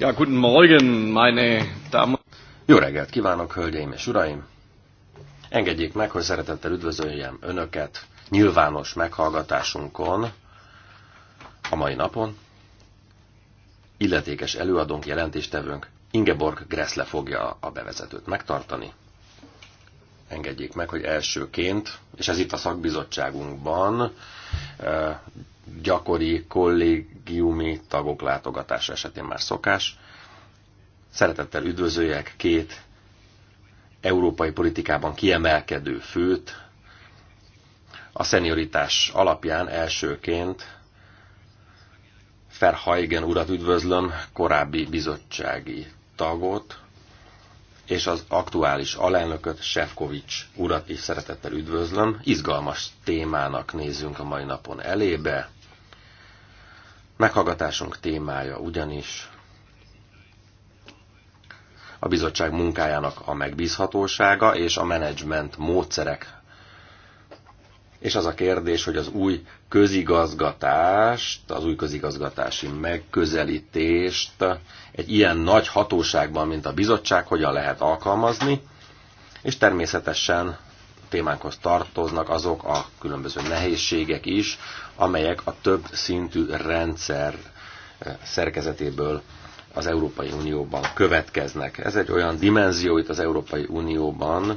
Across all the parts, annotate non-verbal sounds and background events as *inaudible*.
Ja, guten Morgen, meine Damen. Jó reggelt kívánok, hölgyeim és uraim! Engedjék meg, hogy szeretettel üdvözöljem Önöket nyilvános meghallgatásunkon a mai napon. Illetékes előadónk, jelentéstevőnk Ingeborg Gressle fogja a bevezetőt megtartani engedjék meg, hogy elsőként, és ez itt a szakbizottságunkban, gyakori kollégiumi tagok látogatása esetén már szokás. Szeretettel üdvözöljek két európai politikában kiemelkedő főt. A szenioritás alapján elsőként Ferhaigen urat üdvözlöm, korábbi bizottsági tagot, és az aktuális alelnököt, Sefkovics urat is szeretettel üdvözlöm. Izgalmas témának nézzünk a mai napon elébe. Meghallgatásunk témája ugyanis a bizottság munkájának a megbízhatósága és a menedzsment módszerek és az a kérdés, hogy az új közigazgatást, az új közigazgatási megközelítést egy ilyen nagy hatóságban, mint a bizottság, hogyan lehet alkalmazni, és természetesen témánkhoz tartoznak azok a különböző nehézségek is, amelyek a több szintű rendszer eh, szerkezetéből az Európai Unióban következnek. Ez egy olyan dimenzió itt az Európai Unióban,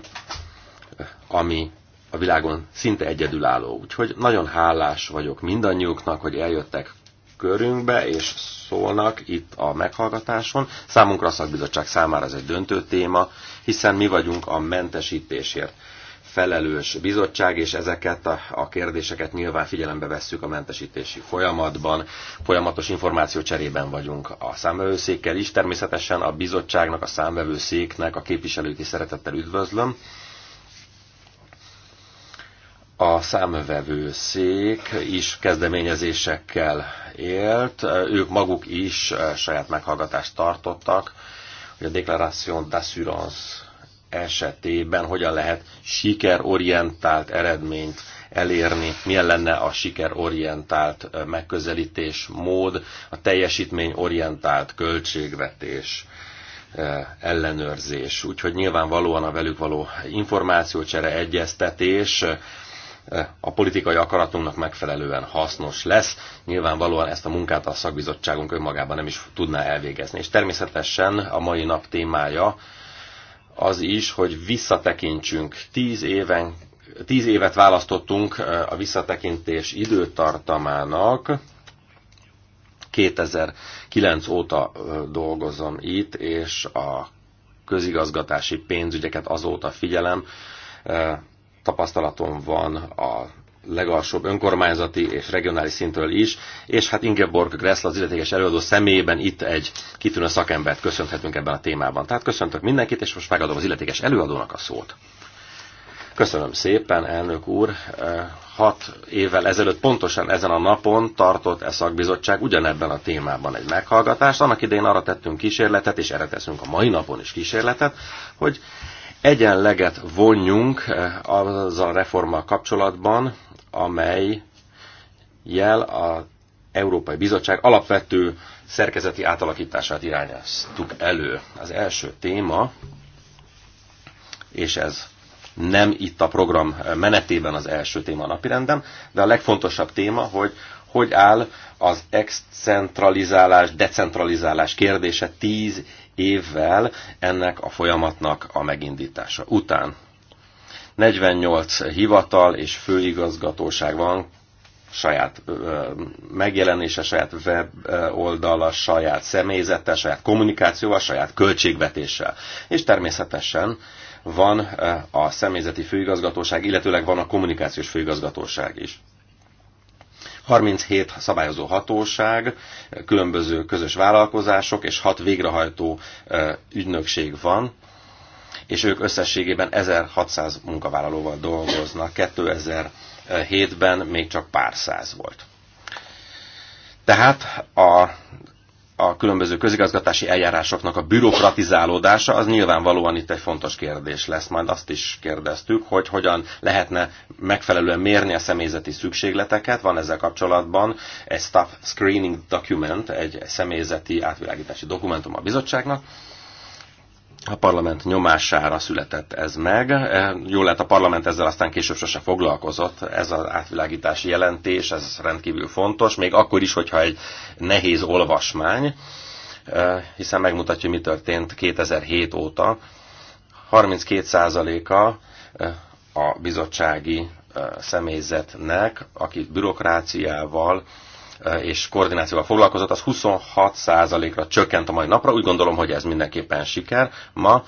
eh, ami a világon szinte egyedülálló. Úgyhogy nagyon hálás vagyok mindannyiuknak, hogy eljöttek körünkbe, és szólnak itt a meghallgatáson. Számunkra a szakbizottság számára ez egy döntő téma, hiszen mi vagyunk a mentesítésért felelős bizottság, és ezeket a, a kérdéseket nyilván figyelembe vesszük a mentesítési folyamatban. Folyamatos információ cserében vagyunk a számvevőszékkel is. Természetesen a bizottságnak, a számvevőszéknek a képviselőt is szeretettel üdvözlöm a számvevőszék is kezdeményezésekkel élt, ők maguk is eh, saját meghallgatást tartottak, hogy a Declaration d'assurance esetében hogyan lehet sikerorientált eredményt elérni, milyen lenne a sikerorientált eh, megközelítés mód, a teljesítményorientált költségvetés eh, ellenőrzés. Úgyhogy nyilvánvalóan a velük való információcsere, egyeztetés a politikai akaratunknak megfelelően hasznos lesz. Nyilvánvalóan ezt a munkát a szakbizottságunk önmagában nem is tudná elvégezni. És természetesen a mai nap témája az is, hogy visszatekintsünk tíz éven Tíz évet választottunk a visszatekintés időtartamának, 2009 óta dolgozom itt, és a közigazgatási pénzügyeket azóta figyelem tapasztalatom van a legalsóbb önkormányzati és regionális szintről is, és hát Ingeborg Gressl az illetékes előadó személyében itt egy kitűnő szakembert köszönhetünk ebben a témában. Tehát köszöntök mindenkit, és most megadom az illetékes előadónak a szót. Köszönöm szépen, elnök úr. Hat évvel ezelőtt pontosan ezen a napon tartott e szakbizottság ugyanebben a témában egy meghallgatást. Annak idején arra tettünk kísérletet, és erre teszünk a mai napon is kísérletet, hogy egyenleget vonjunk eh, az a reformmal kapcsolatban, amely jel a Európai Bizottság alapvető szerkezeti átalakítását irányáztuk elő. Az első téma, és ez nem itt a program menetében az első téma a napirenden, de a legfontosabb téma, hogy hogy áll az excentralizálás, decentralizálás kérdése tíz évvel ennek a folyamatnak a megindítása után. 48 hivatal és főigazgatóság van, saját megjelenése, saját weboldala, saját személyzete, saját kommunikációval, saját költségvetéssel. És természetesen van a személyzeti főigazgatóság, illetőleg van a kommunikációs főigazgatóság is. 37 szabályozó hatóság, különböző közös vállalkozások és 6 végrehajtó ügynökség van, és ők összességében 1600 munkavállalóval dolgoznak. 2007-ben még csak pár száz volt. Tehát a a különböző közigazgatási eljárásoknak a bürokratizálódása, az nyilvánvalóan itt egy fontos kérdés lesz. Majd azt is kérdeztük, hogy hogyan lehetne megfelelően mérni a személyzeti szükségleteket. Van ezzel kapcsolatban egy staff screening document, egy személyzeti átvilágítási dokumentum a bizottságnak, a parlament nyomására született ez meg. E, Jól lehet, a parlament ezzel aztán később sose foglalkozott. Ez az átvilágítási jelentés, ez rendkívül fontos, még akkor is, hogyha egy nehéz olvasmány, e, hiszen megmutatja, mi történt 2007 óta. 32%-a e, a bizottsági személyzetnek, akit bürokráciával, és koordinációval foglalkozott, az 26%-ra csökkent a mai napra. Úgy gondolom, hogy ez mindenképpen siker. Ma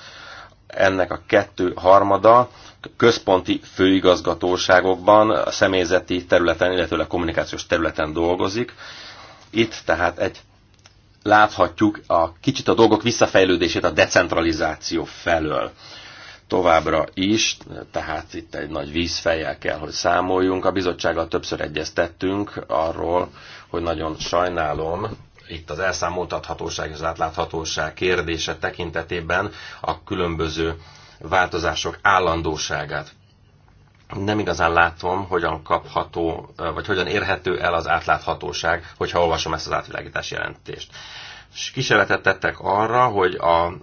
ennek a kettő harmada központi főigazgatóságokban, személyzeti területen, illetőleg kommunikációs területen dolgozik. Itt tehát egy láthatjuk a kicsit a dolgok visszafejlődését a decentralizáció felől. Továbbra is, tehát itt egy nagy vízfejjel kell, hogy számoljunk. A bizottsággal többször egyeztettünk arról, hogy nagyon sajnálom, itt az elszámoltathatóság és az átláthatóság kérdése tekintetében a különböző változások állandóságát. Nem igazán látom, hogyan kapható, vagy hogyan érhető el az átláthatóság, hogyha olvasom ezt az átvilágítás jelentést. Kísérletet tettek arra, hogy a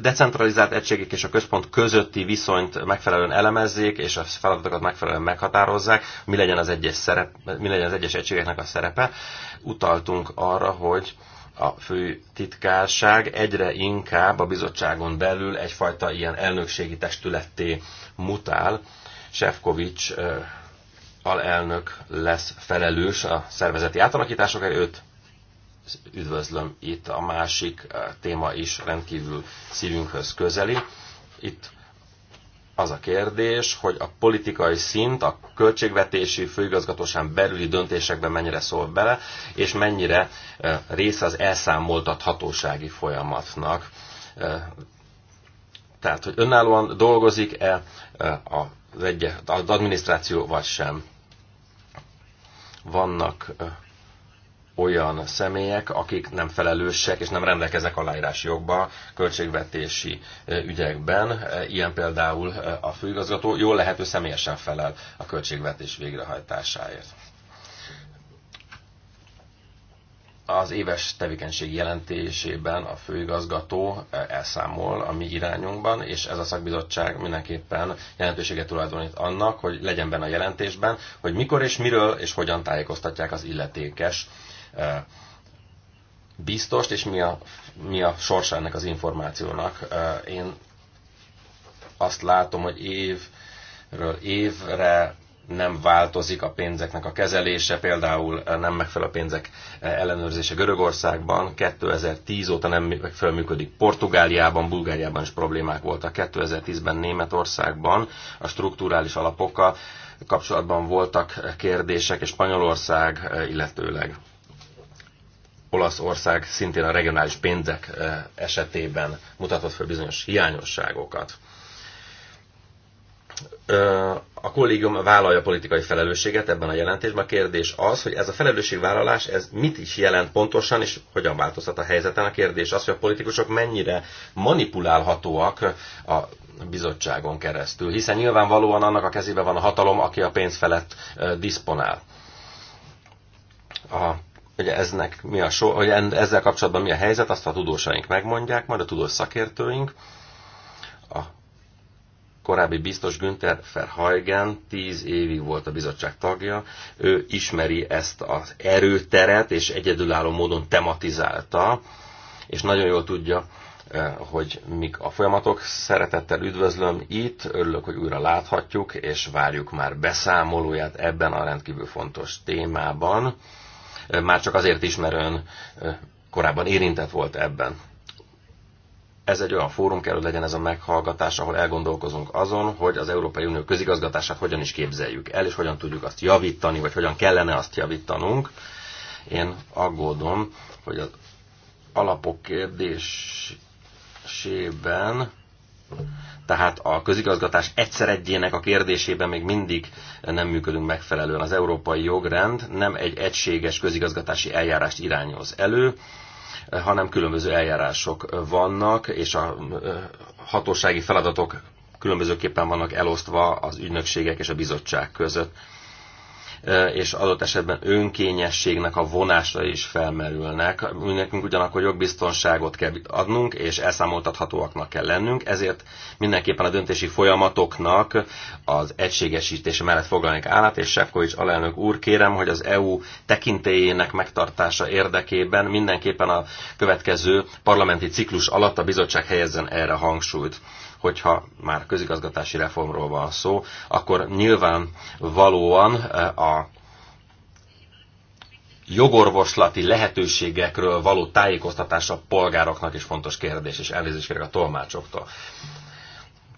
decentralizált egységek és a központ közötti viszonyt megfelelően elemezzék, és a feladatokat megfelelően meghatározzák, mi legyen az egyes, szerep, mi legyen az egyes egységeknek a szerepe. Utaltunk arra, hogy a fő titkárság egyre inkább a bizottságon belül egyfajta ilyen elnökségi testületté mutál. Sefkovics alelnök lesz felelős a szervezeti átalakításokért, őt üdvözlöm itt a másik eh, téma is rendkívül szívünkhöz közeli. Itt az a kérdés, hogy a politikai szint a költségvetési főigazgatóság belüli döntésekben mennyire szól bele, és mennyire eh, része az elszámoltathatósági folyamatnak. Eh, tehát, hogy önállóan dolgozik-e az, egy, az adminisztráció, vagy sem. Vannak olyan személyek, akik nem felelősek és nem rendelkeznek aláírási jogba költségvetési ügyekben. Ilyen például a főigazgató jól lehető személyesen felel a költségvetés végrehajtásáért. Az éves tevékenység jelentésében a főigazgató elszámol a mi irányunkban, és ez a szakbizottság mindenképpen jelentőséget tulajdonít annak, hogy legyen benne a jelentésben, hogy mikor és miről és hogyan tájékoztatják az illetékes biztost, és mi a, mi a sorsa ennek az információnak. Én azt látom, hogy évről évre nem változik a pénzeknek a kezelése, például nem megfelel a pénzek ellenőrzése Görögországban, 2010 óta nem megfelelő működik Portugáliában, Bulgáriában is problémák voltak, 2010-ben Németországban a strukturális alapokkal kapcsolatban voltak kérdések, és Spanyolország illetőleg Olaszország szintén a regionális pénzek eh, esetében mutatott fel bizonyos hiányosságokat. Eh, a kollégium vállalja politikai felelősséget ebben a jelentésben. A kérdés az, hogy ez a felelősségvállalás, ez mit is jelent pontosan, és hogyan változhat a helyzeten. A kérdés az, hogy a politikusok mennyire manipulálhatóak a bizottságon keresztül, hiszen nyilvánvalóan annak a kezében van a hatalom, aki a pénz felett eh, diszponál. A hogy, eznek mi a so, hogy ezzel kapcsolatban mi a helyzet, azt a tudósaink megmondják, majd a tudós szakértőink. A korábbi biztos Günther Verheugen tíz évig volt a bizottság tagja, ő ismeri ezt az erőteret, és egyedülálló módon tematizálta, és nagyon jól tudja, eh, hogy mik a folyamatok. Szeretettel üdvözlöm itt, örülök, hogy újra láthatjuk, és várjuk már beszámolóját ebben a rendkívül fontos témában már csak azért is, mert ön korábban érintett volt ebben. Ez egy olyan fórum kell, hogy legyen ez a meghallgatás, ahol elgondolkozunk azon, hogy az Európai Unió közigazgatását hogyan is képzeljük el, és hogyan tudjuk azt javítani, vagy hogyan kellene azt javítanunk. Én aggódom, hogy az alapok kérdésében tehát a közigazgatás egyszer egyének a kérdésében még mindig nem működünk megfelelően. Az európai jogrend nem egy egységes közigazgatási eljárást irányoz elő, hanem különböző eljárások vannak, és a hatósági feladatok különbözőképpen vannak elosztva az ügynökségek és a bizottság között és adott esetben önkényességnek a vonásra is felmerülnek. Nekünk ugyanakkor jogbiztonságot kell adnunk, és elszámoltathatóaknak kell lennünk, ezért mindenképpen a döntési folyamatoknak az egységesítése mellett foglalnék állat, és Sefkovics alelnök úr, kérem, hogy az EU tekintélyének megtartása érdekében mindenképpen a következő parlamenti ciklus alatt a bizottság helyezzen erre hangsúlyt hogyha már közigazgatási reformról van szó, akkor nyilván valóan eh, a jogorvoslati lehetőségekről való tájékoztatás a polgároknak is fontos kérdés, és elnézést kérek a tolmácsoktól.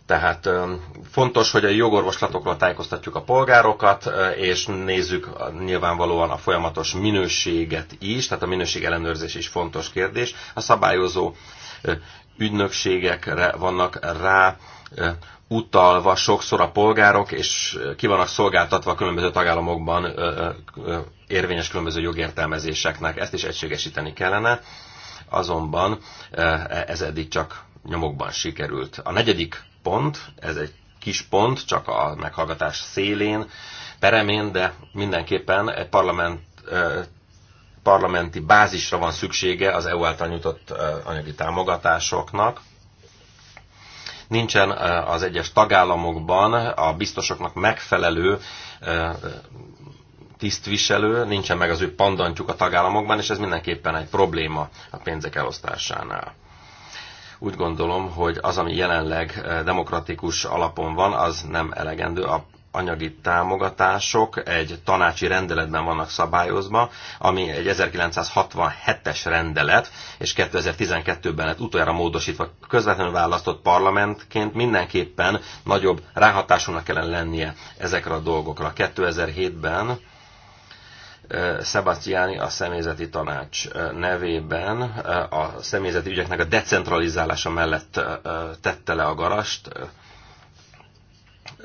Tehát eh, fontos, hogy a jogorvoslatokról tájékoztatjuk a polgárokat, eh, és nézzük nyilvánvalóan a folyamatos minőséget is, tehát a minőség ellenőrzés is fontos kérdés. A szabályozó ügynökségekre vannak rá eh, utalva sokszor a polgárok, és eh, ki vannak szolgáltatva a különböző tagállamokban eh, érvényes különböző jogértelmezéseknek. Ezt is egységesíteni kellene, azonban ez eddig csak nyomokban sikerült. A negyedik pont, ez egy kis pont, csak a meghallgatás szélén, peremén, de mindenképpen egy parlament parlamenti bázisra van szüksége az EU által nyújtott anyagi támogatásoknak. Nincsen az egyes tagállamokban a biztosoknak megfelelő tisztviselő, nincsen meg az ő pandantjuk a tagállamokban, és ez mindenképpen egy probléma a pénzek elosztásánál úgy gondolom, hogy az, ami jelenleg demokratikus alapon van, az nem elegendő. A anyagi támogatások egy tanácsi rendeletben vannak szabályozva, ami egy 1967-es rendelet, és 2012-ben lett utoljára módosítva közvetlenül választott parlamentként mindenképpen nagyobb ráhatásúnak kellene lennie ezekre a dolgokra. 2007-ben Sebastiani a személyzeti tanács nevében a személyzeti ügyeknek a decentralizálása mellett tette le a garast,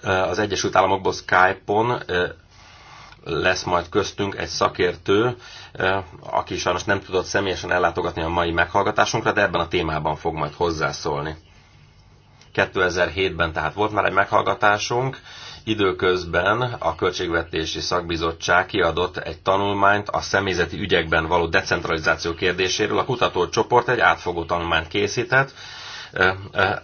az Egyesült Államokból Skype-on lesz majd köztünk egy szakértő, aki sajnos nem tudott személyesen ellátogatni a mai meghallgatásunkra, de ebben a témában fog majd hozzászólni. 2007-ben tehát volt már egy meghallgatásunk, időközben a Költségvetési Szakbizottság kiadott egy tanulmányt a személyzeti ügyekben való decentralizáció kérdéséről. A kutatócsoport egy átfogó tanulmányt készített,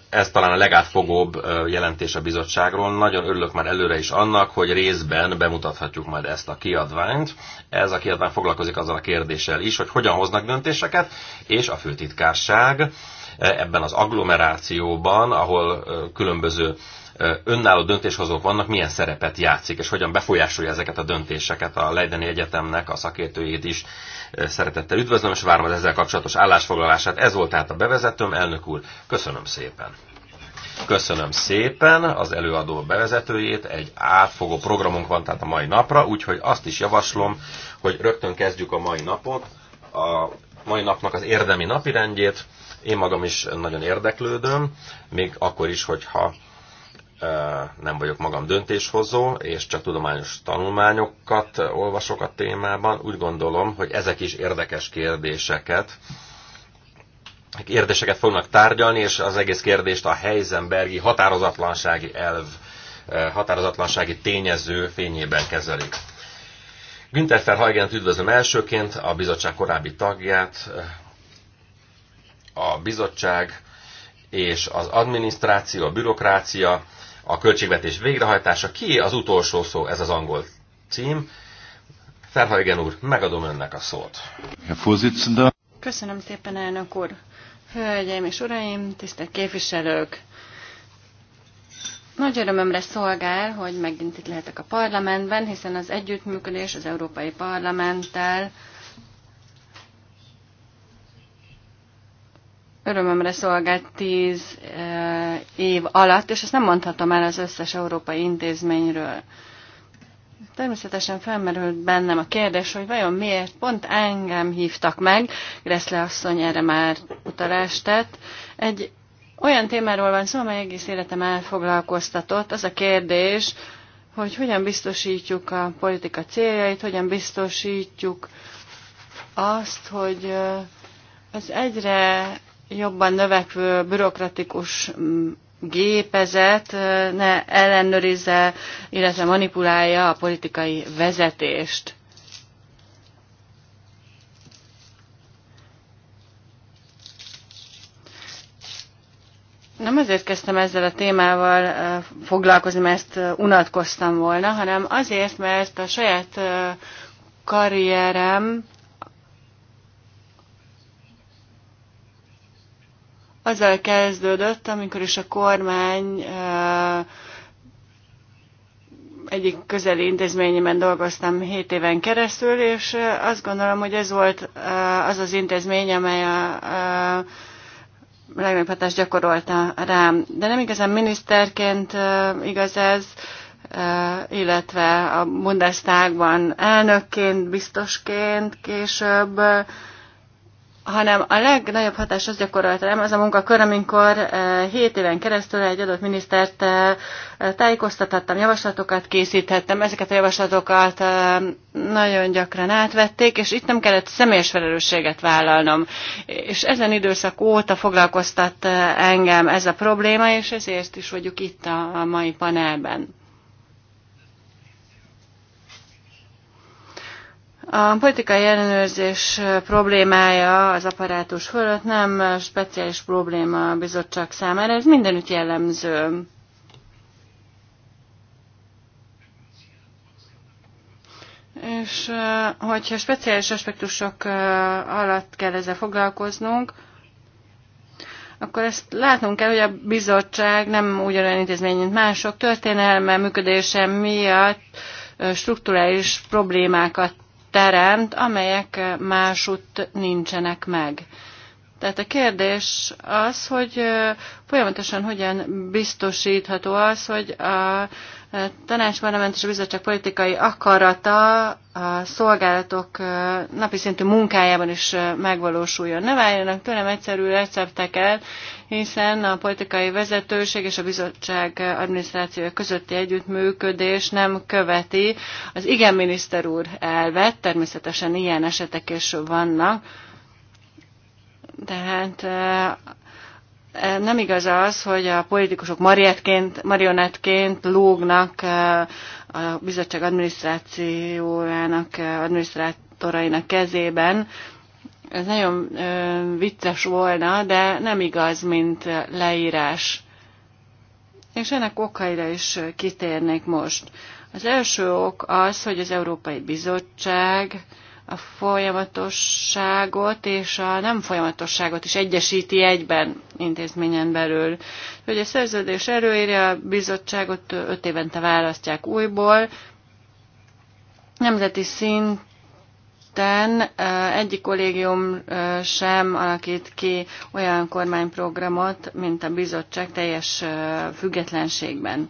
ez talán a legátfogóbb jelentés a bizottságról. Nagyon örülök már előre is annak, hogy részben bemutathatjuk majd ezt a kiadványt. Ez a kiadvány foglalkozik azzal a kérdéssel is, hogy hogyan hoznak döntéseket, és a főtitkárság ebben az agglomerációban, ahol különböző önálló döntéshozók vannak, milyen szerepet játszik, és hogyan befolyásolja ezeket a döntéseket a Leideni Egyetemnek, a szakértőjét is szeretettel üdvözlöm, és várom az ezzel kapcsolatos állásfoglalását. Ez volt tehát a bevezetőm, elnök úr, köszönöm szépen! Köszönöm szépen az előadó bevezetőjét, egy átfogó programunk van tehát a mai napra, úgyhogy azt is javaslom, hogy rögtön kezdjük a mai napot, a mai napnak az érdemi napirendjét. Én magam is nagyon érdeklődöm, még akkor is, hogyha nem vagyok magam döntéshozó, és csak tudományos tanulmányokat olvasok a témában. Úgy gondolom, hogy ezek is érdekes kérdéseket, kérdéseket fognak tárgyalni, és az egész kérdést a Heisenbergi határozatlansági elv, határozatlansági tényező fényében kezelik. Günther Verheigent üdvözlöm elsőként, a bizottság korábbi tagját. A bizottság és az adminisztráció, a bürokrácia a költségvetés végrehajtása. Ki az utolsó szó? Ez az angol cím. Ferhajgen úr, megadom önnek a szót. Köszönöm szépen, elnök úr. Hölgyeim és uraim, tisztelt képviselők! Nagy örömömre szolgál, hogy megint itt lehetek a parlamentben, hiszen az együttműködés az Európai Parlamenttel örömömre szolgált tíz e, év alatt, és ezt nem mondhatom el az összes európai intézményről. Természetesen felmerült bennem a kérdés, hogy vajon miért pont engem hívtak meg, Greszle asszony erre már utalást tett. Egy olyan témáról van szó, amely egész életem elfoglalkoztatott. Az a kérdés, hogy hogyan biztosítjuk a politika céljait, hogyan biztosítjuk azt, hogy e, az egyre jobban növekvő bürokratikus mm, gépezet ne ellenőrizze, illetve manipulálja a politikai vezetést. Nem azért kezdtem ezzel a témával foglalkozni, mert unatkoztam volna, hanem azért, mert a saját karrierem azzal kezdődött, amikor is a kormány egyik közeli intézményében dolgoztam 7 éven keresztül, és azt gondolom, hogy ez volt az az intézmény, amely a, legnagyobb hatást gyakorolta rám. De nem igazán miniszterként igaz ez, illetve a Bundestagban elnökként, biztosként később hanem a legnagyobb hatás az gyakorolt rám, az a munkakör, amikor 7 eh, éven keresztül egy adott minisztert eh, tájékoztathattam, javaslatokat készíthettem, ezeket a javaslatokat eh, nagyon gyakran átvették, és itt nem kellett személyes felelősséget vállalnom. És ezen időszak óta foglalkoztat engem ez a probléma, és ezért is vagyok itt a mai panelben. A politikai ellenőrzés problémája az apparátus fölött nem speciális probléma a bizottság számára, ez mindenütt jellemző. És hogyha speciális aspektusok alatt kell ezzel foglalkoznunk, akkor ezt látnunk kell, hogy a bizottság nem ugyanolyan intézmény, mint mások történelme, működése miatt strukturális problémákat teremt, amelyek másutt nincsenek meg. Tehát a kérdés az, hogy folyamatosan hogyan biztosítható az, hogy a tanácsparlament és a bizottság politikai akarata a szolgálatok napi szintű munkájában is megvalósuljon. Ne váljanak tőlem egyszerű recepteket, hiszen a politikai vezetőség és a bizottság adminisztrációja közötti együttműködés nem követi az igen miniszter úr elvet, természetesen ilyen esetek is vannak, tehát nem igaz az, hogy a politikusok marionettként, lógnak a bizottság adminisztrációjának, adminisztrátorainak kezében, ez nagyon vicces volna, de nem igaz, mint leírás. És ennek okaira is kitérnék most. Az első ok az, hogy az Európai Bizottság a folyamatosságot és a nem folyamatosságot is egyesíti egyben intézményen belül. Hogy a szerződés előírja, a bizottságot öt évente választják újból, nemzeti szint területen egyik kollégium sem alakít ki olyan kormányprogramot, mint a bizottság teljes függetlenségben.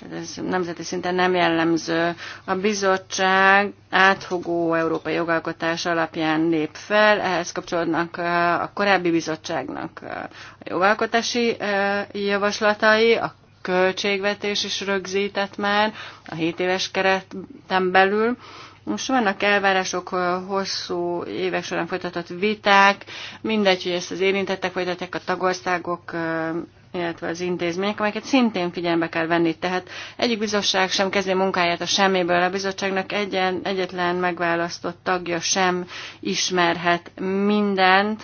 Tehát ez nemzeti szinten nem jellemző. A bizottság áthogó európai jogalkotás alapján lép fel, ehhez kapcsolódnak a korábbi bizottságnak a jogalkotási javaslatai, a költségvetés is rögzített már a 7 éves kereten belül, most vannak elvárások, hosszú évek során folytatott viták, mindegy, hogy ezt az érintettek folytatják a tagországok, illetve az intézmények, amelyeket szintén figyelembe kell venni. Tehát egyik bizottság sem kezdi munkáját a semmiből, a bizottságnak egyen, egyetlen megválasztott tagja sem ismerhet mindent,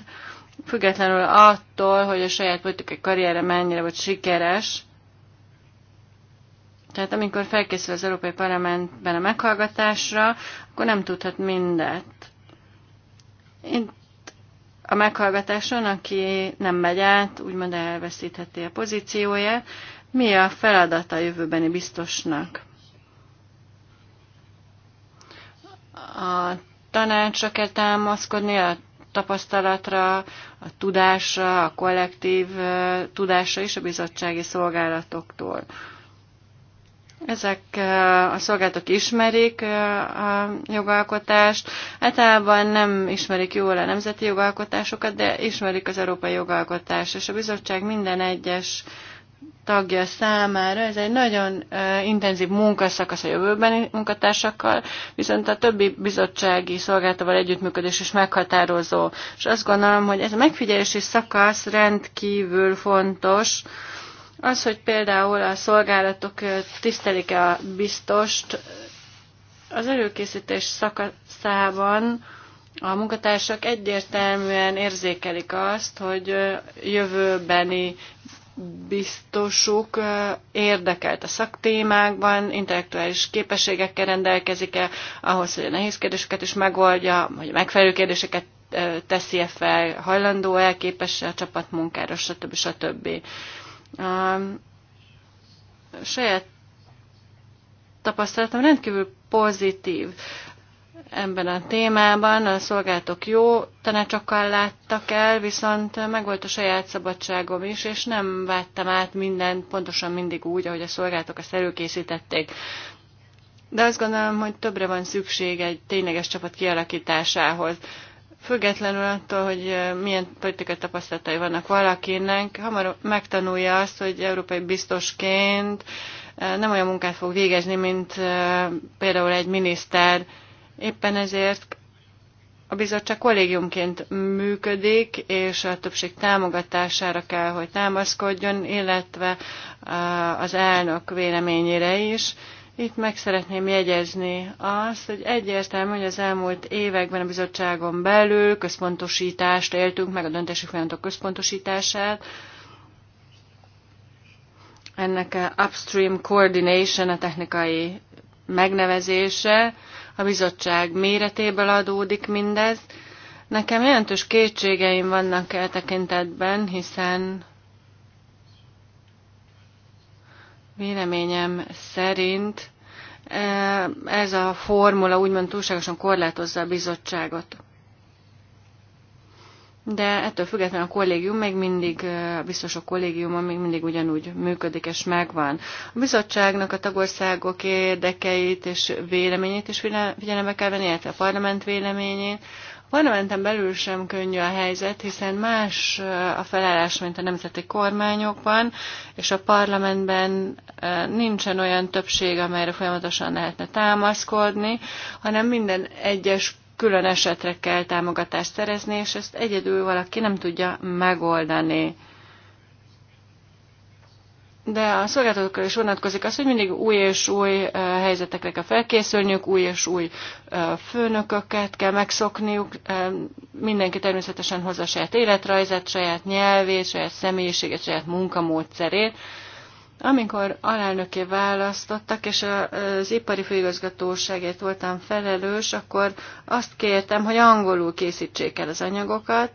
függetlenül attól, hogy a saját politikai karriere mennyire volt sikeres, tehát amikor felkészül az Európai Parlamentben a meghallgatásra, akkor nem tudhat mindet. Itt a meghallgatáson, aki nem megy át, úgymond elveszítheti a pozícióját, mi a feladata a jövőbeni biztosnak? A tanácsra kell támaszkodni, a tapasztalatra, a tudásra, a kollektív tudásra is a bizottsági szolgálatoktól. Ezek a szolgáltatók ismerik a jogalkotást, általában nem ismerik jól a nemzeti jogalkotásokat, de ismerik az európai jogalkotást, és a bizottság minden egyes tagja számára. Ez egy nagyon intenzív munkaszakasz a jövőbeni munkatársakkal, viszont a többi bizottsági szolgáltatóval együttműködés is meghatározó. És azt gondolom, hogy ez a megfigyelési szakasz rendkívül fontos, az, hogy például a szolgálatok tisztelik-e a biztost, az előkészítés szakaszában a munkatársak egyértelműen érzékelik azt, hogy jövőbeni biztosuk érdekelt a szaktémákban, intellektuális képességekkel rendelkezik-e ahhoz, hogy a nehéz kérdéseket is megoldja, hogy a megfelelő kérdéseket teszi-e fel, hajlandó-e, képes-e a csapatmunkára, stb. stb. stb. A saját tapasztalatom rendkívül pozitív ebben a témában. A szolgáltok jó tanácsokkal láttak el, viszont megvolt a saját szabadságom is, és nem vettem át mindent pontosan mindig úgy, ahogy a szolgáltok ezt előkészítették. De azt gondolom, hogy többre van szükség egy tényleges csapat kialakításához. Függetlenül attól, hogy eh, milyen politikai tapasztalatai vannak valakinek, hamar megtanulja azt, hogy európai biztosként eh, nem olyan munkát fog végezni, mint eh, például egy miniszter. Éppen ezért a bizottság kollégiumként működik, és a többség támogatására kell, hogy támaszkodjon, illetve az elnök véleményére is. Itt meg szeretném jegyezni azt, hogy egyértelmű, hogy az elmúlt években a bizottságon belül központosítást éltünk meg, a döntési folyamatok központosítását. Ennek a upstream coordination a technikai megnevezése, a bizottság méretéből adódik mindez. Nekem jelentős kétségeim vannak el tekintetben, hiszen véleményem szerint ez a formula úgymond túlságosan korlátozza a bizottságot. De ettől függetlenül a kollégium még mindig, a biztosok kollégiuma még mindig ugyanúgy működik és megvan. A bizottságnak a tagországok érdekeit és véleményét is figyelembe kell venni, illetve a parlament véleményét, parlamenten belül sem könnyű a helyzet, hiszen más eh, a felállás, mint a nemzeti kormányokban, és a parlamentben eh, nincsen olyan többség, amelyre folyamatosan lehetne támaszkodni, hanem minden egyes külön esetre kell támogatást szerezni, és ezt egyedül valaki nem tudja megoldani de a szolgáltatókra is vonatkozik az, hogy mindig új és új helyzetekre kell felkészülniük, új és új főnököket kell megszokniuk. Mindenki természetesen hozza saját életrajzát, saját nyelvét, saját személyiséget, saját munkamódszerét. Amikor alelnöké választottak, és az ipari főigazgatóságért voltam felelős, akkor azt kértem, hogy angolul készítsék el az anyagokat.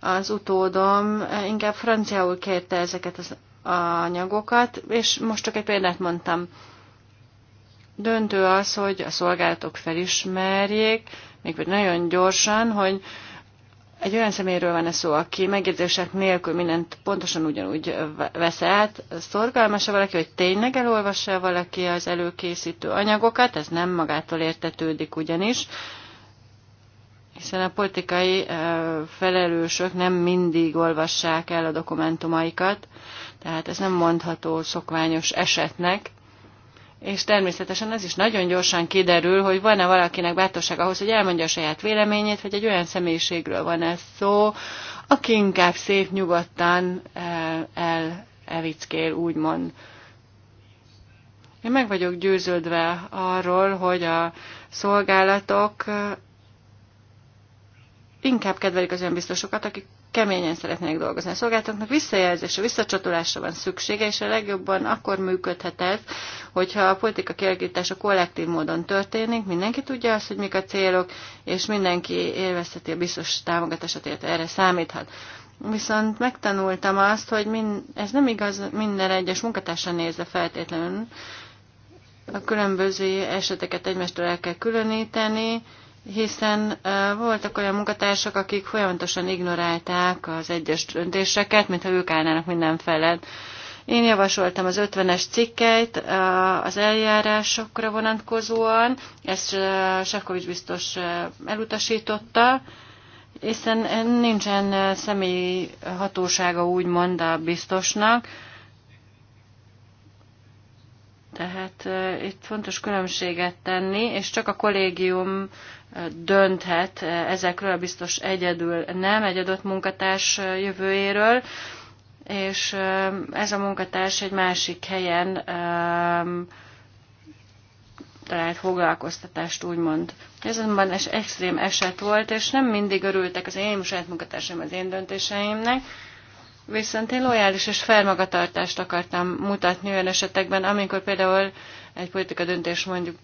Az utódom inkább franciául kérte ezeket az a anyagokat, és most csak egy példát mondtam. Döntő az, hogy a szolgálatok felismerjék, még nagyon gyorsan, hogy egy olyan személyről van ez szó, aki megjegyzések nélkül mindent pontosan ugyanúgy vesz át, szorgalmas-e valaki, hogy tényleg elolvassa valaki az előkészítő anyagokat, ez nem magától értetődik ugyanis, hiszen a politikai felelősök nem mindig olvassák el a dokumentumaikat tehát ez nem mondható szokványos esetnek. És természetesen ez is nagyon gyorsan kiderül, hogy van-e valakinek bátorság ahhoz, hogy elmondja a saját véleményét, hogy egy olyan személyiségről van ez szó, aki inkább szép nyugodtan el, eh, el evickél, úgymond. Én meg vagyok győződve arról, hogy a szolgálatok inkább kedvelik az önbiztosokat, akik keményen szeretnének dolgozni. A szolgáltatóknak visszajelzésre, visszacsatolásra van szüksége, és a legjobban akkor működhet ez, hogyha a politika kialakítása kollektív módon történik, mindenki tudja azt, hogy mik a célok, és mindenki élvezheti a biztos támogatását, illetve erre számíthat. Viszont megtanultam azt, hogy min, ez nem igaz minden egyes munkatársa nézve feltétlenül. A különböző eseteket egymástól el kell különíteni, hiszen voltak olyan munkatársak, akik folyamatosan ignorálták az egyes döntéseket, mintha ők állnának minden felett. Én javasoltam az 50-es cikkeit az eljárásokra vonatkozóan, ezt Sakovics biztos elutasította, hiszen nincsen személyi hatósága úgymond a biztosnak, tehát itt fontos különbséget tenni, és csak a kollégium dönthet ezekről, a biztos egyedül nem, egy adott munkatárs jövőjéről, és ez a munkatárs egy másik helyen talált foglalkoztatást, úgymond. Ez azonban egy extrém eset volt, és nem mindig örültek az én saját munkatársaim az én döntéseimnek, viszont én lojális és felmagatartást akartam mutatni olyan esetekben, amikor például egy politika döntés mondjuk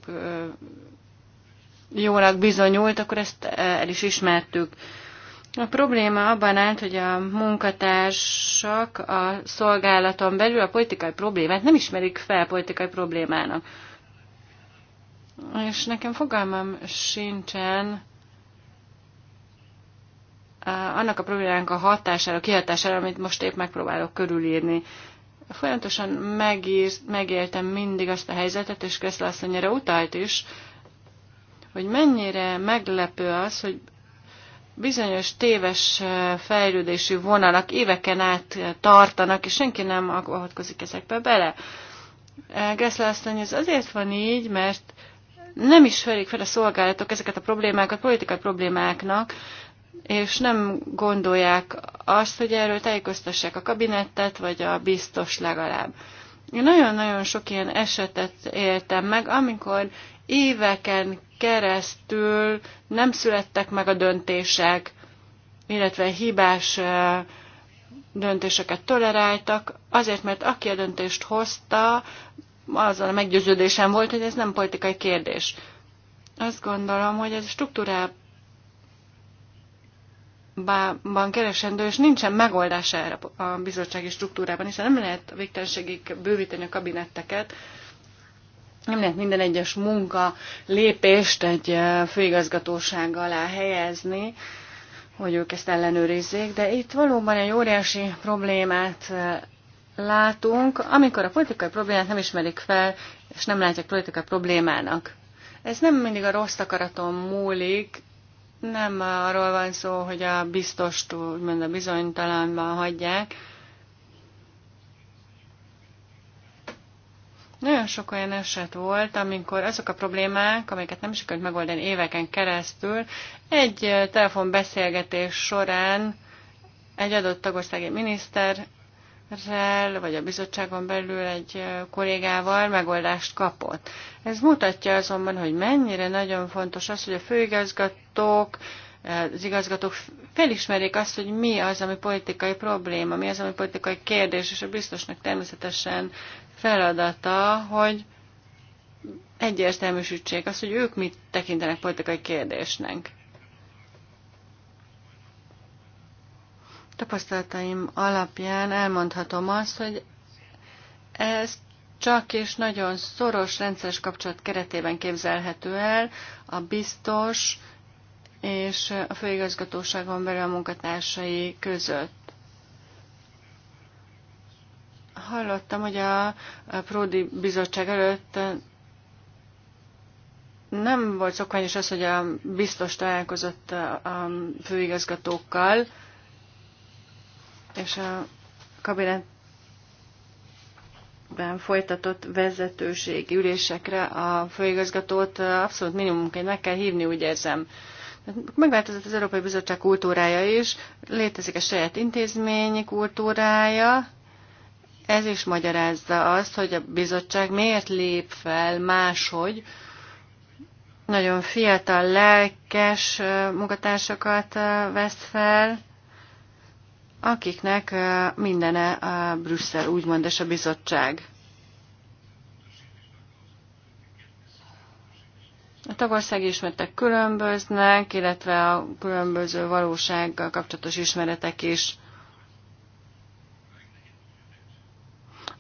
jónak bizonyult, akkor ezt e, el is ismertük. A probléma abban állt, hogy a munkatársak a szolgálaton belül a politikai problémát nem ismerik fel politikai problémának. És nekem fogalmam sincsen e, annak a problémánk a hatására, a kihatására, amit most épp megpróbálok körülírni. Folyamatosan megírt, megéltem mindig azt a helyzetet, és Kreszle asszonyra utalt is, hogy mennyire meglepő az, hogy bizonyos téves eh, fejlődési vonalak éveken át tartanak, és senki nem avatkozik ezekbe bele. Eh, Gessle hogy ez azért van így, mert nem is felik fel a szolgálatok ezeket a problémákat politikai problémáknak, és nem gondolják azt, hogy erről tájékoztassák a kabinettet, vagy a biztos legalább. Én nagyon-nagyon sok ilyen esetet éltem meg, amikor éveken keresztül nem születtek meg a döntések, illetve hibás döntéseket toleráltak, azért, mert aki a döntést hozta, azzal a meggyőződésem volt, hogy ez nem politikai kérdés. Azt gondolom, hogy ez struktúrában keresendő, és nincsen megoldás erre a bizottsági struktúrában, hiszen nem lehet a végtelenségig bővíteni a kabinetteket, nem lehet minden egyes munka lépést egy eh, főigazgatóság alá helyezni, hogy ők ezt ellenőrizzék, de itt valóban egy óriási problémát eh, látunk, amikor a politikai problémát nem ismerik fel, és nem látják politikai problémának. Ez nem mindig a rossz akaraton múlik, nem arról van szó, hogy a biztos, úgymond a bizonytalanban hagyják, Nagyon sok olyan eset volt, amikor azok a problémák, amiket nem sikerült megoldani éveken keresztül, egy telefonbeszélgetés során egy adott tagországi miniszterrel, vagy a bizottságon belül egy kollégával megoldást kapott. Ez mutatja azonban, hogy mennyire nagyon fontos az, hogy a főigazgatók, az igazgatók felismerik azt, hogy mi az, ami politikai probléma, mi az, ami politikai kérdés, és a biztosnak természetesen feladata, hogy egyértelműsítsék azt, hogy ők mit tekintenek politikai kérdésnek. Tapasztalataim alapján elmondhatom azt, hogy ez csak és nagyon szoros rendszeres kapcsolat keretében képzelhető el a biztos és a főigazgatóságon belül a munkatársai között. Hallottam, hogy a Pródi bizottság előtt nem volt szokványos az, hogy a biztos találkozott a főigazgatókkal, és a kabinetben folytatott vezetőségi ülésekre a főigazgatót abszolút minimumként meg kell hívni, úgy érzem. Megváltozott az Európai Bizottság kultúrája is, létezik a saját intézményi kultúrája, ez is magyarázza azt, hogy a bizottság miért lép fel máshogy, nagyon fiatal, lelkes munkatársakat vesz fel, akiknek mindene a Brüsszel, úgymond, és a bizottság. A tagországi ismeretek különböznek, illetve a különböző valósággal kapcsolatos ismeretek is.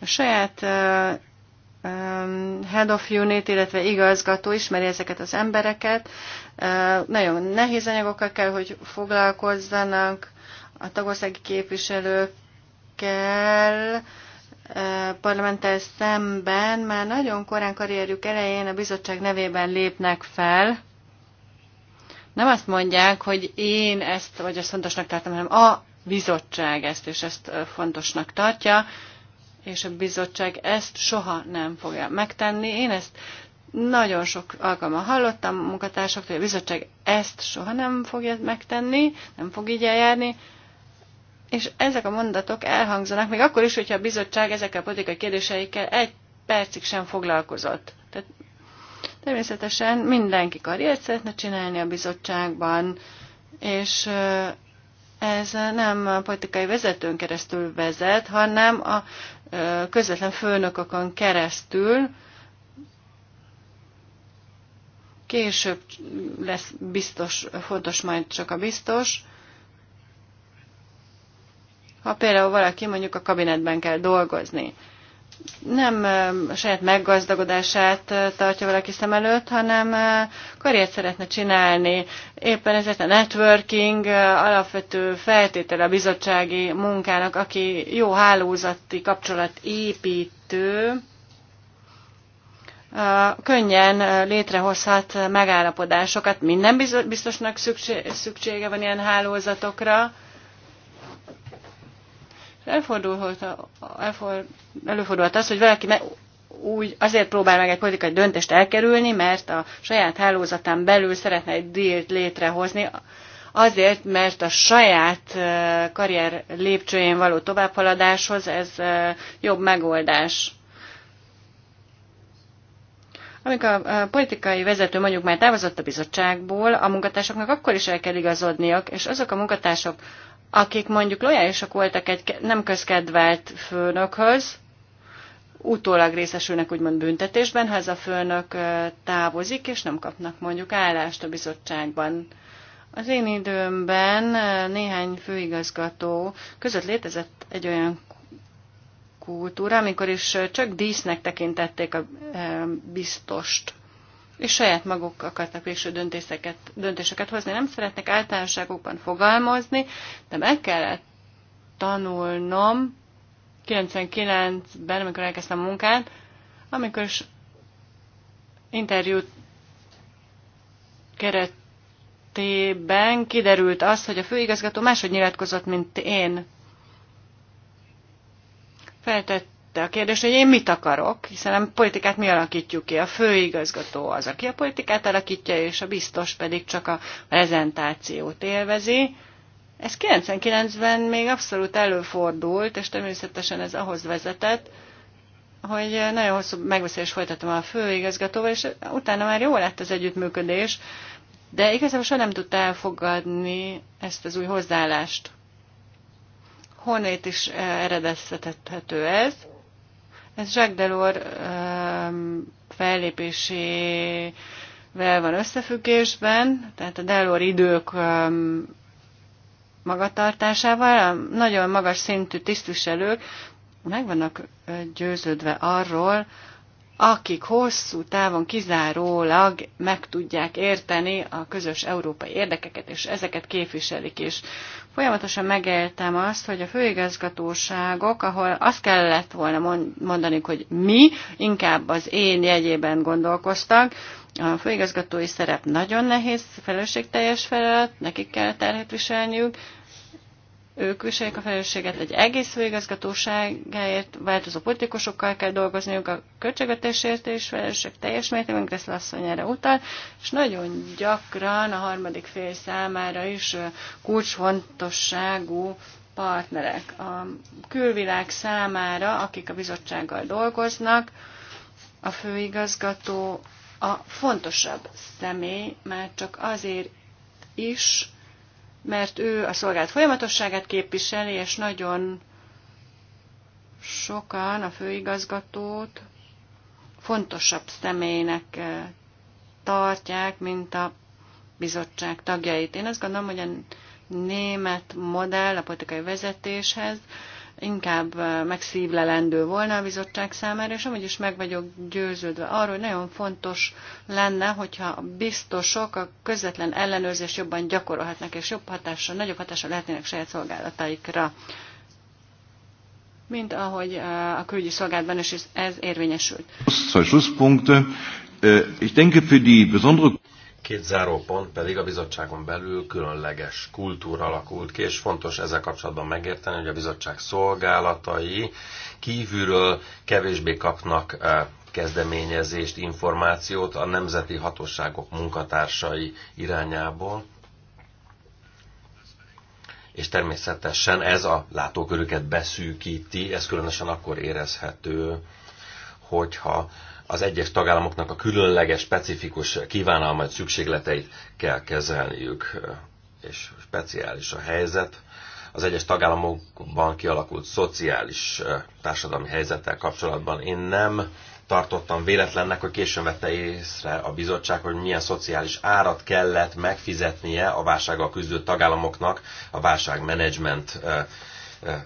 A saját head of unit, illetve igazgató ismeri ezeket az embereket. Nagyon nehéz anyagokkal kell, hogy foglalkozzanak a tagországi képviselőkkel, parlamenttel szemben már nagyon korán karrierjük elején a bizottság nevében lépnek fel. Nem azt mondják, hogy én ezt, vagy ezt fontosnak tartom, hanem a bizottság ezt és ezt fontosnak tartja és a bizottság ezt soha nem fogja megtenni. Én ezt nagyon sok alkalommal hallottam a munkatársaktól, hogy a bizottság ezt soha nem fogja megtenni, nem fog így eljárni, és ezek a mondatok elhangzanak, még akkor is, hogyha a bizottság ezekkel a politikai kérdéseikkel egy percig sem foglalkozott. Tehát természetesen mindenki karriert szeretne csinálni a bizottságban, és ez nem a politikai vezetőn keresztül vezet, hanem a közvetlen főnökökön keresztül, később lesz biztos, fontos majd csak a biztos, ha például valaki mondjuk a kabinetben kell dolgozni nem a saját meggazdagodását tartja valaki szem előtt, hanem karriert szeretne csinálni. Éppen ezért a networking alapvető feltétele a bizottsági munkának, aki jó hálózati kapcsolat építő, könnyen létrehozhat megállapodásokat. Minden biztosnak szüksége van ilyen hálózatokra Elfordulhat, elfordul, előfordulhat az, hogy valaki úgy azért próbál meg egy politikai döntést elkerülni, mert a saját hálózatán belül szeretne egy dílt létrehozni, azért, mert a saját karrier lépcsőjén való továbbhaladáshoz ez jobb megoldás. Amikor a politikai vezető mondjuk már távozott a bizottságból, a munkatársaknak akkor is el kell igazodniak, és azok a munkatársak, akik mondjuk lojálisak voltak egy nem közkedvelt főnökhöz, utólag részesülnek úgymond büntetésben, ha ez a főnök távozik, és nem kapnak mondjuk állást a bizottságban. Az én időmben néhány főigazgató között létezett egy olyan kultúra, amikor is csak dísznek tekintették a biztost és saját maguk akartak végső döntéseket, döntéseket hozni. Nem szeretnek általánosságokban fogalmazni, de meg kellett tanulnom 99-ben, amikor elkezdtem a munkát, amikor is interjút keretében kiderült az, hogy a főigazgató máshogy nyilatkozott, mint én. Feltett feltette a kérdést, hogy én mit akarok, hiszen a politikát mi alakítjuk ki. A főigazgató az, aki a politikát alakítja, és a biztos pedig csak a prezentációt élvezi. Ez 99-ben még abszolút előfordult, és természetesen ez ahhoz vezetett, hogy nagyon hosszú megbeszélés folytattam a főigazgatóval, és utána már jó lett az együttműködés, de igazából soha nem tudta elfogadni ezt az új hozzáállást. Honnét is eredeztethető ez. Ez Jacques Delors fellépésével van összefüggésben, tehát a Delors idők magatartásával, a nagyon magas szintű tisztviselők meg vannak győződve arról, akik hosszú távon kizárólag meg tudják érteni a közös európai érdekeket, és ezeket képviselik és Folyamatosan megéltem azt, hogy a főigazgatóságok, ahol azt kellett volna mondani, hogy mi, inkább az én jegyében gondolkoztak, a főigazgatói szerep nagyon nehéz, felelősségteljes feladat, nekik kell terhet viselniük, ők viselik a felelősséget, egy egész főigazgatóságáért változó politikusokkal kell dolgozniuk a költségvetésért és felelősség teljes mértékben, Kreszle asszony erre utal, és nagyon gyakran a harmadik fél számára is kulcsfontosságú partnerek. A külvilág számára, akik a bizottsággal dolgoznak, a főigazgató a fontosabb személy, már csak azért is, mert ő a szolgált folyamatosságát képviseli, és nagyon sokan a főigazgatót fontosabb személynek eh, tartják, mint a bizottság tagjait. Én azt gondolom, hogy a német modell a politikai vezetéshez inkább megszívlelendő volna a bizottság számára, és amúgy is meg vagyok győződve arról, hogy nagyon fontos lenne, hogyha a biztosok a közvetlen ellenőrzés jobban gyakorolhatnak, és jobb hatással, nagyobb hatással lehetnének saját szolgálataikra. Mint ahogy a külügyi szolgálatban is ez érvényesült. Szóval ich denke für die besondere Két záró pont, pedig a bizottságon belül különleges kultúra alakult ki, és fontos ezzel kapcsolatban megérteni, hogy a bizottság szolgálatai kívülről kevésbé kapnak e, kezdeményezést, információt a nemzeti hatóságok munkatársai irányából. És természetesen ez a látókörüket beszűkíti, ez különösen akkor érezhető, hogyha az egyes tagállamoknak a különleges, specifikus kívánalmat, szükségleteit kell kezelniük, és speciális a helyzet. Az egyes tagállamokban kialakult szociális társadalmi helyzettel kapcsolatban én nem tartottam véletlennek, hogy későn vette észre a bizottság, hogy milyen szociális árat kellett megfizetnie a válsággal küzdő tagállamoknak a válságmenedzsment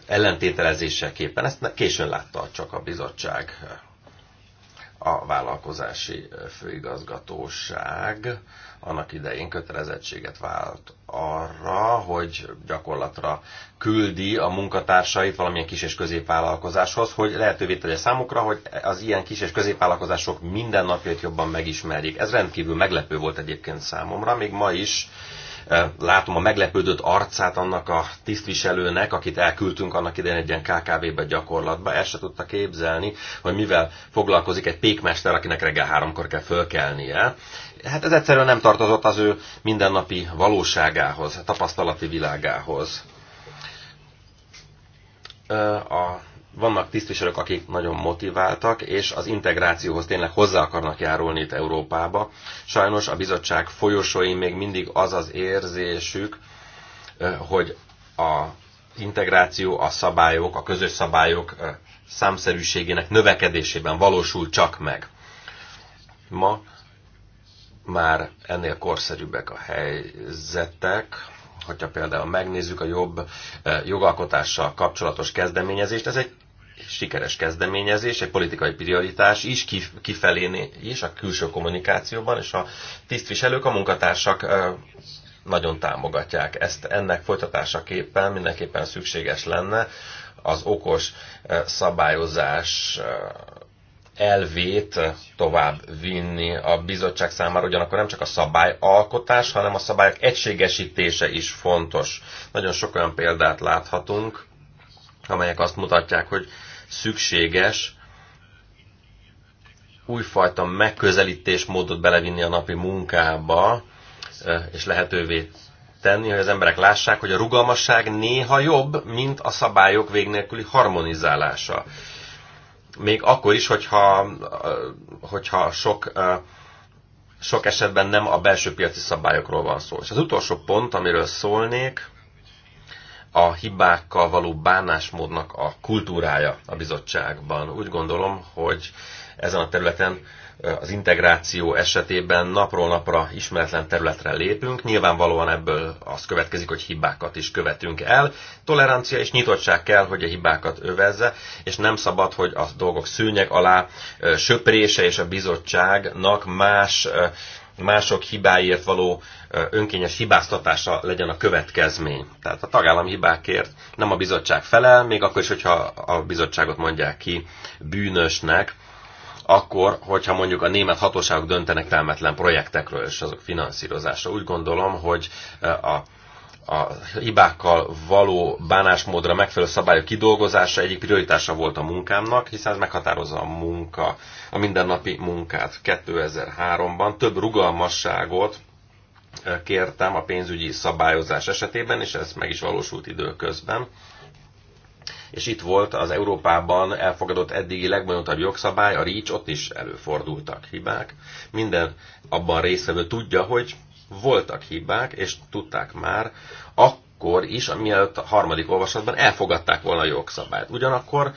ellentételezéseképpen. Ezt későn látta csak a bizottság a vállalkozási főigazgatóság annak idején kötelezettséget vált arra, hogy gyakorlatra küldi a munkatársait valamilyen kis- és középvállalkozáshoz, hogy lehetővé tegye számukra, hogy az ilyen kis- és középvállalkozások mindennapjait jobban megismerjék. Ez rendkívül meglepő volt egyébként számomra, még ma is látom a meglepődött arcát annak a tisztviselőnek, akit elküldtünk annak idején egy ilyen KKV-be gyakorlatba, el se tudta képzelni, hogy mivel foglalkozik egy pékmester, akinek reggel háromkor kell fölkelnie. Hát ez egyszerűen nem tartozott az ő mindennapi valóságához, tapasztalati világához. A vannak tisztviselők, akik nagyon motiváltak, és az integrációhoz tényleg hozzá akarnak járulni itt Európába. Sajnos a bizottság folyosói még mindig az az érzésük, hogy a integráció, a szabályok, a közös szabályok számszerűségének növekedésében valósul csak meg. Ma már ennél korszerűbbek a helyzetek, hogyha például megnézzük a jobb jogalkotással kapcsolatos kezdeményezést, ez egy sikeres kezdeményezés, egy politikai prioritás is kifelé is a külső kommunikációban, és a tisztviselők, a munkatársak nagyon támogatják. Ezt ennek folytatásaképpen mindenképpen szükséges lenne az okos szabályozás elvét tovább vinni a bizottság számára, ugyanakkor nem csak a szabályalkotás, hanem a szabályok egységesítése is fontos. Nagyon sok olyan példát láthatunk, amelyek azt mutatják, hogy szükséges újfajta megközelítésmódot belevinni a napi munkába, és lehetővé tenni, hogy az emberek lássák, hogy a rugalmasság néha jobb, mint a szabályok vég nélküli harmonizálása. Még akkor is, hogyha, hogyha sok, sok esetben nem a belső piaci szabályokról van szó. És az utolsó pont, amiről szólnék, a hibákkal való bánásmódnak a kultúrája a bizottságban. Úgy gondolom, hogy ezen a területen az integráció esetében napról napra ismeretlen területre lépünk. Nyilvánvalóan ebből az következik, hogy hibákat is követünk el. Tolerancia és nyitottság kell, hogy a hibákat övezze, és nem szabad, hogy a dolgok szőnyeg alá söprése és a bizottságnak más mások hibáért való önkényes hibáztatása legyen a következmény. Tehát a tagállam hibákért nem a bizottság felel, még akkor is, hogyha a bizottságot mondják ki bűnösnek, akkor, hogyha mondjuk a német hatóságok döntenek telmetlen projektekről és azok finanszírozásra. Úgy gondolom, hogy a a hibákkal való bánásmódra megfelelő szabályok kidolgozása egyik prioritása volt a munkámnak, hiszen ez meghatározza a munka, a mindennapi munkát 2003-ban. Több rugalmasságot eh, kértem a pénzügyi szabályozás esetében, és ez meg is valósult időközben. És itt volt az Európában elfogadott eddigi legbonyolultabb jogszabály, a REACH, ott is előfordultak hibák. Minden abban résztvevő tudja, hogy voltak hibák, és tudták már akkor is, amielőtt a harmadik olvasatban elfogadták volna a jogszabályt. Ugyanakkor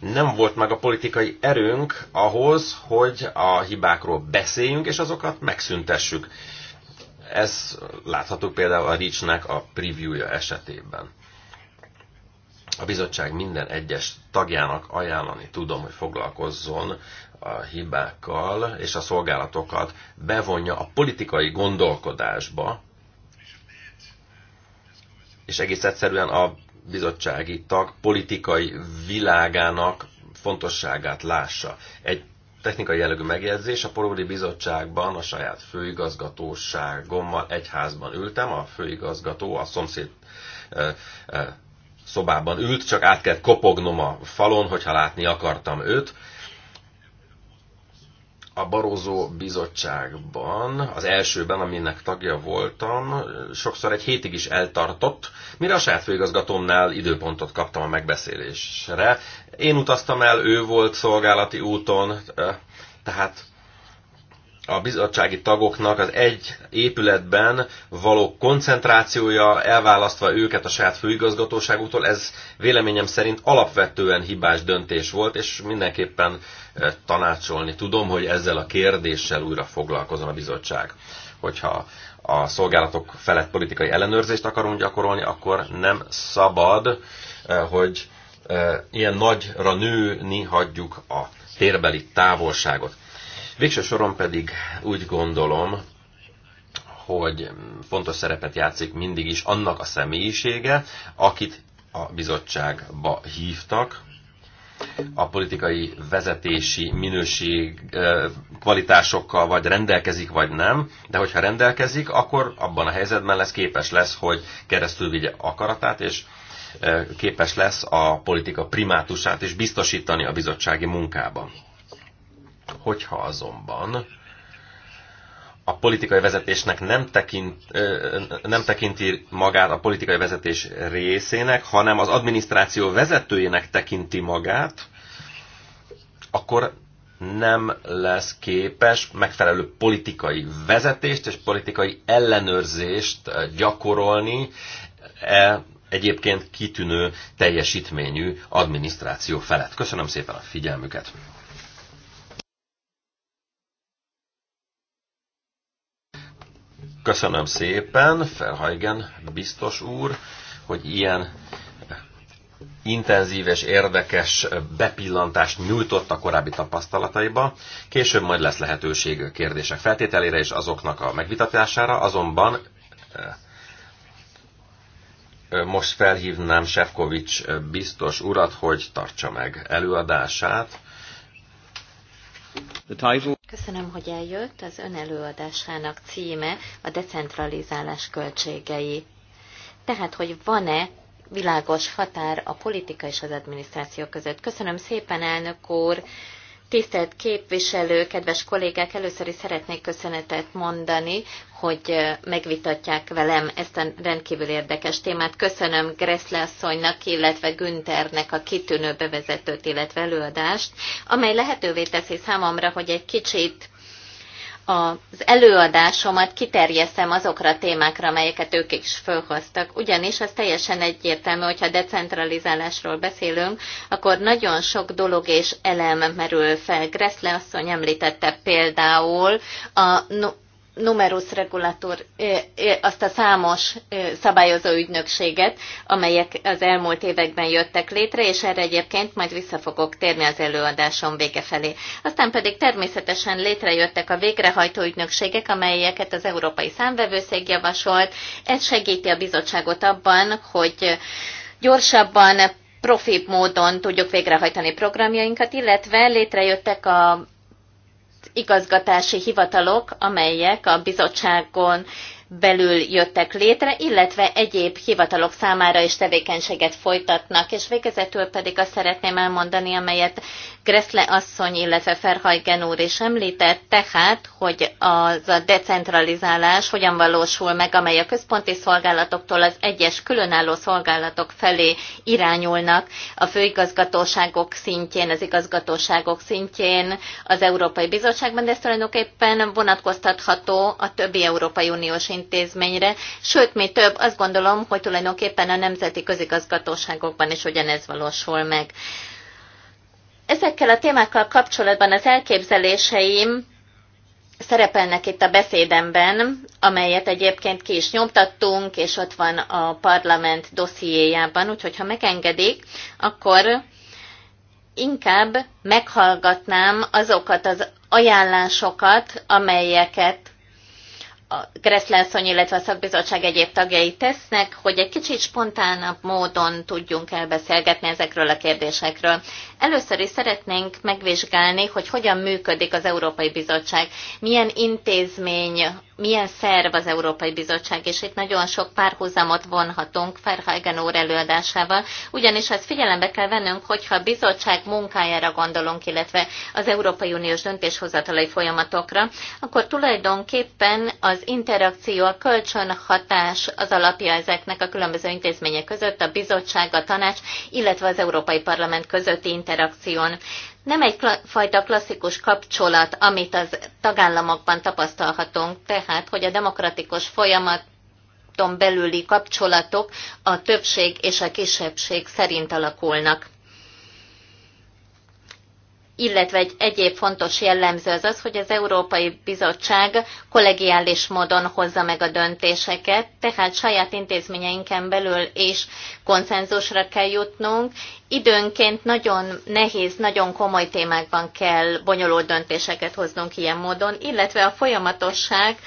nem volt meg a politikai erőnk ahhoz, hogy a hibákról beszéljünk, és azokat megszüntessük. Ez látható például a Ricsnek a previewja esetében. A bizottság minden egyes tagjának ajánlani tudom, hogy foglalkozzon a hibákkal és a szolgálatokat bevonja a politikai gondolkodásba, és egész egyszerűen a bizottsági tag politikai világának fontosságát lássa. Egy technikai jellegű megjegyzés, a Polóri Bizottságban a saját főigazgatóságommal egy házban ültem, a főigazgató a szomszéd szobában ült, csak át kellett kopognom a falon, hogyha látni akartam őt, a Barózó bizottságban, az elsőben, aminek tagja voltam, sokszor egy hétig is eltartott, mire a saját főigazgatómnál időpontot kaptam a megbeszélésre. Én utaztam el, ő volt szolgálati úton, tehát a bizottsági tagoknak az egy épületben való koncentrációja, elválasztva őket a saját főigazgatóságútól, ez véleményem szerint alapvetően hibás döntés volt, és mindenképpen tanácsolni tudom, hogy ezzel a kérdéssel újra foglalkozom a bizottság. Hogyha a szolgálatok felett politikai ellenőrzést akarunk gyakorolni, akkor nem szabad, hogy ilyen nagyra nőni hagyjuk a térbeli távolságot. Végső soron pedig úgy gondolom, hogy fontos szerepet játszik mindig is annak a személyisége, akit a bizottságba hívtak, a politikai vezetési minőség kvalitásokkal vagy rendelkezik, vagy nem, de hogyha rendelkezik, akkor abban a helyzetben lesz képes lesz, hogy keresztül vigye akaratát, és képes lesz a politika primátusát is biztosítani a bizottsági munkában. Hogyha azonban a politikai vezetésnek nem, tekint, nem tekinti magát a politikai vezetés részének, hanem az adminisztráció vezetőjének tekinti magát, akkor nem lesz képes megfelelő politikai vezetést és politikai ellenőrzést gyakorolni e egyébként kitűnő teljesítményű adminisztráció felett. Köszönöm szépen a figyelmüket! Köszönöm szépen, Felhajgen biztos úr, hogy ilyen intenzív és érdekes bepillantást nyújtott a korábbi tapasztalataiba. Később majd lesz lehetőség kérdések feltételére és azoknak a megvitatására, azonban most felhívnám Sefkovics biztos urat, hogy tartsa meg előadását. The title Köszönöm, hogy eljött. Az ön előadásának címe a decentralizálás költségei. Tehát, hogy van-e világos határ a politika és az adminisztráció között. Köszönöm szépen, elnök úr! Tisztelt képviselő, kedves kollégák, először is szeretnék köszönetet mondani, hogy megvitatják velem ezt a rendkívül érdekes témát. Köszönöm Greszle asszonynak, illetve Günternek a kitűnő bevezetőt, illetve előadást, amely lehetővé teszi számomra, hogy egy kicsit az előadásomat kiterjeszem azokra a témákra, amelyeket ők is fölhoztak. Ugyanis az teljesen egyértelmű, hogyha decentralizálásról beszélünk, akkor nagyon sok dolog és elem merül fel. Gressle asszony említette például a numerus regulator, azt a számos szabályozó ügynökséget, amelyek az elmúlt években jöttek létre, és erre egyébként majd vissza fogok térni az előadásom vége felé. Aztán pedig természetesen létrejöttek a végrehajtó ügynökségek, amelyeket az Európai Számvevőszék javasolt. Ez segíti a bizottságot abban, hogy gyorsabban, profibb módon tudjuk végrehajtani programjainkat, illetve létrejöttek a igazgatási hivatalok, amelyek a bizottságon belül jöttek létre, illetve egyéb hivatalok számára is tevékenységet folytatnak. És végezetül pedig azt szeretném elmondani, amelyet Greszle asszony, illetve Ferhajgen úr is említett, tehát, hogy az a decentralizálás hogyan valósul meg, amely a központi szolgálatoktól az egyes különálló szolgálatok felé irányulnak, a főigazgatóságok szintjén, az igazgatóságok szintjén, az Európai Bizottságban, de ez tulajdonképpen vonatkoztatható a többi Európai Uniós intézményre, sőt, mi több, azt gondolom, hogy tulajdonképpen a nemzeti közigazgatóságokban is ugyanez valósul meg. Ezekkel a témákkal kapcsolatban az elképzeléseim szerepelnek itt a beszédemben, amelyet egyébként ki is nyomtattunk, és ott van a parlament dossziéjában, úgyhogy ha megengedik, akkor inkább meghallgatnám azokat az ajánlásokat, amelyeket a Greszlászony, illetve a szakbizottság egyéb tagjai tesznek, hogy egy kicsit spontánabb módon tudjunk elbeszélgetni ezekről a kérdésekről. Először is szeretnénk megvizsgálni, hogy hogyan működik az Európai Bizottság, milyen intézmény, milyen szerv az Európai Bizottság, és itt nagyon sok párhuzamot vonhatunk Ferhagen úr előadásával, ugyanis ezt figyelembe kell vennünk, hogyha a bizottság munkájára gondolunk, illetve az Európai Uniós döntéshozatalai folyamatokra, akkor tulajdonképpen az interakció, a kölcsönhatás az alapja ezeknek a különböző intézmények között, a bizottság, a tanács, illetve az Európai Parlament közötti interakció interakción. Nem fajta klasszikus kapcsolat, amit az tagállamokban tapasztalhatunk, tehát hogy a demokratikus folyamat belüli kapcsolatok a többség és a kisebbség szerint alakulnak illetve egy egyéb fontos jellemző az az, hogy az Európai Bizottság kollegiális módon hozza meg a döntéseket, tehát saját intézményeinken belül is konszenzusra kell jutnunk. Időnként nagyon nehéz, nagyon komoly témákban kell bonyolult döntéseket hoznunk ilyen módon, illetve a folyamatosság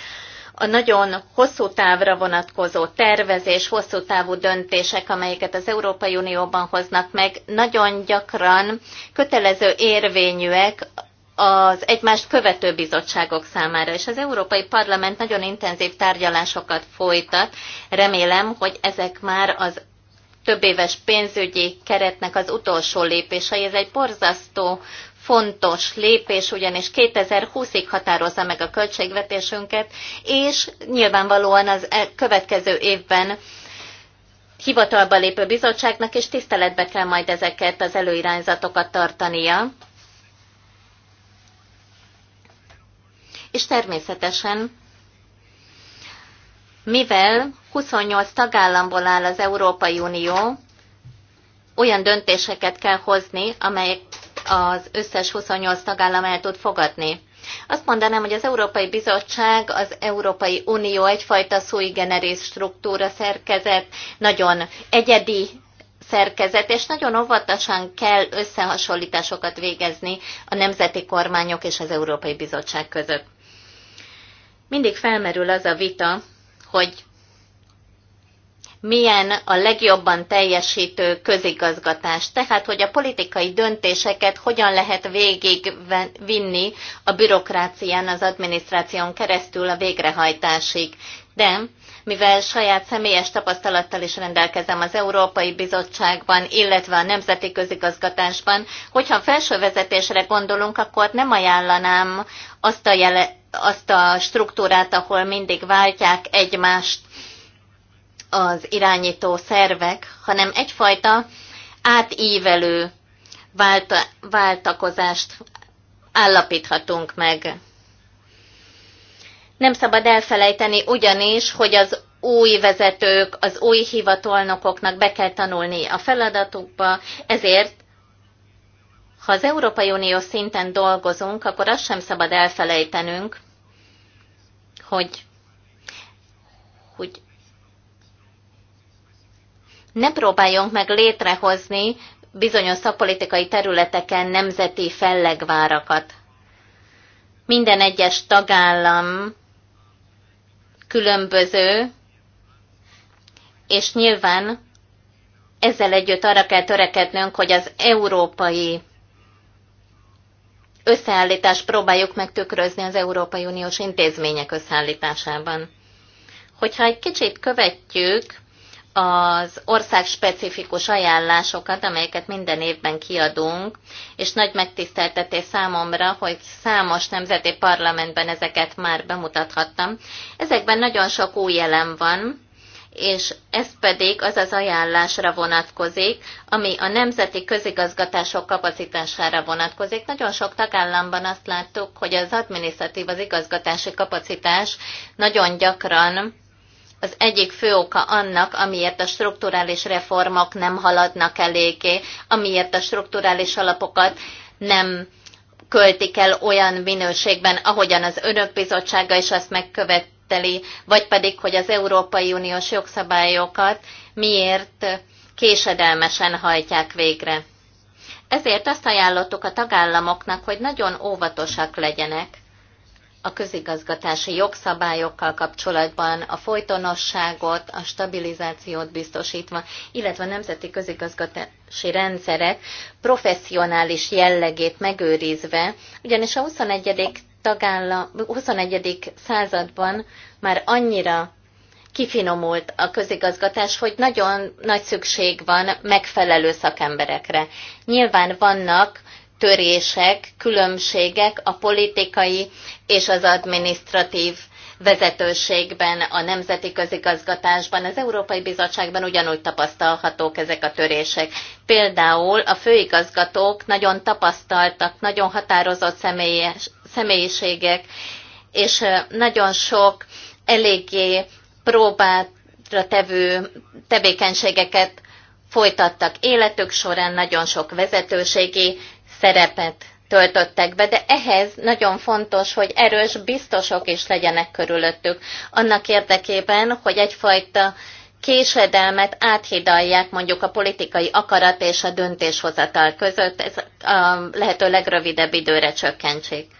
a nagyon hosszú távra vonatkozó tervezés, hosszú távú döntések, amelyeket az Európai Unióban hoznak meg, nagyon gyakran kötelező érvényűek az egymást követő bizottságok számára, és az Európai Parlament nagyon intenzív tárgyalásokat folytat. Remélem, hogy ezek már az több éves pénzügyi keretnek az utolsó lépései. Ez egy borzasztó fontos lépés, ugyanis 2020-ig határozza meg a költségvetésünket, és nyilvánvalóan az e- következő évben hivatalba lépő bizottságnak, és tiszteletbe kell majd ezeket az előirányzatokat tartania. És természetesen, mivel 28 tagállamból áll az Európai Unió, olyan döntéseket kell hozni, amelyek az összes 28 tagállam el tud fogadni. Azt mondanám, hogy az Európai Bizottság, az Európai Unió egyfajta sui generis struktúra szerkezet, nagyon egyedi szerkezet, és nagyon óvatosan kell összehasonlításokat végezni a nemzeti kormányok és az Európai Bizottság között. Mindig felmerül az a vita, hogy milyen a legjobban teljesítő közigazgatás, tehát hogy a politikai döntéseket hogyan lehet végigvinni a bürokrácián, az adminisztráción keresztül a végrehajtásig. De mivel saját személyes tapasztalattal is rendelkezem az Európai Bizottságban, illetve a Nemzeti Közigazgatásban, hogyha felső vezetésre gondolunk, akkor nem ajánlanám azt a, jele, azt a struktúrát, ahol mindig váltják egymást az irányító szervek, hanem egyfajta átívelő vált, váltakozást állapíthatunk meg. Nem szabad elfelejteni ugyanis, hogy az új vezetők, az új hivatalnokoknak be kell tanulni a feladatukba, ezért ha az Európai Unió szinten dolgozunk, akkor azt sem szabad elfelejtenünk, hogy ne próbáljunk meg létrehozni bizonyos szakpolitikai területeken nemzeti fellegvárakat. Minden egyes tagállam különböző, és nyilván ezzel együtt arra kell törekednünk, hogy az európai összeállítás próbáljuk megtükrözni az Európai Uniós intézmények összeállításában. Hogyha egy kicsit követjük az ország specifikus ajánlásokat, amelyeket minden évben kiadunk, és nagy megtiszteltetés számomra, hogy számos nemzeti parlamentben ezeket már bemutathattam. Ezekben nagyon sok új elem van, és ez pedig az az ajánlásra vonatkozik, ami a nemzeti közigazgatások kapacitására vonatkozik. Nagyon sok tagállamban azt láttuk, hogy az adminisztratív, az igazgatási kapacitás nagyon gyakran az egyik fő oka annak, amiért a strukturális reformok nem haladnak eléggé, amiért a strukturális alapokat nem költik el olyan minőségben, ahogyan az önök bizottsága is azt megköveteli, vagy pedig, hogy az Európai Uniós jogszabályokat miért késedelmesen hajtják végre. Ezért azt ajánlottuk a tagállamoknak, hogy nagyon óvatosak legyenek, a közigazgatási jogszabályokkal kapcsolatban a folytonosságot, a stabilizációt biztosítva, illetve a nemzeti közigazgatási rendszerek professzionális jellegét megőrizve, ugyanis a 21. Tagállam, 21. században már annyira kifinomult a közigazgatás, hogy nagyon nagy szükség van megfelelő szakemberekre. Nyilván vannak törések, különbségek a politikai és az administratív vezetőségben, a nemzeti közigazgatásban, az Európai Bizottságban ugyanúgy tapasztalhatók ezek a törések. Például a főigazgatók nagyon tapasztaltak, nagyon határozott személyes, személyiségek, és nagyon sok eléggé próbátra tevő tevékenységeket folytattak életük során, nagyon sok vezetőségi szerepet töltöttek be, de ehhez nagyon fontos, hogy erős biztosok is legyenek körülöttük, annak érdekében, hogy egyfajta késedelmet áthidalják mondjuk a politikai akarat és a döntéshozatal között, ez a lehető legrövidebb időre csökkentsék.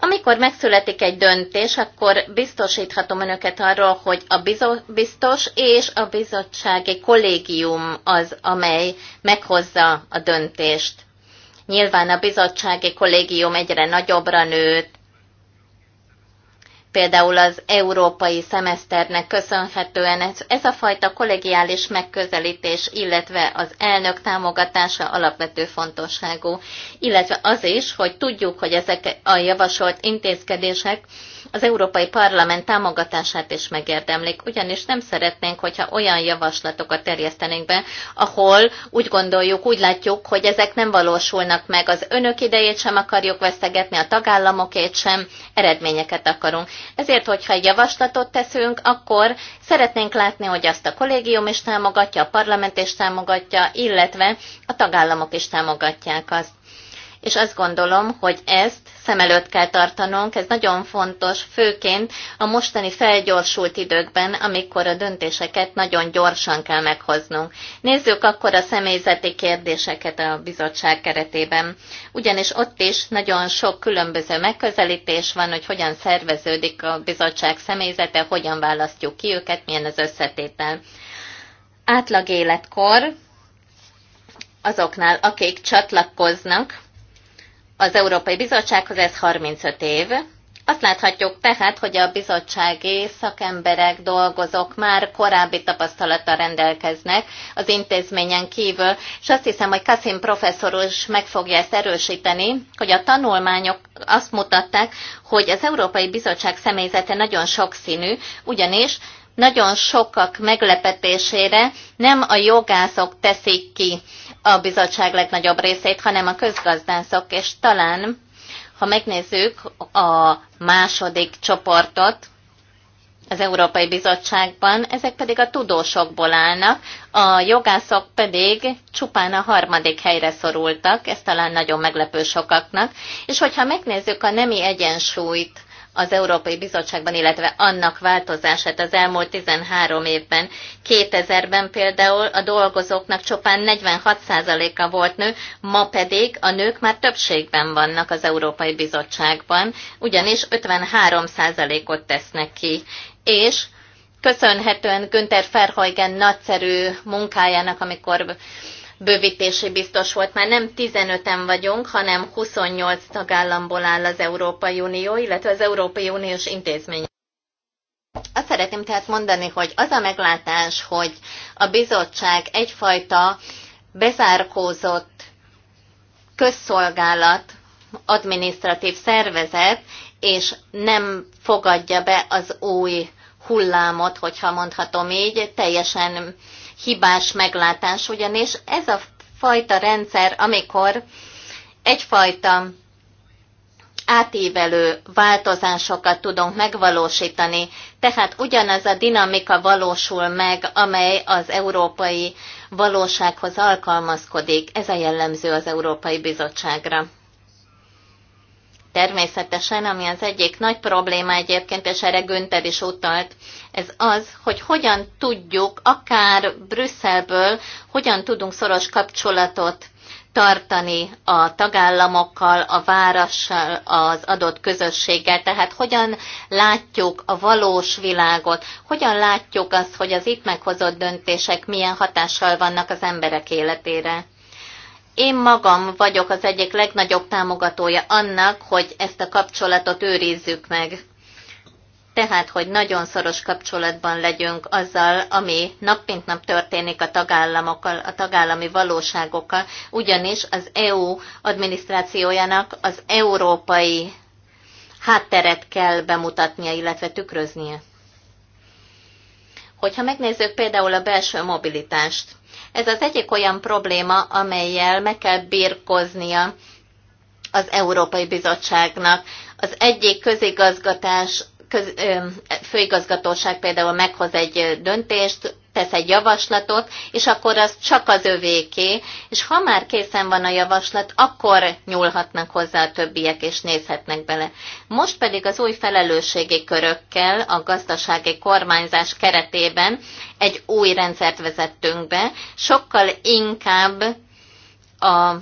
Amikor megszületik egy döntés, akkor biztosíthatom önöket arról, hogy a biztos és a bizottsági kollégium az, amely meghozza a döntést. Nyilván a bizottsági kollégium egyre nagyobbra nőtt, például az európai szemeszternek köszönhetően ez, ez a fajta kollegiális megközelítés, illetve az elnök támogatása alapvető fontosságú, illetve az is, hogy tudjuk, hogy ezek a javasolt intézkedések az Európai Parlament támogatását is megérdemlik, ugyanis nem szeretnénk, hogyha olyan javaslatokat terjesztenénk be, ahol úgy gondoljuk, úgy látjuk, hogy ezek nem valósulnak meg. Az önök idejét sem akarjuk vesztegetni, a tagállamokét sem, eredményeket akarunk. Ezért, hogyha egy javaslatot teszünk, akkor szeretnénk látni, hogy azt a kollégium is támogatja, a parlament is támogatja, illetve a tagállamok is támogatják azt. És azt gondolom, hogy ezt szem előtt kell tartanunk, ez nagyon fontos, főként a mostani felgyorsult időkben, amikor a döntéseket nagyon gyorsan kell meghoznunk. Nézzük akkor a személyzeti kérdéseket a bizottság keretében. Ugyanis ott is nagyon sok különböző megközelítés van, hogy hogyan szerveződik a bizottság személyzete, hogyan választjuk ki őket, milyen az összetétel. Átlag életkor azoknál, akik csatlakoznak az Európai Bizottsághoz, ez 35 év. Azt láthatjuk tehát, hogy a bizottsági szakemberek, dolgozók már korábbi tapasztalattal rendelkeznek az intézményen kívül, és azt hiszem, hogy Kasim professzor is meg fogja ezt erősíteni, hogy a tanulmányok azt mutatták, hogy az Európai Bizottság személyzete nagyon sokszínű, ugyanis nagyon sokak meglepetésére nem a jogászok teszik ki a bizottság legnagyobb részét, hanem a közgazdászok, és talán, ha megnézzük a második csoportot, az Európai Bizottságban, ezek pedig a tudósokból állnak, a jogászok pedig csupán a harmadik helyre szorultak, ez talán nagyon meglepő sokaknak, és hogyha megnézzük a nemi egyensúlyt az Európai Bizottságban, illetve annak változását az elmúlt 13 évben. 2000-ben például a dolgozóknak csupán 46%-a volt nő, ma pedig a nők már többségben vannak az Európai Bizottságban, ugyanis 53%-ot tesznek ki. És köszönhetően Günther Ferhajgen nagyszerű munkájának, amikor bővítési biztos volt. Már nem 15-en vagyunk, hanem 28 tagállamból áll az Európai Unió, illetve az Európai Uniós intézmény. Azt szeretném tehát mondani, hogy az a meglátás, hogy a bizottság egyfajta bezárkózott közszolgálat, adminisztratív szervezet, és nem fogadja be az új hullámot, hogyha mondhatom így, teljesen hibás meglátás, ugyanis ez a fajta rendszer, amikor egyfajta átívelő változásokat tudunk megvalósítani, tehát ugyanaz a dinamika valósul meg, amely az európai valósághoz alkalmazkodik. Ez a jellemző az Európai Bizottságra. Természetesen, ami az egyik nagy probléma egyébként, és erre Günther is utalt, ez az, hogy hogyan tudjuk, akár Brüsszelből, hogyan tudunk szoros kapcsolatot tartani a tagállamokkal, a várassal, az adott közösséggel, tehát hogyan látjuk a valós világot, hogyan látjuk azt, hogy az itt meghozott döntések milyen hatással vannak az emberek életére. Én magam vagyok az egyik legnagyobb támogatója annak, hogy ezt a kapcsolatot őrizzük meg. Tehát, hogy nagyon szoros kapcsolatban legyünk azzal, ami nap mint nap történik a tagállamokkal, a tagállami valóságokkal, ugyanis az EU adminisztrációjának az európai hátteret kell bemutatnia, illetve tükröznie. Hogyha megnézzük például a belső mobilitást, ez az egyik olyan probléma, amelyel meg kell birkoznia az Európai Bizottságnak. Az egyik közigazgatás, köz, főigazgatóság például meghoz egy döntést, tesz egy javaslatot, és akkor az csak az övéké, és ha már készen van a javaslat, akkor nyúlhatnak hozzá a többiek, és nézhetnek bele. Most pedig az új felelősségi körökkel a gazdasági kormányzás keretében egy új rendszert vezettünk be, sokkal inkább a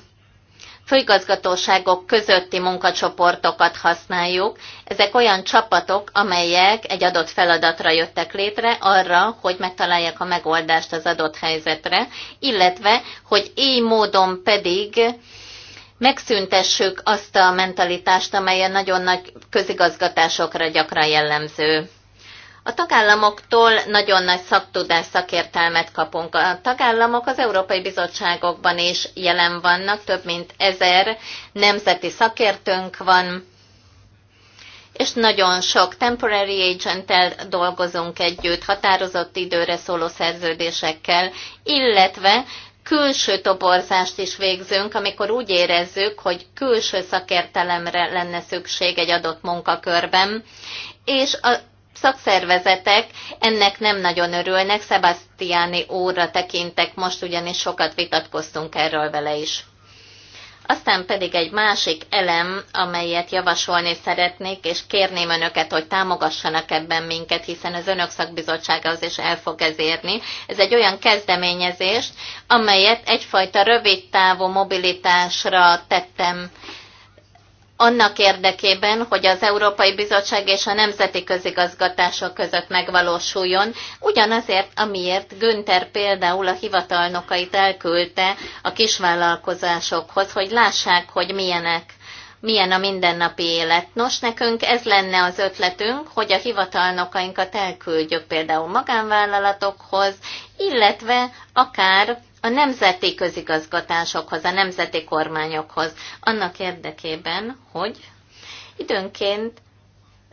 főigazgatóságok közötti munkacsoportokat használjuk. Ezek olyan csapatok, amelyek egy adott feladatra jöttek létre arra, hogy megtalálják a megoldást az adott helyzetre, illetve, hogy így módon pedig megszüntessük azt a mentalitást, amely a nagyon nagy közigazgatásokra gyakran jellemző. A tagállamoktól nagyon nagy szaktudás, szakértelmet kapunk. A tagállamok az Európai Bizottságokban is jelen vannak, több mint ezer nemzeti szakértőnk van, és nagyon sok temporary agent dolgozunk együtt, határozott időre szóló szerződésekkel, illetve külső toborzást is végzünk, amikor úgy érezzük, hogy külső szakértelemre lenne szükség egy adott munkakörben, és a szakszervezetek ennek nem nagyon örülnek, Sebastiani óra tekintek, most ugyanis sokat vitatkoztunk erről vele is. Aztán pedig egy másik elem, amelyet javasolni szeretnék, és kérném önöket, hogy támogassanak ebben minket, hiszen az önök szakbizottságához is el fog ez érni. Ez egy olyan kezdeményezést, amelyet egyfajta rövid távú mobilitásra tettem annak érdekében, hogy az Európai Bizottság és a nemzeti közigazgatások között megvalósuljon, ugyanazért, amiért Günther például a hivatalnokait elküldte a kisvállalkozásokhoz, hogy lássák, hogy milyenek milyen a mindennapi élet. Nos, nekünk ez lenne az ötletünk, hogy a hivatalnokainkat elküldjük például magánvállalatokhoz, illetve akár a nemzeti közigazgatásokhoz, a nemzeti kormányokhoz, annak érdekében, hogy időnként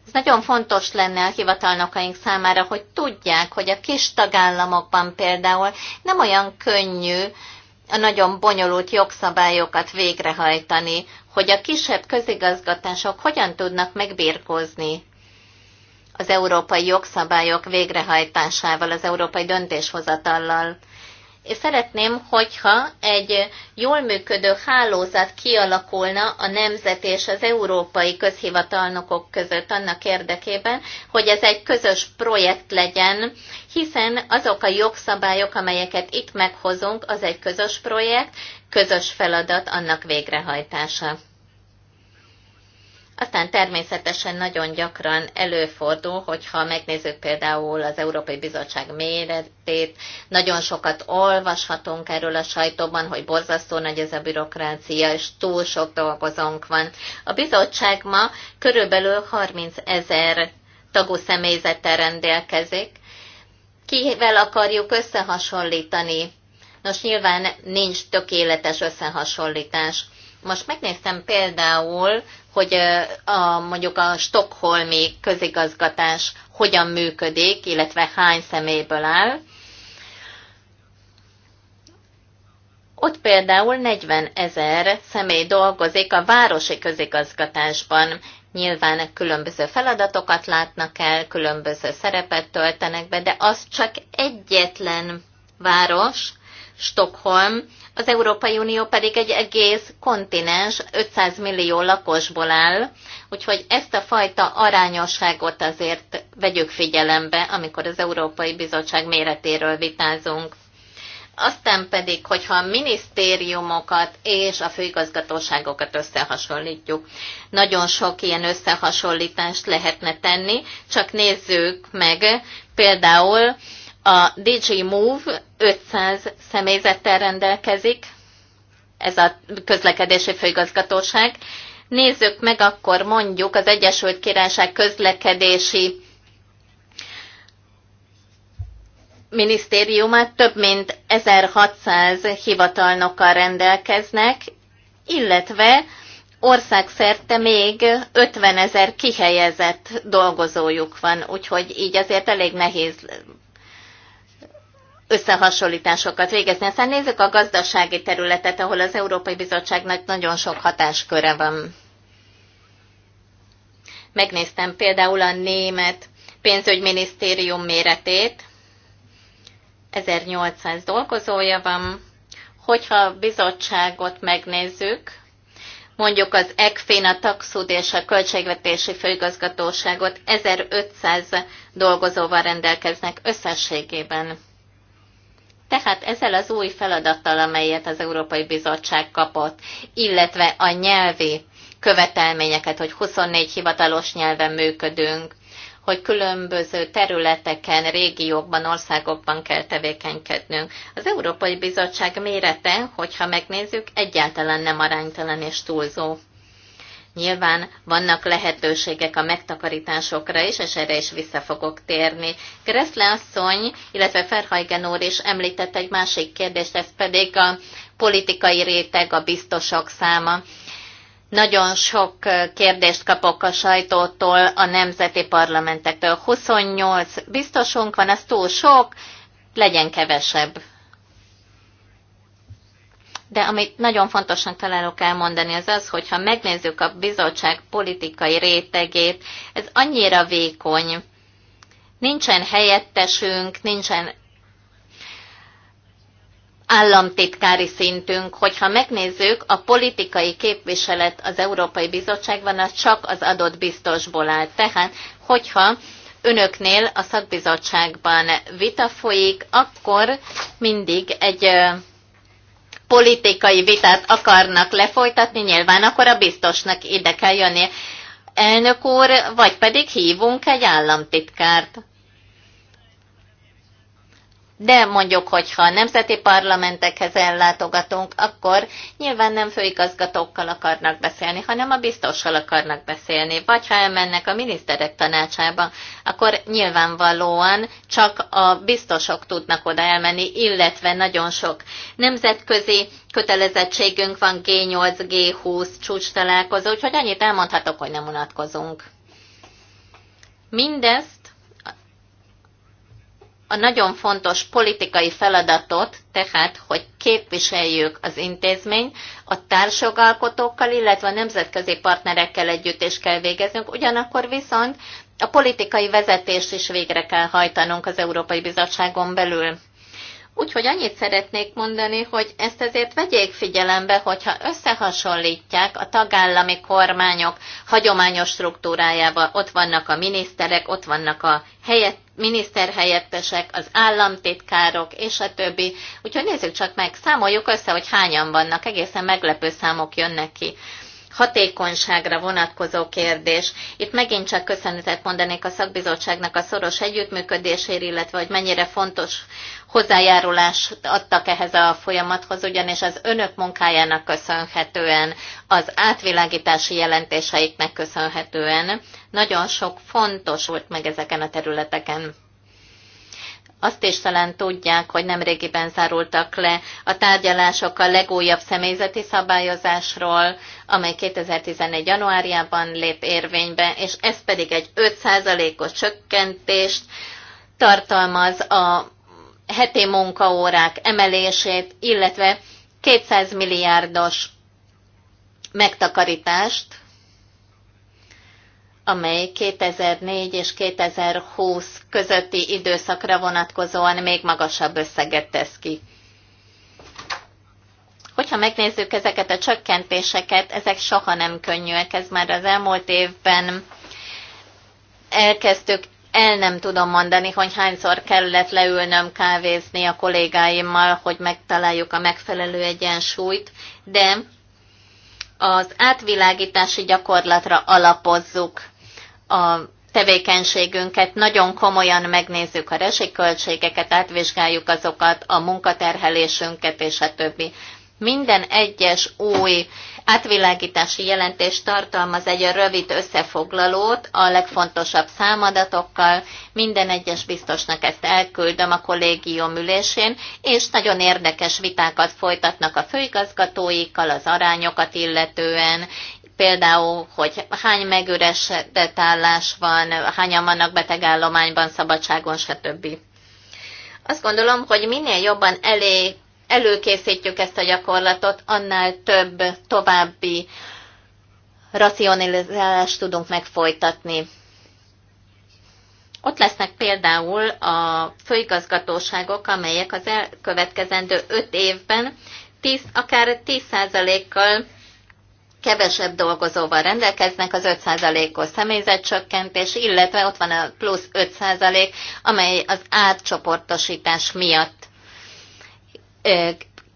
ez nagyon fontos lenne a hivatalnokaink számára, hogy tudják, hogy a kis tagállamokban például nem olyan könnyű a nagyon bonyolult jogszabályokat végrehajtani, hogy a kisebb közigazgatások hogyan tudnak megbírkozni az európai jogszabályok végrehajtásával, az európai döntéshozatallal és szeretném, hogyha egy jól működő hálózat kialakulna a nemzet és az európai közhivatalnokok között annak érdekében, hogy ez egy közös projekt legyen, hiszen azok a jogszabályok, amelyeket itt meghozunk, az egy közös projekt, közös feladat annak végrehajtása. Aztán természetesen nagyon gyakran előfordul, hogyha megnézzük például az Európai Bizottság méretét, nagyon sokat olvashatunk erről a sajtóban, hogy borzasztó nagy ez a bürokrácia, és túl sok dolgozónk van. A bizottság ma körülbelül 30 ezer tagú személyzettel rendelkezik. Kivel akarjuk összehasonlítani? Nos, nyilván nincs tökéletes összehasonlítás most megnéztem például, hogy a, mondjuk a stokholmi közigazgatás hogyan működik, illetve hány személyből áll. Ott például 40 ezer személy dolgozik a városi közigazgatásban. Nyilván különböző feladatokat látnak el, különböző szerepet töltenek be, de az csak egyetlen város, Stockholm, az Európai Unió pedig egy egész kontinens 500 millió lakosból áll, úgyhogy ezt a fajta arányosságot azért vegyük figyelembe, amikor az Európai Bizottság méretéről vitázunk. Aztán pedig, hogyha a minisztériumokat és a főigazgatóságokat összehasonlítjuk, nagyon sok ilyen összehasonlítást lehetne tenni, csak nézzük meg például a DG Move 500 személyzettel rendelkezik, ez a közlekedési főigazgatóság. Nézzük meg akkor mondjuk az Egyesült Királyság közlekedési minisztériumát több mint 1600 hivatalnokkal rendelkeznek, illetve országszerte még 50 ezer kihelyezett dolgozójuk van, úgyhogy így azért elég nehéz összehasonlításokat végezni. Aztán nézzük a gazdasági területet, ahol az Európai Bizottságnak nagyon sok hatásköre van. Megnéztem például a német pénzügyminisztérium méretét, 1800 dolgozója van. Hogyha a bizottságot megnézzük, mondjuk az ECFIN, a Taxud és a Költségvetési Főigazgatóságot 1500 dolgozóval rendelkeznek összességében. Tehát ezzel az új feladattal, amelyet az Európai Bizottság kapott, illetve a nyelvi követelményeket, hogy 24 hivatalos nyelven működünk, hogy különböző területeken, régiókban, országokban kell tevékenykednünk. Az Európai Bizottság mérete, hogyha megnézzük, egyáltalán nem aránytalan és túlzó. Nyilván vannak lehetőségek a megtakarításokra is, és erre is vissza fogok térni. Kreszle asszony, illetve Ferhajgen úr is említett egy másik kérdést, ez pedig a politikai réteg, a biztosok száma. Nagyon sok kérdést kapok a sajtótól, a nemzeti parlamentektől. 28 biztosunk van, ez túl sok, legyen kevesebb de amit nagyon fontosan találok elmondani, az az, hogyha megnézzük a bizottság politikai rétegét, ez annyira vékony. Nincsen helyettesünk, nincsen államtitkári szintünk, hogyha megnézzük, a politikai képviselet az Európai Bizottságban az csak az adott biztosból áll. Tehát, hogyha önöknél a szakbizottságban vita folyik, akkor mindig egy politikai vitát akarnak lefolytatni, nyilván akkor a biztosnak ide kell jönni. Elnök úr, vagy pedig hívunk egy államtitkárt de mondjuk, hogyha a nemzeti parlamentekhez ellátogatunk, akkor nyilván nem főigazgatókkal akarnak beszélni, hanem a biztossal akarnak beszélni. Vagy ha elmennek a miniszterek tanácsába, akkor nyilvánvalóan csak a biztosok tudnak oda elmenni, illetve nagyon sok nemzetközi kötelezettségünk van G8, G20 csúcs találkozó, úgyhogy annyit elmondhatok, hogy nem unatkozunk. Mindezt a nagyon fontos politikai feladatot, tehát, hogy képviseljük az intézmény, a társjogalkotókkal, illetve a nemzetközi partnerekkel együtt is kell végeznünk, ugyanakkor viszont a politikai vezetést is végre kell hajtanunk az Európai Bizottságon belül. Úgyhogy annyit szeretnék mondani, hogy ezt ezért vegyék figyelembe, hogyha összehasonlítják a tagállami kormányok hagyományos struktúrájával, ott vannak a miniszterek, ott vannak a helyett miniszterhelyettesek, az államtitkárok, és a többi. Úgyhogy nézzük csak meg, számoljuk össze, hogy hányan vannak, egészen meglepő számok jönnek ki. Hatékonyságra vonatkozó kérdés. Itt megint csak köszönetet mondanék a szakbizottságnak a szoros együttműködésére illetve hogy mennyire fontos hozzájárulást adtak ehhez a folyamathoz, ugyanis az önök munkájának köszönhetően, az átvilágítási jelentéseiknek köszönhetően nagyon sok fontos volt meg ezeken a területeken. Azt is talán tudják, hogy nemrégiben zárultak le a tárgyalások a legújabb személyzeti szabályozásról, amely 2011. januárjában lép érvénybe, és ez pedig egy 5%-os csökkentést tartalmaz a heti munkaórák emelését, illetve 200 milliárdos megtakarítást amely 2004 és 2020 közötti időszakra vonatkozóan még magasabb összeget tesz ki. Hogyha megnézzük ezeket a csökkentéseket, ezek soha nem könnyűek, ez már az elmúlt évben elkezdtük, el nem tudom mondani, hogy hányszor kellett leülnöm kávézni a kollégáimmal, hogy megtaláljuk a megfelelő egyensúlyt, de az átvilágítási gyakorlatra alapozzuk a tevékenységünket, nagyon komolyan megnézzük a rezsiköltségeket, átvizsgáljuk azokat, a munkaterhelésünket és a többi. Minden egyes új átvilágítási jelentés tartalmaz egy rövid összefoglalót a legfontosabb számadatokkal. Minden egyes biztosnak ezt elküldöm a kollégium ülésén, és nagyon érdekes vitákat folytatnak a főigazgatóikkal az arányokat illetően, például, hogy hány megüresedett állás van, hányan vannak betegállományban, szabadságon, stb. Azt gondolom, hogy minél jobban elé előkészítjük ezt a gyakorlatot, annál több további racionalizálást tudunk megfolytatni. Ott lesznek például a főigazgatóságok, amelyek az elkövetkezendő öt évben 10, akár 10%-kal kevesebb dolgozóval rendelkeznek, az 5%-os személyzetcsökkentés, illetve ott van a plusz 5%, amely az átcsoportosítás miatt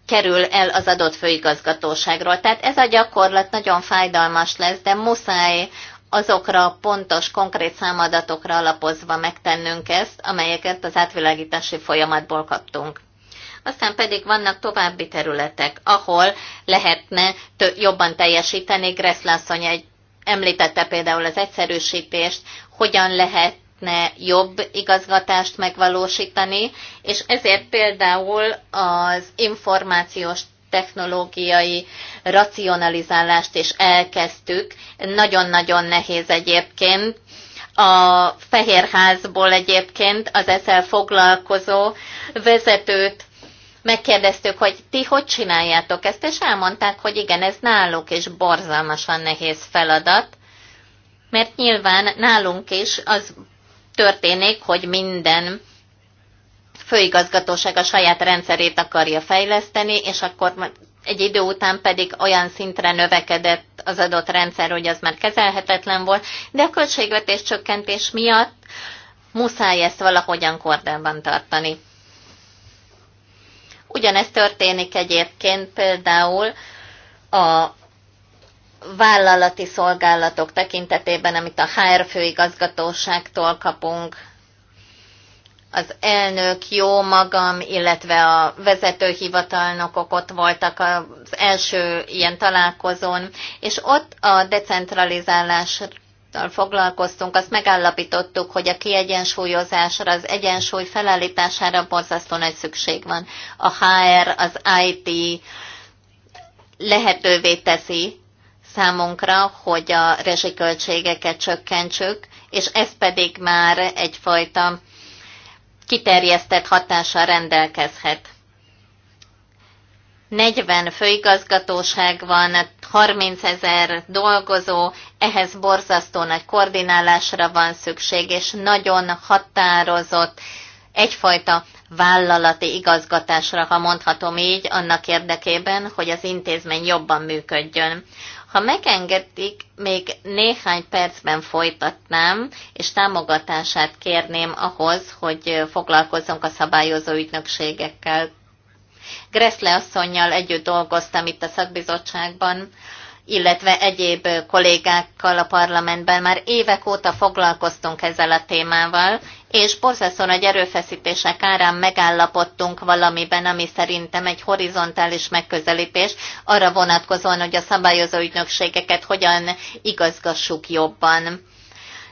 kerül el az adott főigazgatóságról. Tehát ez a gyakorlat nagyon fájdalmas lesz, de muszáj azokra a pontos, konkrét számadatokra alapozva megtennünk ezt, amelyeket az átvilágítási folyamatból kaptunk. Aztán pedig vannak további területek, ahol lehetne jobban teljesíteni. Gresslászony egy említette például az egyszerűsítést, hogyan lehet lehetne jobb igazgatást megvalósítani, és ezért például az információs technológiai racionalizálást is elkezdtük. Nagyon-nagyon nehéz egyébként. A Fehérházból egyébként az ezzel foglalkozó vezetőt megkérdeztük, hogy ti hogy csináljátok ezt, és elmondták, hogy igen, ez náluk is borzalmasan nehéz feladat, mert nyilván nálunk is az történik, hogy minden főigazgatóság a saját rendszerét akarja fejleszteni, és akkor egy idő után pedig olyan szintre növekedett az adott rendszer, hogy az már kezelhetetlen volt, de a költségvetés csökkentés miatt muszáj ezt valahogyan kordában tartani. Ugyanezt történik egyébként például a vállalati szolgálatok tekintetében, amit a HR főigazgatóságtól kapunk, az elnök, jó magam, illetve a vezetőhivatalnokok ott voltak az első ilyen találkozón, és ott a decentralizálással foglalkoztunk, azt megállapítottuk, hogy a kiegyensúlyozásra, az egyensúly felállítására borzasztó nagy szükség van. A HR, az IT lehetővé teszi, számunkra, hogy a rezsiköltségeket csökkentsük, és ez pedig már egyfajta kiterjesztett hatással rendelkezhet. 40 főigazgatóság van, 30 ezer dolgozó, ehhez borzasztó nagy koordinálásra van szükség, és nagyon határozott egyfajta vállalati igazgatásra, ha mondhatom így, annak érdekében, hogy az intézmény jobban működjön. Ha megengedik, még néhány percben folytatnám, és támogatását kérném ahhoz, hogy foglalkozzunk a szabályozó ügynökségekkel. Gressle asszonynal együtt dolgoztam itt a szakbizottságban, illetve egyéb kollégákkal a parlamentben már évek óta foglalkoztunk ezzel a témával, és borzasztóan nagy erőfeszítések árán megállapodtunk valamiben, ami szerintem egy horizontális megközelítés arra vonatkozóan, hogy a szabályozó ügynökségeket hogyan igazgassuk jobban.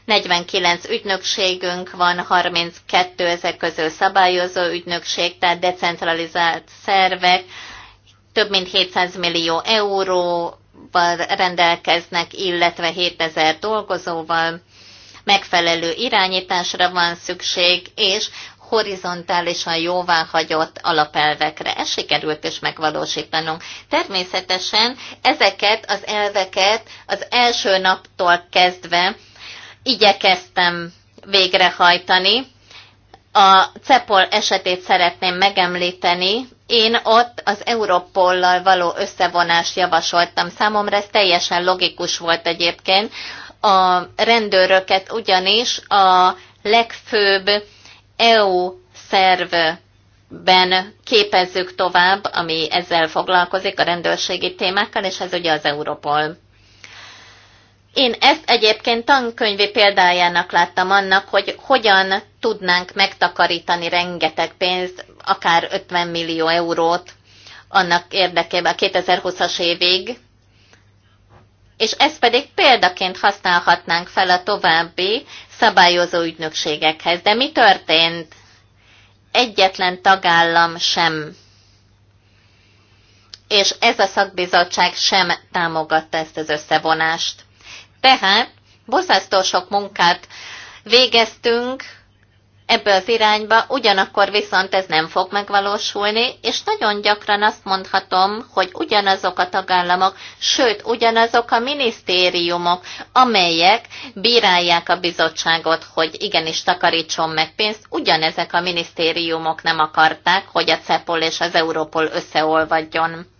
49 ügynökségünk van, 32 ezek közül szabályozó ügynökség, tehát decentralizált szervek, több mint 700 millió euró rendelkeznek, illetve 7000 dolgozóval megfelelő irányításra van szükség, és horizontálisan jóváhagyott alapelvekre. Ez sikerült is megvalósítanunk. Természetesen ezeket az elveket az első naptól kezdve igyekeztem végrehajtani. A CEPOL esetét szeretném megemlíteni. Én ott az Európollal való összevonást javasoltam. Számomra ez teljesen logikus volt egyébként, a rendőröket, ugyanis a legfőbb EU szervben képezzük tovább, ami ezzel foglalkozik, a rendőrségi témákkal, és ez ugye az Europol. Én ezt egyébként tankönyvi példájának láttam annak, hogy hogyan tudnánk megtakarítani rengeteg pénzt, akár 50 millió eurót annak érdekében a 2020-as évig, és ezt pedig példaként használhatnánk fel a további szabályozó ügynökségekhez. De mi történt? Egyetlen tagállam sem, és ez a szakbizottság sem támogatta ezt az összevonást. Tehát bozasztó sok munkát végeztünk, ebbe az irányba, ugyanakkor viszont ez nem fog megvalósulni, és nagyon gyakran azt mondhatom, hogy ugyanazok a tagállamok, sőt, ugyanazok a minisztériumok, amelyek bírálják a bizottságot, hogy igenis takarítson meg pénzt, ugyanezek a minisztériumok nem akarták, hogy a CEPOL és az Európol összeolvadjon.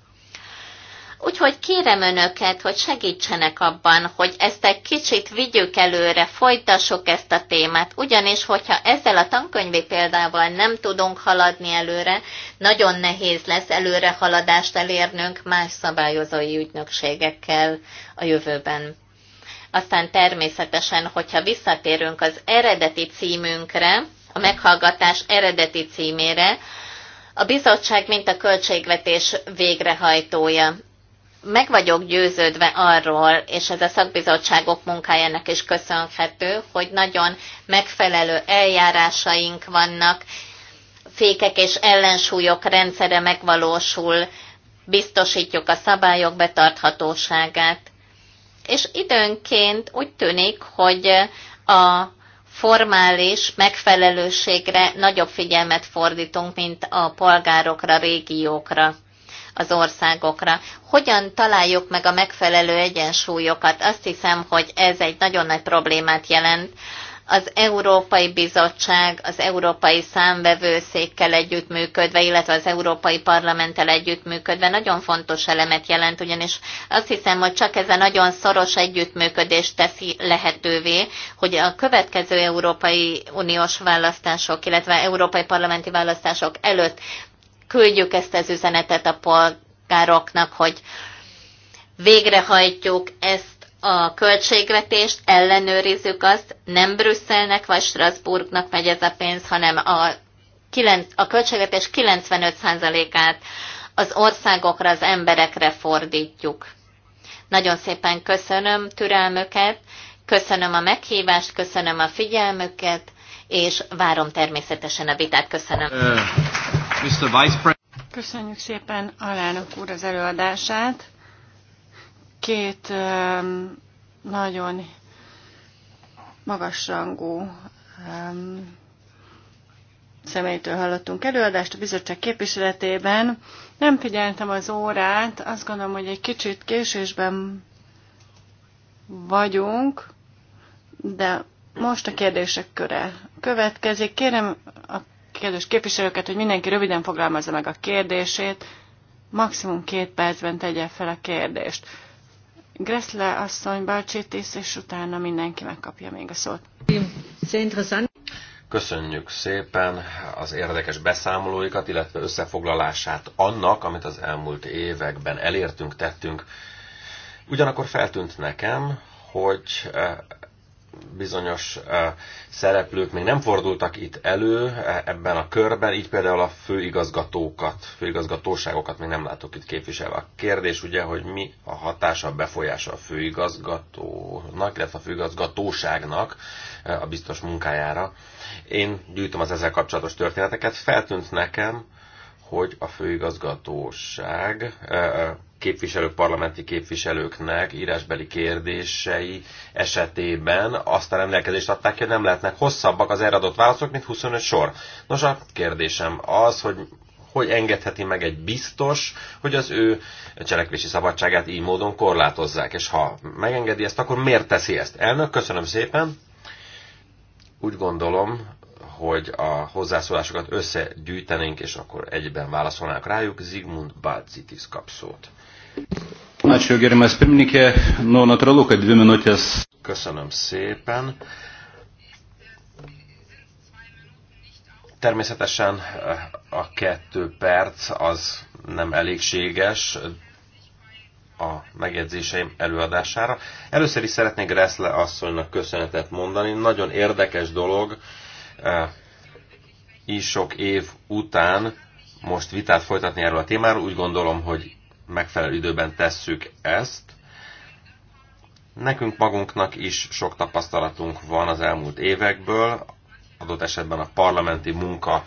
Úgyhogy kérem önöket, hogy segítsenek abban, hogy ezt egy kicsit vigyük előre, folytassuk ezt a témát, ugyanis, hogyha ezzel a tankönyvi példával nem tudunk haladni előre, nagyon nehéz lesz előre haladást elérnünk más szabályozói ügynökségekkel a jövőben. Aztán természetesen, hogyha visszatérünk az eredeti címünkre, a meghallgatás eredeti címére, a bizottság, mint a költségvetés végrehajtója meg vagyok győződve arról, és ez a szakbizottságok munkájának is köszönhető, hogy nagyon megfelelő eljárásaink vannak, fékek és ellensúlyok rendszere megvalósul, biztosítjuk a szabályok betarthatóságát. És időnként úgy tűnik, hogy a formális megfelelőségre nagyobb figyelmet fordítunk, mint a polgárokra, régiókra az országokra. Hogyan találjuk meg a megfelelő egyensúlyokat? Azt hiszem, hogy ez egy nagyon nagy problémát jelent. Az Európai Bizottság, az Európai Számvevőszékkel együttműködve, illetve az Európai Parlamenttel együttműködve nagyon fontos elemet jelent, ugyanis azt hiszem, hogy csak ez a nagyon szoros együttműködés teszi lehetővé, hogy a következő Európai Uniós választások, illetve Európai Parlamenti választások előtt küldjük ezt az üzenetet a polgároknak, hogy végrehajtjuk ezt a költségvetést, ellenőrizzük azt, nem Brüsszelnek vagy Strasbourgnak megy ez a pénz, hanem a, a költségvetés 95%-át az országokra, az emberekre fordítjuk. Nagyon szépen köszönöm türelmüket, köszönöm a meghívást, köszönöm a figyelmüket, és várom természetesen a vitát. Köszönöm. Mr. Vice President. Köszönjük szépen Alánok úr az előadását. Két um, nagyon magasrangú um, személytől hallottunk előadást a bizottság képviseletében. Nem figyeltem az órát, azt gondolom, hogy egy kicsit késésben vagyunk, de most a kérdések köre következik. Kérem a kedves képviselőket, hogy mindenki röviden fogalmazza meg a kérdését, maximum két percben tegye fel a kérdést. Gressle asszony, Balcsitis, és utána mindenki megkapja még a szót. Köszönjük szépen az érdekes beszámolóikat, illetve összefoglalását annak, amit az elmúlt években elértünk, tettünk. Ugyanakkor feltűnt nekem, hogy eh, bizonyos szereplők még nem fordultak itt elő e, ebben a körben, így például a főigazgatókat, főigazgatóságokat még nem látok itt képviselve. A kérdés ugye, hogy mi a hatása, a befolyása a főigazgatónak, illetve a főigazgatóságnak a biztos munkájára. Én gyűjtöm az ezzel kapcsolatos történeteket, feltűnt nekem, hogy a főigazgatóság képviselők, parlamenti képviselőknek írásbeli kérdései esetében azt a rendelkezést adták, hogy nem lehetnek hosszabbak az erre válaszok, mint 25 sor. Nos, a kérdésem az, hogy hogy engedheti meg egy biztos, hogy az ő cselekvési szabadságát így módon korlátozzák, és ha megengedi ezt, akkor miért teszi ezt? Elnök, köszönöm szépen. Úgy gondolom, hogy a hozzászólásokat összegyűjtenénk, és akkor egyben válaszolnánk rájuk. Zigmund Balcitis kap szót. Ačiū, gerimas pirmininkė. Nu, natūralu, kad dvi minutės. Köszönöm szépen. Természetesen eh, a kettő perc az nem elégséges a megjegyzéseim előadására. Először is szeretnék Reszle asszonynak köszönetet mondani. Nagyon érdekes dolog, eh, így sok év után most vitát folytatni erről a témáról. Úgy gondolom, hogy megfelelő időben tesszük ezt. Nekünk magunknak is sok tapasztalatunk van az elmúlt évekből, adott esetben a parlamenti munka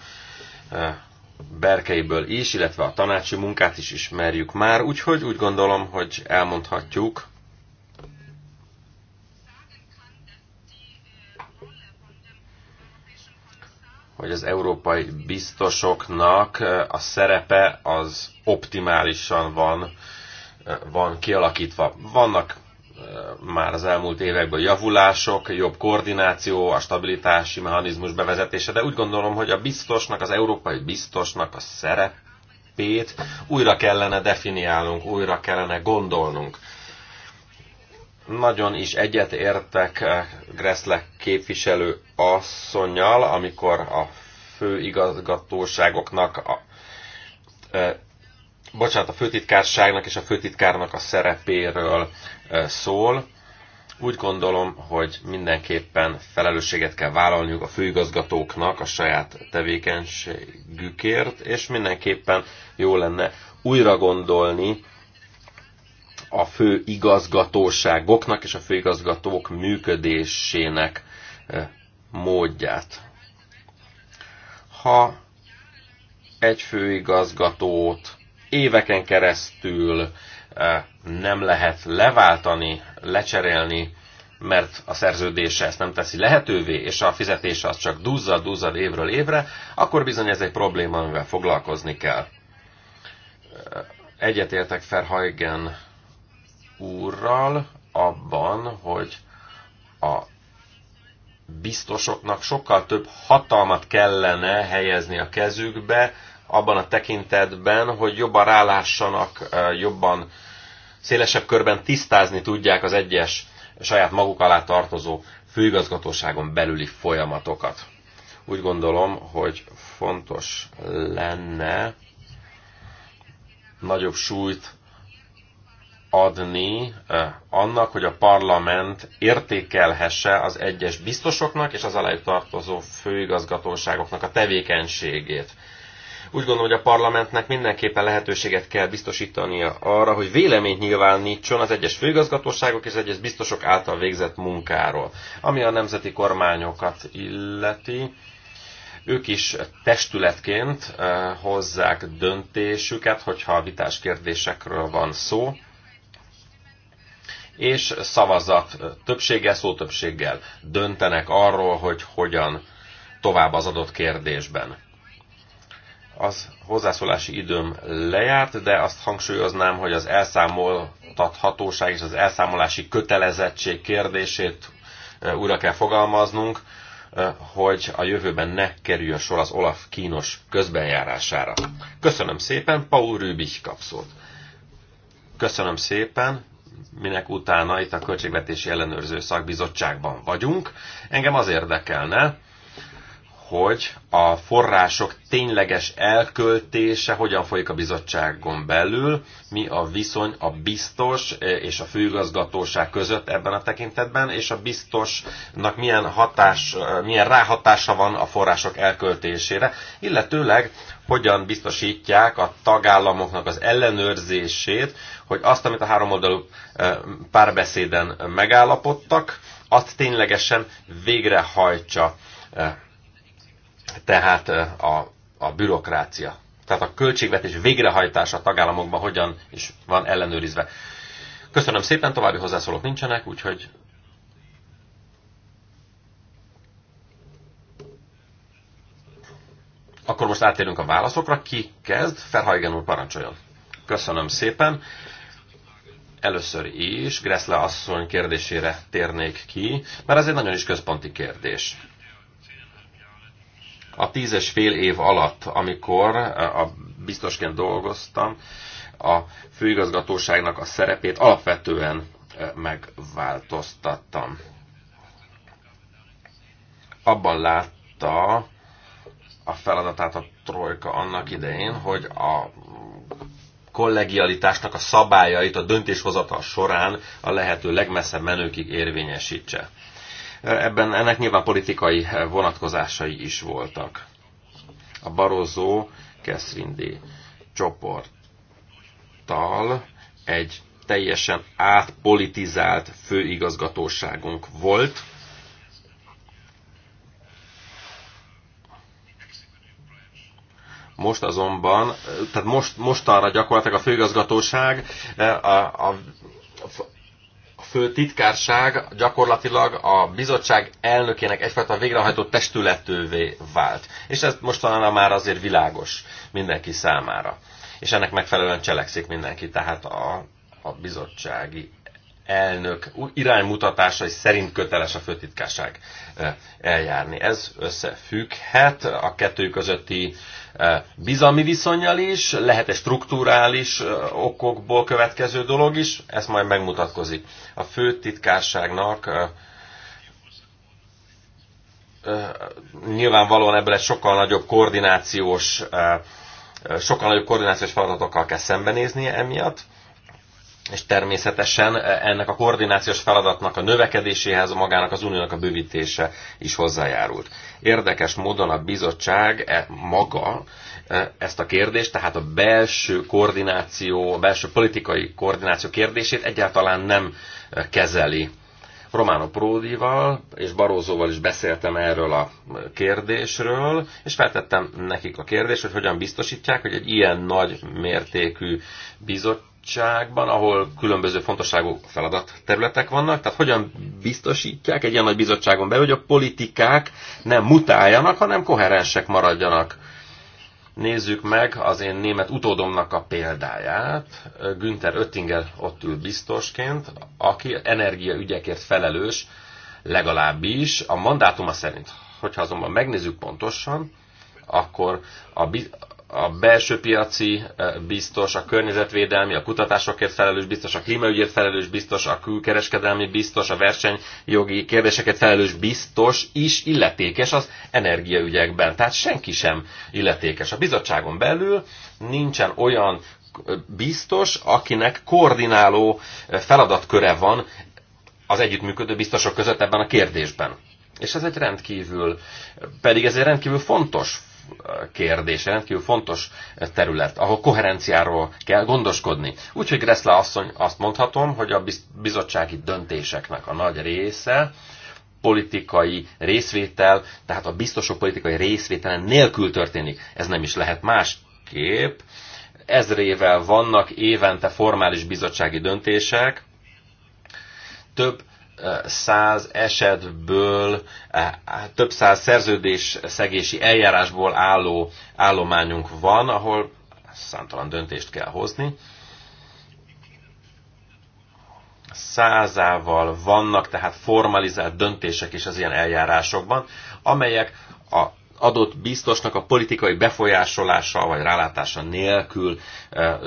berkeiből is, illetve a tanácsi munkát is ismerjük már, úgyhogy úgy gondolom, hogy elmondhatjuk, hogy az európai biztosoknak a szerepe az optimálisan van, van kialakítva. Vannak már az elmúlt években javulások, jobb koordináció, a stabilitási mechanizmus bevezetése, de úgy gondolom, hogy a biztosnak, az európai biztosnak a szerepét újra kellene definiálnunk, újra kellene gondolnunk. Nagyon is egyetértek eh, Gressle képviselő asszonyal, amikor a főigazgatóságoknak a, e, bocsánat, a főtitkárságnak és a főtitkárnak a szerepéről eh, szól. Úgy gondolom, hogy mindenképpen felelősséget kell vállalniuk a főigazgatóknak a saját tevékenységükért, és mindenképpen jó lenne újra gondolni a fő igazgatóságoknak és a főigazgatók működésének eh, módját. Ha egy főigazgatót éveken keresztül eh, nem lehet leváltani, lecserélni, mert a szerződése ezt nem teszi lehetővé, és a fizetése az csak duzzad, duzzad évről évre, akkor bizony ez egy probléma, amivel foglalkozni kell. Eh, egyetértek Ferhajgen úrral abban, hogy a biztosoknak sokkal több hatalmat kellene helyezni a kezükbe, abban a tekintetben, hogy jobban rálássanak, jobban szélesebb körben tisztázni tudják az egyes saját maguk alá tartozó főigazgatóságon belüli folyamatokat. Úgy gondolom, hogy fontos lenne nagyobb súlyt adni eh, annak, hogy a parlament értékelhesse az egyes biztosoknak és az alájuk tartozó főigazgatóságoknak a tevékenységét. Úgy gondolom, hogy a parlamentnek mindenképpen lehetőséget kell biztosítania arra, hogy véleményt nyilvánítson az egyes főigazgatóságok és az egyes biztosok által végzett munkáról. Ami a nemzeti kormányokat illeti, ők is testületként eh, hozzák döntésüket, hogyha vitás kérdésekről van szó és szavazat többséggel, többséggel döntenek arról, hogy hogyan tovább az adott kérdésben. Az hozzászólási időm lejárt, de azt hangsúlyoznám, hogy az elszámoltathatóság és az elszámolási kötelezettség kérdését újra kell fogalmaznunk, hogy a jövőben ne kerüljön sor az Olaf kínos közbenjárására. Köszönöm szépen, Paul Rübich kapszót. Köszönöm szépen, minek utána itt a Költségvetési Ellenőrző Szakbizottságban vagyunk. Engem az érdekelne, hogy a források tényleges elköltése hogyan folyik a bizottságon belül, mi a viszony a biztos e, és a főigazgatóság között ebben a tekintetben, és a biztosnak milyen, hatás, e, milyen ráhatása van a források elköltésére, illetőleg hogyan biztosítják a tagállamoknak az ellenőrzését, hogy azt, amit a háromoldalú párbeszéden megállapodtak, azt ténylegesen végrehajtsa tehát a, a bürokrácia. Tehát a költségvetés végrehajtása a tagállamokban hogyan is van ellenőrizve. Köszönöm szépen, további hozzászólók nincsenek, úgyhogy Akkor most átérünk a válaszokra. Ki kezd? Ferhajgen úr, parancsoljon. Köszönöm szépen. Először is Gressle asszony kérdésére térnék ki, mert ez egy nagyon is központi kérdés. A tízes fél év alatt, amikor a biztosként dolgoztam, a főigazgatóságnak a szerepét alapvetően megváltoztattam. Abban látta, a feladatát a trojka annak idején, hogy a kollegialitásnak a szabályait a döntéshozatal során a lehető legmesszebb menőkig érvényesítse. Ebben ennek nyilván politikai vonatkozásai is voltak. A Barozó Keszrindi csoporttal egy teljesen átpolitizált főigazgatóságunk volt, Most azonban, tehát most, mostanra gyakorlatilag a főigazgatóság eh, a, a, a fő titkárság gyakorlatilag a bizottság elnökének egyfajta végrehajtó testületővé vált. És ez mostanra már azért világos mindenki számára. És ennek megfelelően cselekszik mindenki, tehát a, a bizottsági elnök iránymutatásai szerint köteles a főtitkárság eljárni. Ez összefügghet a kettő közötti bizalmi viszonyjal is, lehet egy strukturális okokból következő dolog is, ez majd megmutatkozik. A főtitkárságnak nyilvánvalóan ebből egy sokkal nagyobb koordinációs sokkal nagyobb koordinációs feladatokkal kell szembenéznie emiatt, és természetesen e, ennek a koordinációs feladatnak a növekedéséhez magának az uniónak a bővítése is hozzájárult. Érdekes módon a bizottság e, maga e, ezt a kérdést, tehát a belső koordináció, a belső politikai koordináció kérdését egyáltalán nem e, kezeli. Romano Pródival és Barózóval is beszéltem erről a kérdésről, és feltettem nekik a kérdést, hogy hogyan biztosítják, hogy egy ilyen nagy mértékű bizottság, bizottságban, ahol különböző fontosságú feladatterületek vannak, tehát hogyan biztosítják egy ilyen nagy bizottságon belül, hogy a politikák nem mutáljanak, hanem koherensek maradjanak. Nézzük meg az én német utódomnak a példáját. Günther Oettinger ott ül biztosként, aki energiaügyekért felelős, legalábbis a mandátuma szerint. Hogyha azonban megnézzük pontosan, akkor a, a belső piaci eh, biztos, a környezetvédelmi, a kutatásokért felelős biztos, a klímaügyért felelős biztos, a külkereskedelmi biztos, a versenyjogi kérdéseket felelős biztos is illetékes az energiaügyekben. Tehát senki sem illetékes. A bizottságon belül nincsen olyan eh, biztos, akinek koordináló eh, feladatköre van az együttműködő biztosok között ebben a kérdésben. És ez egy rendkívül, pedig ez egy rendkívül fontos kérdés, rendkívül fontos terület, ahol koherenciáról kell gondoskodni. Úgyhogy Greszle asszony azt mondhatom, hogy a bizottsági döntéseknek a nagy része politikai részvétel, tehát a biztosok politikai részvételen nélkül történik. Ez nem is lehet másképp. Ezrével vannak évente formális bizottsági döntések, több száz esetből eh, eh, több száz szerződés szegési eljárásból álló állományunk van, ahol számtalan döntést kell hozni. Százával vannak tehát formalizált döntések is az ilyen eljárásokban, amelyek a adott biztosnak a politikai befolyásolása vagy rálátása nélkül e, e,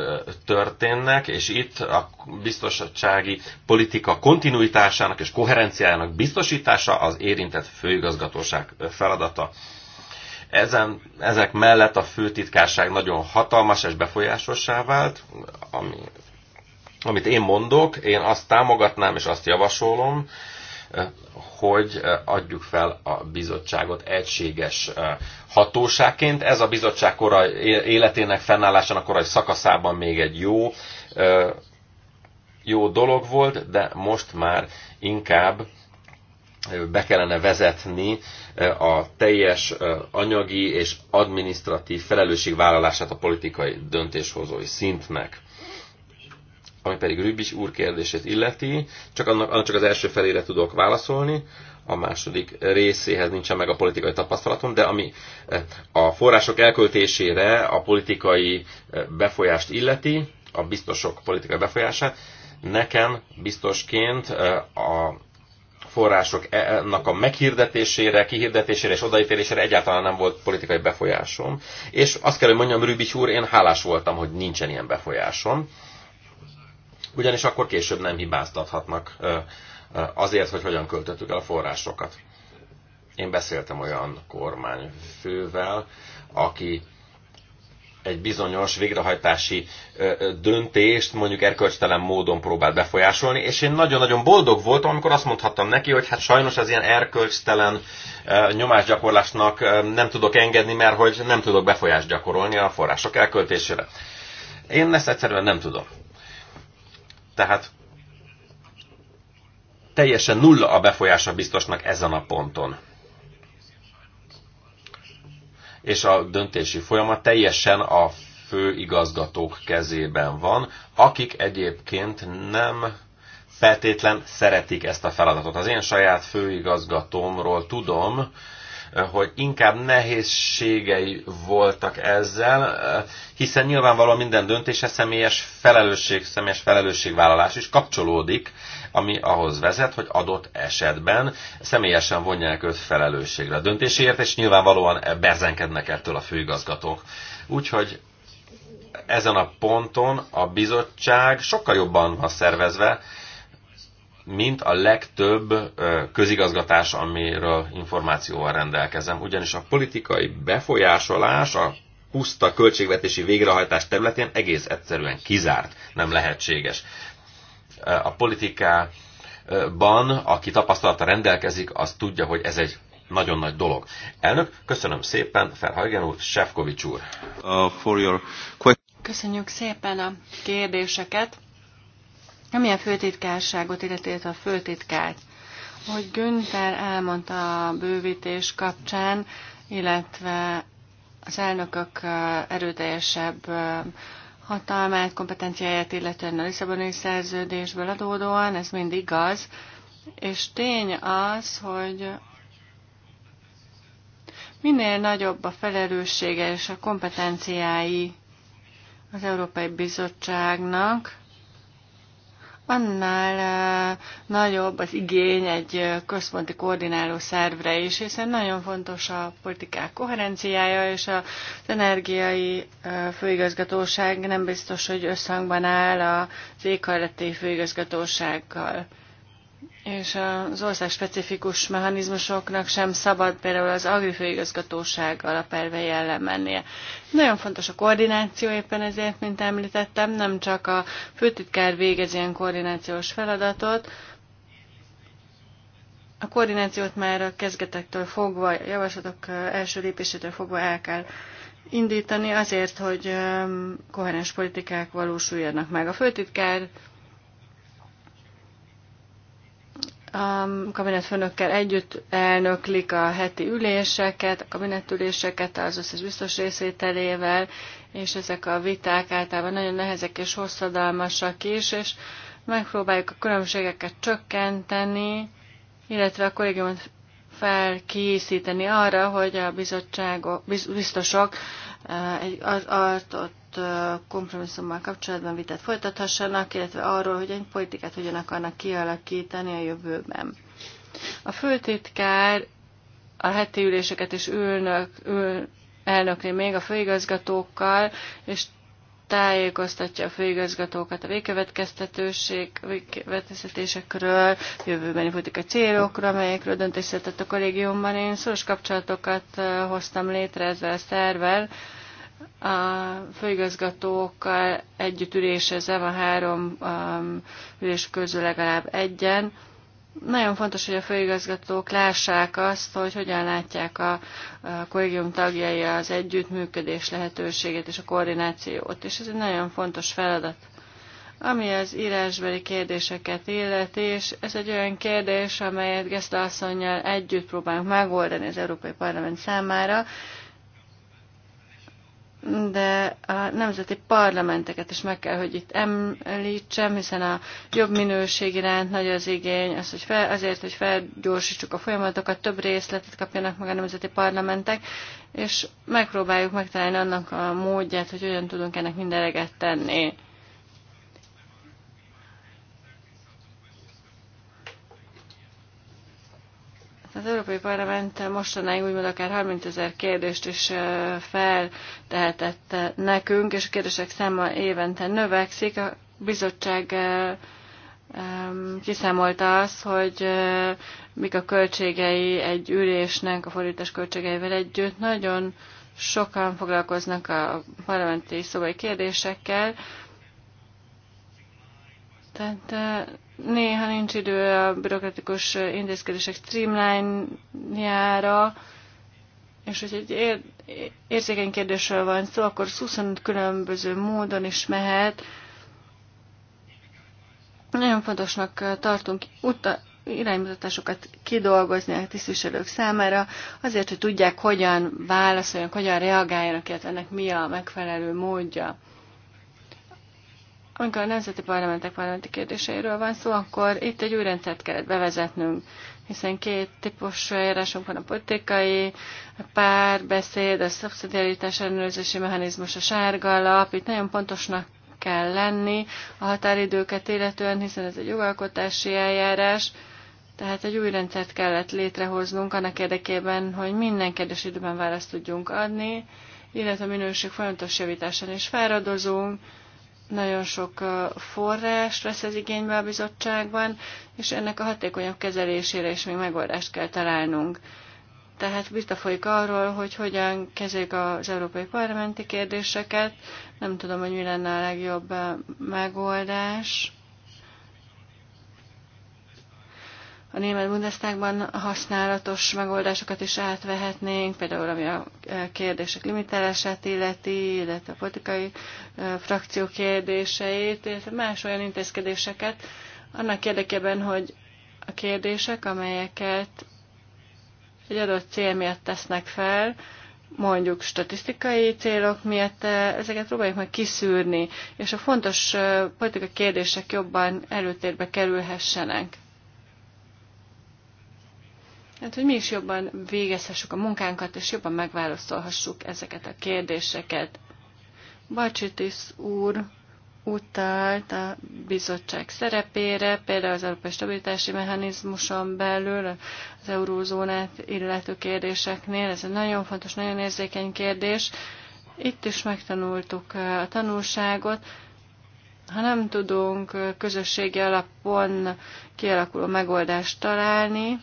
történnek, és itt a biztosatsági politika kontinuitásának és koherenciájának biztosítása az érintett főigazgatóság feladata. Ezen, ezek mellett a főtitkárság nagyon hatalmas és befolyásossá vált, ami, amit én mondok, én azt támogatnám és azt javasolom, hogy eh, adjuk fel a bizottságot egységes eh, hatóságként. Ez a bizottság korai életének fennállásának korai szakaszában még egy jó, eh, jó dolog volt, de most már inkább be kellene vezetni a teljes anyagi és adminisztratív felelősségvállalását a politikai döntéshozói szintnek ami pedig Rübis úr kérdését illeti, csak annak, annak csak az első felére tudok válaszolni, a második részéhez nincsen meg a politikai tapasztalatom, de ami eh, a források elköltésére a politikai eh, befolyást illeti, a biztosok politikai befolyását, nekem biztosként eh, a forrásoknak a meghirdetésére, kihirdetésére és odaítélésére egyáltalán nem volt politikai befolyásom. És azt kell, hogy mondjam, Rübics úr, én hálás voltam, hogy nincsen ilyen befolyásom ugyanis akkor később nem hibáztathatnak azért, hogy hogyan költöttük el a forrásokat. Én beszéltem olyan kormányfővel, aki egy bizonyos végrehajtási döntést mondjuk erkölcstelen módon próbált befolyásolni, és én nagyon-nagyon boldog voltam, amikor azt mondhattam neki, hogy hát sajnos az ilyen erkölcstelen nyomásgyakorlásnak nem tudok engedni, mert hogy nem tudok befolyást gyakorolni a források elköltésére. Én ezt egyszerűen nem tudom. Tehát teljesen nulla a befolyása biztosnak ezen a ponton. És a döntési folyamat teljesen a főigazgatók kezében van, akik egyébként nem feltétlen szeretik ezt a feladatot. Az én saját főigazgatómról tudom, hogy inkább nehézségei voltak ezzel, hiszen nyilvánvalóan minden döntése személyes felelősség, személyes felelősségvállalás is kapcsolódik, ami ahhoz vezet, hogy adott esetben személyesen vonják őt felelősségre a döntéséért, és nyilvánvalóan berzenkednek ettől a főigazgatók. Úgyhogy ezen a ponton a bizottság sokkal jobban van szervezve, mint a legtöbb közigazgatás, amiről információval rendelkezem. Ugyanis a politikai befolyásolás a puszta költségvetési végrehajtás területén egész egyszerűen kizárt, nem lehetséges. A politikában, aki tapasztalata rendelkezik, az tudja, hogy ez egy nagyon nagy dolog. Elnök, köszönöm szépen, Ferhajgen úr, Sefkovics úr. Uh, for your... Köszönjük szépen a kérdéseket a főtitkárságot illeti, a főtitkát, hogy Günther elmondta a bővítés kapcsán, illetve az elnökök erőteljesebb hatalmát, kompetenciáját, illetően a Lisszaboni szerződésből adódóan, ez mind igaz, és tény az, hogy minél nagyobb a felelőssége és a kompetenciái az Európai Bizottságnak, annál eh, nagyobb az igény egy eh, központi koordináló szervre is, hiszen nagyon fontos a politikák koherenciája, és az energiai eh, főigazgatóság nem biztos, hogy összhangban áll az éghajlati főigazgatósággal. És az ország specifikus mechanizmusoknak sem szabad például az agrifőigazgatóság alapelve jellem mennie. Nagyon fontos a koordináció éppen ezért, mint említettem, nem csak a főtitkár végez ilyen koordinációs feladatot, a koordinációt már a kezdetektől fogva, javaslatok első lépésétől fogva el kell indítani azért, hogy koherens politikák valósuljanak meg. A főtitkár a kabinetfőnökkel együtt elnöklik a heti üléseket, a kabinetüléseket az összes biztos részvételével, és ezek a viták általában nagyon nehezek és hosszadalmasak is, és megpróbáljuk a különbségeket csökkenteni, illetve a kollégiumot felkészíteni arra, hogy a bizottságok, biztosok eh, egy adott kompromisszummal kapcsolatban vitát folytathassanak, illetve arról, hogy egy politikát hogyan akarnak kialakítani a jövőben. A főtitkár a heti üléseket is ülnök, ül, elnökli még a főigazgatókkal, és tájékoztatja a főigazgatókat a végkövetkeztetőség, végkövetkeztetésekről, jövőbeni politikai célokra, amelyekről döntés a kollégiumban. Én szoros kapcsolatokat hoztam létre ezzel a szervel, a főigazgatókkal együtt ez a három um, ülés közül legalább egyen. Nagyon fontos, hogy a főigazgatók lássák azt, hogy hogyan látják a, kollégium tagjai az együttműködés lehetőségét és a koordinációt, és ez egy nagyon fontos feladat. Ami az írásbeli kérdéseket illeti, és ez egy olyan kérdés, amelyet Geszta asszonynal együtt próbálunk megoldani az Európai Parlament számára, de a nemzeti parlamenteket is meg kell, hogy itt említsem, hiszen a jobb minőség iránt nagy az igény, az, hogy fel, azért, hogy felgyorsítsuk a folyamatokat, több részletet kapjanak meg a nemzeti parlamentek, és megpróbáljuk megtalálni annak a módját, hogy hogyan tudunk ennek mindeneget tenni. Az Európai Parlament mostanáig úgymond akár 30 ezer kérdést is feltehetett nekünk, és a kérdések száma évente növekszik. A bizottság kiszámolta azt, hogy mik a költségei egy ülésnek, a fordítás költségeivel együtt. Nagyon sokan foglalkoznak a parlamenti szobai kérdésekkel, tehát eh, néha nincs idő a bürokratikus intézkedések streamline-jára, és hogy egy ér- érzékeny kérdésről van szó, akkor 25 különböző módon is mehet. Nagyon fontosnak tartunk uta- iránymutatásokat kidolgozni a tisztviselők számára, azért, hogy tudják, hogyan válaszoljanak, hogyan reagáljanak, illetve ennek mi a megfelelő módja. Amikor a nemzeti parlamentek parlamenti kérdéseiről van szó, akkor itt egy új rendszert kellett bevezetnünk, hiszen két típus eljárásunk van a politikai, a párbeszéd, a szubszidiaritás ellenőrzési mechanizmus, a sárga alap, itt nagyon pontosnak kell lenni a határidőket illetően, hiszen ez egy jogalkotási eljárás, tehát egy új rendszert kellett létrehoznunk annak érdekében, hogy minden kérdés időben választ tudjunk adni, illetve a minőség folyamatos javításán is fáradozunk, nagyon sok forrás vesz ez igénybe a bizottságban, és ennek a hatékonyabb kezelésére is még megoldást kell találnunk. Tehát vita folyik arról, hogy hogyan kezeljük az európai parlamenti kérdéseket. Nem tudom, hogy mi lenne a legjobb megoldás. a német bundesztákban használatos megoldásokat is átvehetnénk, például ami a e, kérdések limitálását illeti, illetve a politikai e, frakció kérdéseit, illetve más olyan intézkedéseket, annak érdekében, hogy a kérdések, amelyeket egy adott cél miatt tesznek fel, mondjuk statisztikai célok miatt e, ezeket próbáljuk meg kiszűrni, és a fontos politikai kérdések jobban előtérbe kerülhessenek. Hát, hogy mi is jobban végezhessük a munkánkat, és jobban megválaszolhassuk ezeket a kérdéseket. Bacsitis úr utalt a bizottság szerepére, például az Európai Stabilitási Mechanizmuson belül, az eurózónát illető kérdéseknél. Ez egy nagyon fontos, nagyon érzékeny kérdés. Itt is megtanultuk uh, a tanulságot, ha nem tudunk uh, közösségi alapon kialakuló megoldást találni,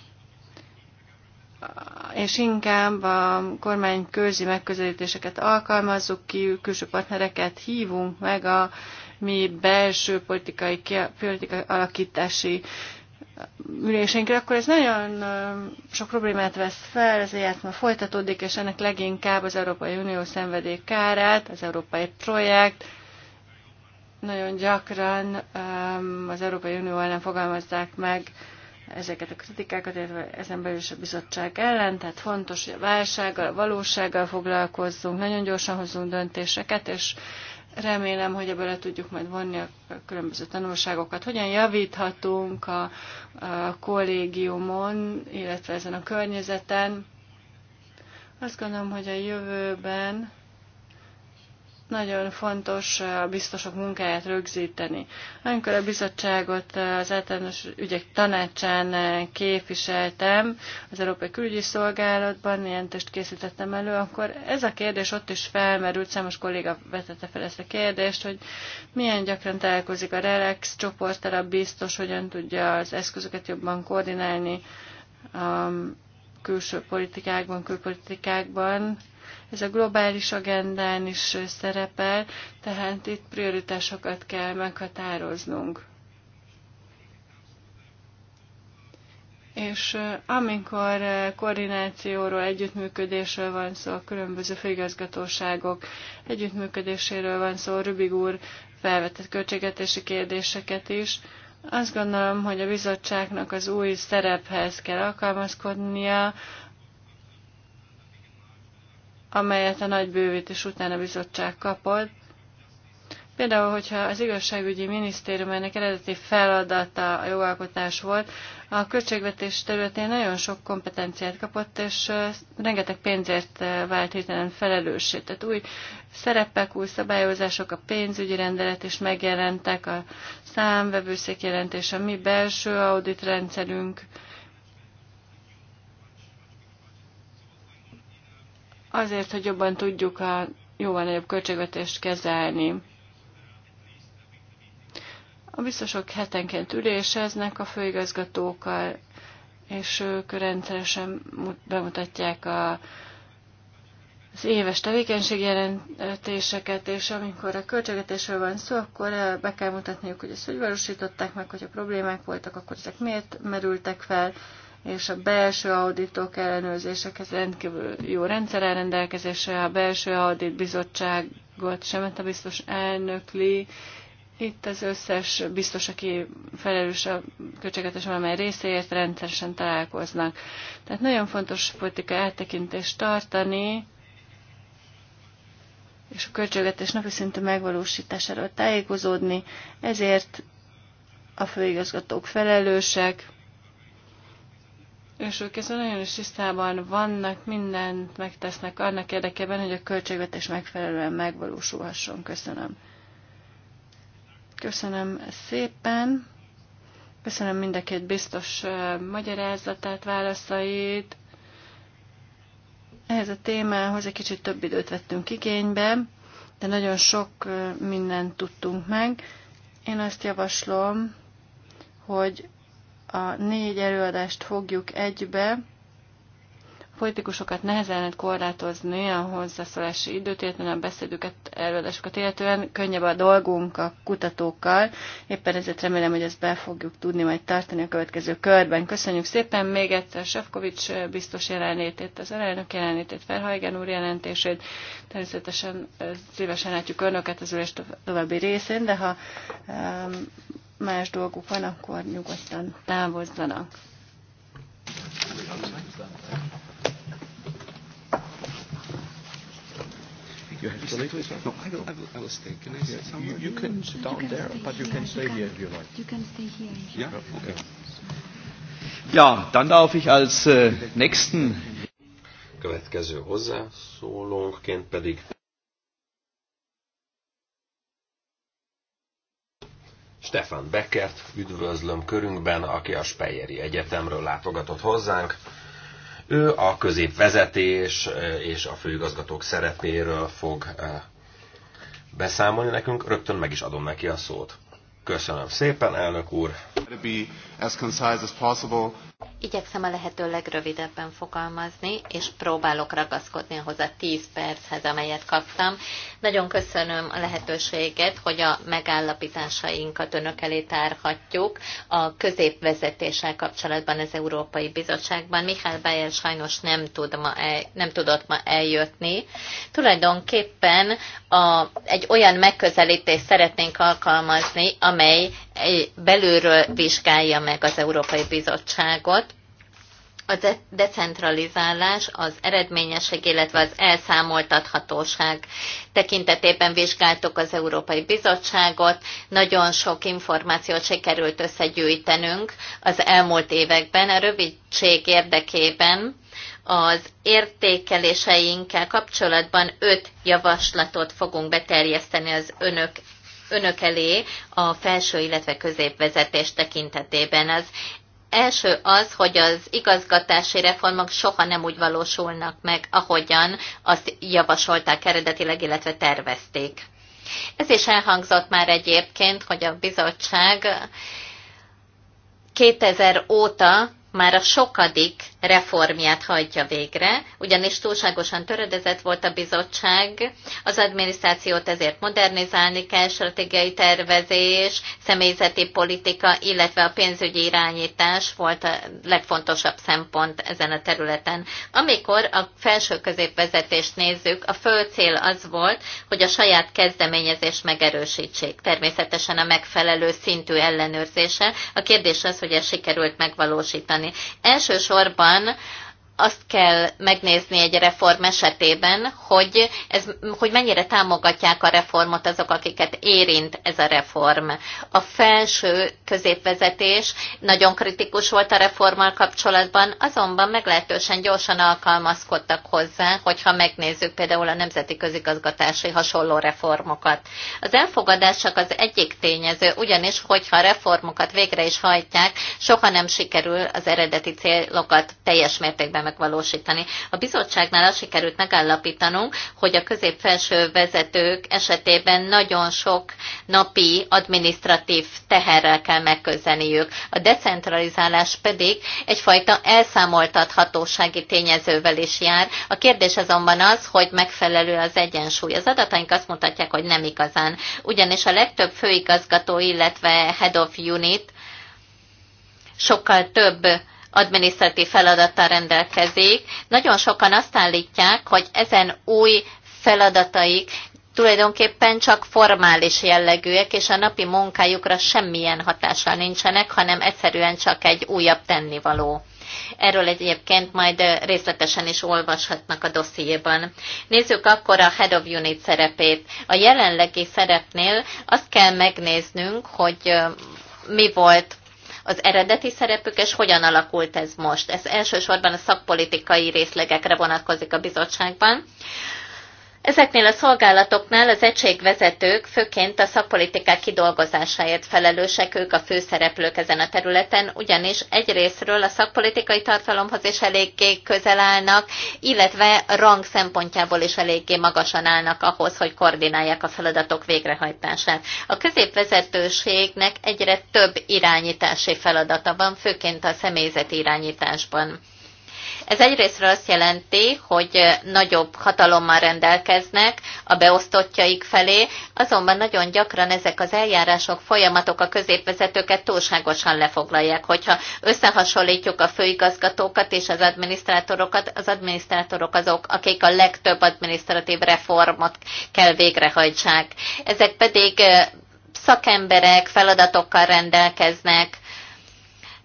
és inkább a kormány közi megközelítéseket alkalmazzuk ki, külső partnereket hívunk meg a mi belső politikai, politikai alakítási üléseinkre, akkor ez nagyon sok problémát vesz fel, ez ma folytatódik, és ennek leginkább az Európai Unió szenvedék kárát, az európai projekt, nagyon gyakran az Európai Unió ellen fogalmazzák meg ezeket a kritikákat, illetve ezen belül is a bizottság ellen, tehát fontos, hogy a válsággal, a valósággal foglalkozzunk, nagyon gyorsan hozunk döntéseket, és remélem, hogy ebből le tudjuk majd vonni a különböző tanulságokat. Hogyan javíthatunk a, a kollégiumon, illetve ezen a környezeten. Azt gondolom, hogy a jövőben nagyon fontos a biztosok munkáját rögzíteni. Amikor a bizottságot az általános ügyek tanácsán képviseltem, az Európai Külügyi Szolgálatban test készítettem elő, akkor ez a kérdés ott is felmerült, számos kolléga vetette fel ezt a kérdést, hogy milyen gyakran találkozik a RELEX csoporttal a biztos, hogyan tudja az eszközöket jobban koordinálni a külső politikákban, külpolitikákban, ez a globális agendán is szerepel, tehát itt prioritásokat kell meghatároznunk. És amikor koordinációról, együttműködésről van szó, a különböző főigazgatóságok együttműködéséről van szó, Rübig úr felvetett költségetési kérdéseket is, azt gondolom, hogy a bizottságnak az új szerephez kell alkalmazkodnia, amelyet a nagy bővítés után a bizottság kapott. Például, hogyha az igazságügyi minisztérium ennek eredeti feladata a jogalkotás volt, a költségvetés területén nagyon sok kompetenciát kapott, és rengeteg pénzért vált hirtelen felelőssé. Tehát új szerepek, új szabályozások, a pénzügyi rendelet is megjelentek, a számvevőszék jelentés, a mi belső auditrendszerünk azért, hogy jobban tudjuk a jóval nagyobb költségvetést kezelni. A biztosok hetenként üléseznek a főigazgatókkal, és ők rendszeresen bemutatják a, az éves jelentéseket, és amikor a költségvetésről van szó, akkor be kell mutatniuk, hogy ezt hogy valósították meg, hogyha problémák voltak, akkor ezek miért merültek fel, és a belső auditok ellenőrzésekhez rendkívül jó rendszerrel rendelkezésre, a belső audit bizottságot sem, hát a biztos elnökli, itt az összes biztos, aki felelős a költségvetés valamely részéért, rendszeresen találkoznak. Tehát nagyon fontos politika eltekintést tartani, és a költségvetés napi szintű megvalósításáról tájékozódni, ezért a főigazgatók felelősek, és ők ezzel nagyon is tisztában vannak, mindent megtesznek annak érdekében, hogy a költségvetés megfelelően megvalósulhasson. Köszönöm. Köszönöm szépen. Köszönöm mind a két biztos magyarázatát, válaszait. Ehhez a témához egy kicsit több időt vettünk igénybe, de nagyon sok mindent tudtunk meg. Én azt javaslom, hogy a négy előadást fogjuk egybe, a politikusokat nehezen lehet korlátozni a hozzászólási időt, illetve a beszédüket, előadásokat illetően könnyebb a dolgunk a kutatókkal. Éppen ezért remélem, hogy ezt be fogjuk tudni majd tartani a következő körben. Köszönjük szépen még egyszer Sefkovics biztos jelenlétét, az elnök jelenlétét, Ferhajgen úr jelentését. Természetesen eh, szívesen látjuk önöket az ülés további részén, de ha um, más dolguk van, akkor nyugodtan távozzanak. You have to leave. No, I will. I will. I will stay. Can I yeah. somewhere? You, you can sit down you there, but you can stay you can, here if you like. You can stay here. Yeah. Okay. Ja, dann darf ich als äh, nächsten. Következő hozzászólónként pedig Stefan Beckert üdvözlöm körünkben, aki a Speyeri Egyetemről látogatott hozzánk. Ő a középvezetés és a főigazgatók szerepéről fog beszámolni nekünk. Rögtön meg is adom neki a szót. Köszönöm szépen, elnök úr! Igyekszem a lehető legrövidebben fogalmazni, és próbálok ragaszkodni ahhoz a 10 perchez, amelyet kaptam. Nagyon köszönöm a lehetőséget, hogy a megállapításainkat önök elé tárhatjuk a középvezetéssel kapcsolatban az Európai Bizottságban. Mihály Bájer sajnos nem, tud ma el, nem tudott ma eljötni. Tulajdonképpen a, egy olyan megközelítést szeretnénk alkalmazni, amely belülről vizsgálja meg az Európai Bizottságot. A decentralizálás, az eredményesség, illetve az elszámoltathatóság tekintetében vizsgáltuk az Európai Bizottságot. Nagyon sok információt sikerült összegyűjtenünk az elmúlt években. A rövidség érdekében az értékeléseinkkel kapcsolatban öt javaslatot fogunk beterjeszteni az önök önök elé a felső, illetve középvezetés tekintetében. Az első az, hogy az igazgatási reformok soha nem úgy valósulnak meg, ahogyan azt javasolták eredetileg, illetve tervezték. Ez is elhangzott már egyébként, hogy a bizottság 2000 óta már a sokadik reformját hajtja végre, ugyanis túlságosan töredezett volt a bizottság, az adminisztrációt ezért modernizálni kell, stratégiai tervezés, személyzeti politika, illetve a pénzügyi irányítás volt a legfontosabb szempont ezen a területen. Amikor a felső középvezetést nézzük, a fő cél az volt, hogy a saját kezdeményezést megerősítsék, természetesen a megfelelő szintű ellenőrzése. A kérdés az, hogy ez sikerült megvalósítani Elsősorban azt kell megnézni egy reform esetében, hogy, ez, hogy mennyire támogatják a reformot azok, akiket érint ez a reform. A felső középvezetés nagyon kritikus volt a reformmal kapcsolatban, azonban meglehetősen gyorsan alkalmazkodtak hozzá, hogyha megnézzük például a nemzeti közigazgatási hasonló reformokat. Az elfogadás csak az egyik tényező, ugyanis hogyha a reformokat végre is hajtják, soha nem sikerül az eredeti célokat teljes mértékben megvalósítani. A bizottságnál azt sikerült megállapítanunk, hogy a közép-felső vezetők esetében nagyon sok napi adminisztratív teherrel kell megközelniük. A decentralizálás pedig egyfajta elszámoltathatósági tényezővel is jár. A kérdés azonban az, hogy megfelelő az egyensúly. Az adataink azt mutatják, hogy nem igazán. Ugyanis a legtöbb főigazgató, illetve head of unit sokkal több adminisztratív feladattal rendelkezik. Nagyon sokan azt állítják, hogy ezen új feladataik tulajdonképpen csak formális jellegűek, és a napi munkájukra semmilyen hatással nincsenek, hanem egyszerűen csak egy újabb tennivaló. Erről egyébként majd részletesen is olvashatnak a dossziéban. Nézzük akkor a Head of Unit szerepét. A jelenlegi szerepnél azt kell megnéznünk, hogy mi volt az eredeti szerepük, és hogyan alakult ez most. Ez elsősorban a szakpolitikai részlegekre vonatkozik a bizottságban. Ezeknél a szolgálatoknál az egységvezetők főként a szakpolitikák kidolgozásáért felelősek, ők a főszereplők ezen a területen, ugyanis egyrésztről a szakpolitikai tartalomhoz is eléggé közel állnak, illetve rang szempontjából is eléggé magasan állnak ahhoz, hogy koordinálják a feladatok végrehajtását. A középvezetőségnek egyre több irányítási feladata van, főként a személyzet irányításban. Ez egyrésztről azt jelenti, hogy nagyobb hatalommal rendelkeznek a beosztottjaik felé, azonban nagyon gyakran ezek az eljárások, folyamatok a középvezetőket túlságosan lefoglalják. Hogyha összehasonlítjuk a főigazgatókat és az adminisztrátorokat, az adminisztrátorok azok, akik a legtöbb adminisztratív reformot kell végrehajtsák. Ezek pedig szakemberek feladatokkal rendelkeznek,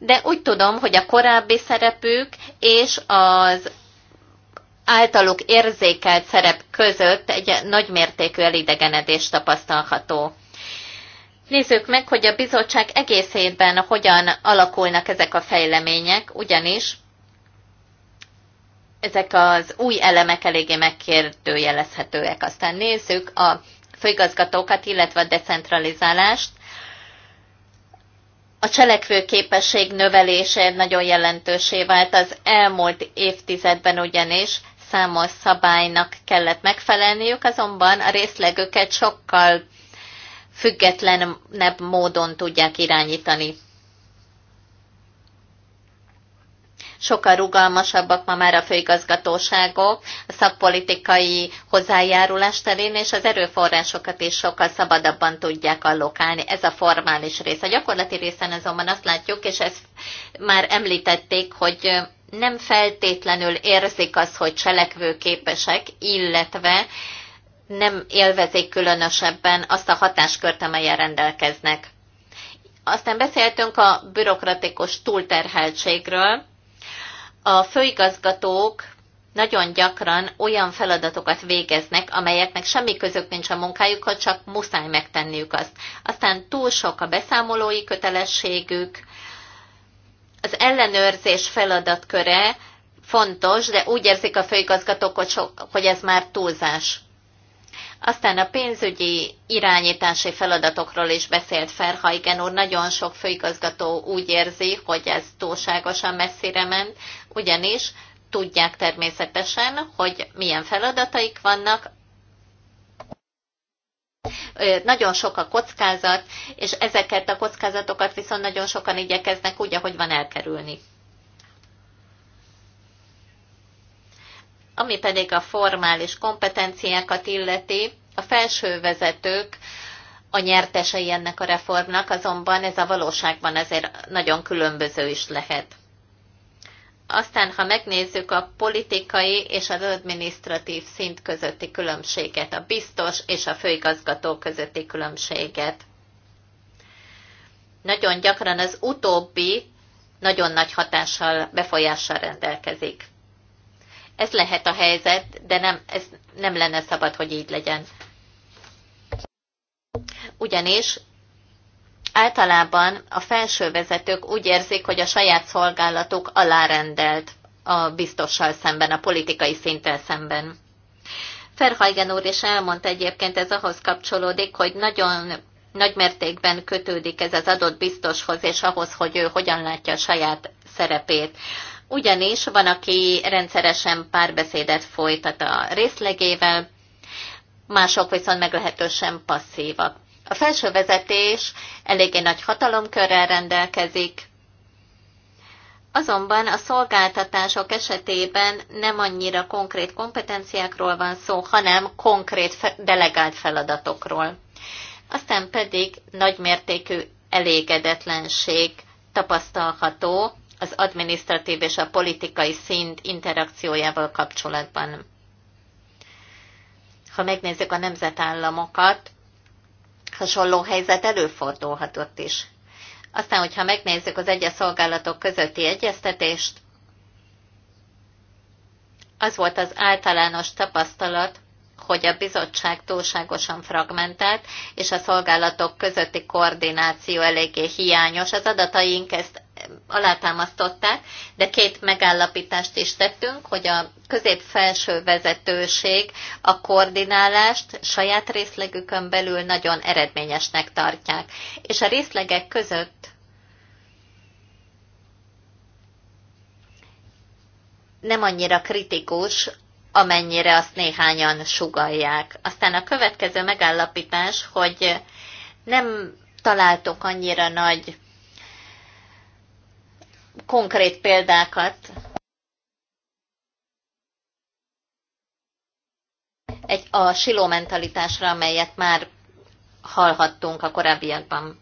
de úgy tudom, hogy a korábbi szerepük és az általuk érzékelt szerep között egy nagymértékű elidegenedés tapasztalható. Nézzük meg, hogy a bizottság egészében hogyan alakulnak ezek a fejlemények, ugyanis ezek az új elemek eléggé megkérdőjelezhetőek. Aztán nézzük a főigazgatókat, illetve a decentralizálást a cselekvőképesség növelése nagyon jelentősé vált az elmúlt évtizedben ugyanis, számos szabálynak kellett megfelelniük, azonban a részlegüket sokkal függetlenebb módon tudják irányítani. sokkal rugalmasabbak ma már a főigazgatóságok a szakpolitikai hozzájárulás terén, és az erőforrásokat is sokkal szabadabban tudják allokálni. Ez a formális rész. A gyakorlati részen azonban azt látjuk, és ezt már említették, hogy nem feltétlenül érzik azt, hogy cselekvőképesek, illetve nem élvezik különösebben azt a hatáskört, amelyen rendelkeznek. Aztán beszéltünk a bürokratikus túlterheltségről, a főigazgatók nagyon gyakran olyan feladatokat végeznek, amelyeknek semmi közök nincs a munkájukhoz, csak muszáj megtenniük azt. Aztán túl sok a beszámolói kötelességük, az ellenőrzés feladatköre fontos, de úgy érzik a főigazgatók, hogy ez már túlzás. Aztán a pénzügyi irányítási feladatokról is beszélt Ferhajgen úr. Nagyon sok főigazgató úgy érzi, hogy ez túlságosan messzire ment ugyanis tudják természetesen, hogy milyen feladataik vannak, nagyon sok a kockázat, és ezeket a kockázatokat viszont nagyon sokan igyekeznek úgy, ahogy van elkerülni. Ami pedig a formális kompetenciákat illeti, a felső vezetők a nyertesei ennek a reformnak, azonban ez a valóságban azért nagyon különböző is lehet. Aztán, ha megnézzük a politikai és az adminisztratív szint közötti különbséget, a biztos és a főigazgató közötti különbséget. Nagyon gyakran az utóbbi nagyon nagy hatással, befolyással rendelkezik. Ez lehet a helyzet, de nem, ez nem lenne szabad, hogy így legyen. Ugyanis általában a felső vezetők úgy érzik, hogy a saját szolgálatuk alárendelt a biztossal szemben, a politikai szinttel szemben. Ferhajgen úr is elmondta egyébként, ez ahhoz kapcsolódik, hogy nagyon nagy mértékben kötődik ez az adott biztoshoz, és ahhoz, hogy ő hogyan látja a saját szerepét. Ugyanis van, aki rendszeresen párbeszédet folytat a részlegével, mások viszont meglehetősen passzívak. A felső vezetés eléggé nagy hatalomkörrel rendelkezik, Azonban a szolgáltatások esetében nem annyira konkrét kompetenciákról van szó, hanem konkrét delegált feladatokról. Aztán pedig nagymértékű elégedetlenség tapasztalható az adminisztratív és a politikai szint interakciójával kapcsolatban. Ha megnézzük a nemzetállamokat, hasonló helyzet előfordulhatott is. Aztán, hogyha megnézzük az egyes szolgálatok közötti egyeztetést, az volt az általános tapasztalat, hogy a bizottság túlságosan fragmentált, és a szolgálatok közötti koordináció eléggé hiányos. Az adataink ezt alátámasztották, de két megállapítást is tettünk, hogy a közép-felső vezetőség a koordinálást saját részlegükön belül nagyon eredményesnek tartják, és a részlegek között nem annyira kritikus, amennyire azt néhányan sugalják. Aztán a következő megállapítás, hogy nem találtok annyira nagy konkrét példákat. Egy, a siló mentalitásra, amelyet már hallhattunk a korábbiakban.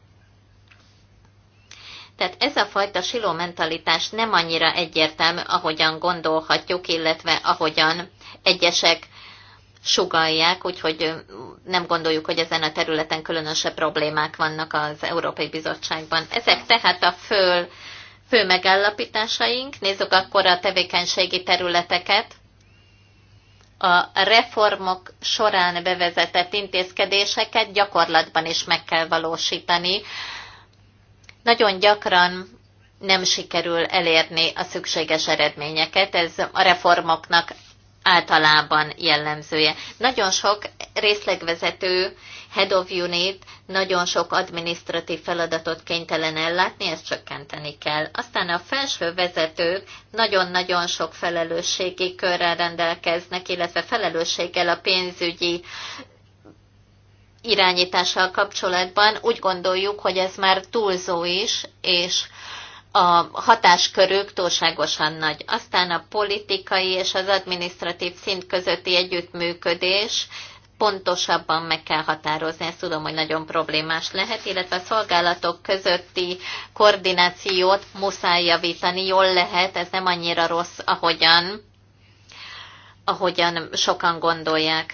Tehát ez a fajta siló mentalitás nem annyira egyértelmű, ahogyan gondolhatjuk, illetve ahogyan egyesek sugalják, úgyhogy nem gondoljuk, hogy ezen a területen különösebb problémák vannak az Európai Bizottságban. Ezek tehát a föl fő megállapításaink, nézzük akkor a tevékenységi területeket. A reformok során bevezetett intézkedéseket gyakorlatban is meg kell valósítani. Nagyon gyakran nem sikerül elérni a szükséges eredményeket, ez a reformoknak általában jellemzője. Nagyon sok részlegvezető head of unit nagyon sok administratív feladatot kénytelen ellátni, ezt csökkenteni kell. Aztán a felső vezetők nagyon-nagyon sok felelősségi körrel rendelkeznek, illetve felelősséggel a pénzügyi irányítással kapcsolatban. Úgy gondoljuk, hogy ez már túlzó is, és a hatáskörük túlságosan nagy. Aztán a politikai és az adminisztratív szint közötti együttműködés pontosabban meg kell határozni, ezt tudom, hogy nagyon problémás lehet, illetve a szolgálatok közötti koordinációt muszáj javítani, jól lehet, ez nem annyira rossz, ahogyan, ahogyan sokan gondolják.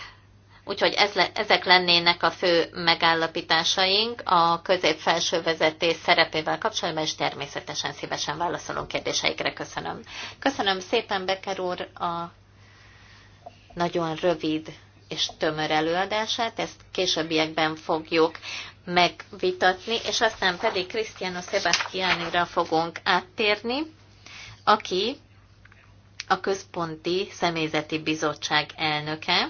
Úgyhogy ez le, ezek lennének a fő megállapításaink a közép-felső vezetés szerepével kapcsolatban, és természetesen szívesen válaszolunk kérdéseikre. Köszönöm. Köszönöm szépen, Becker úr, a nagyon rövid és tömör előadását, ezt későbbiekben fogjuk megvitatni, és aztán pedig Cristiano Sebastianira fogunk áttérni, aki a Központi Személyzeti Bizottság elnöke,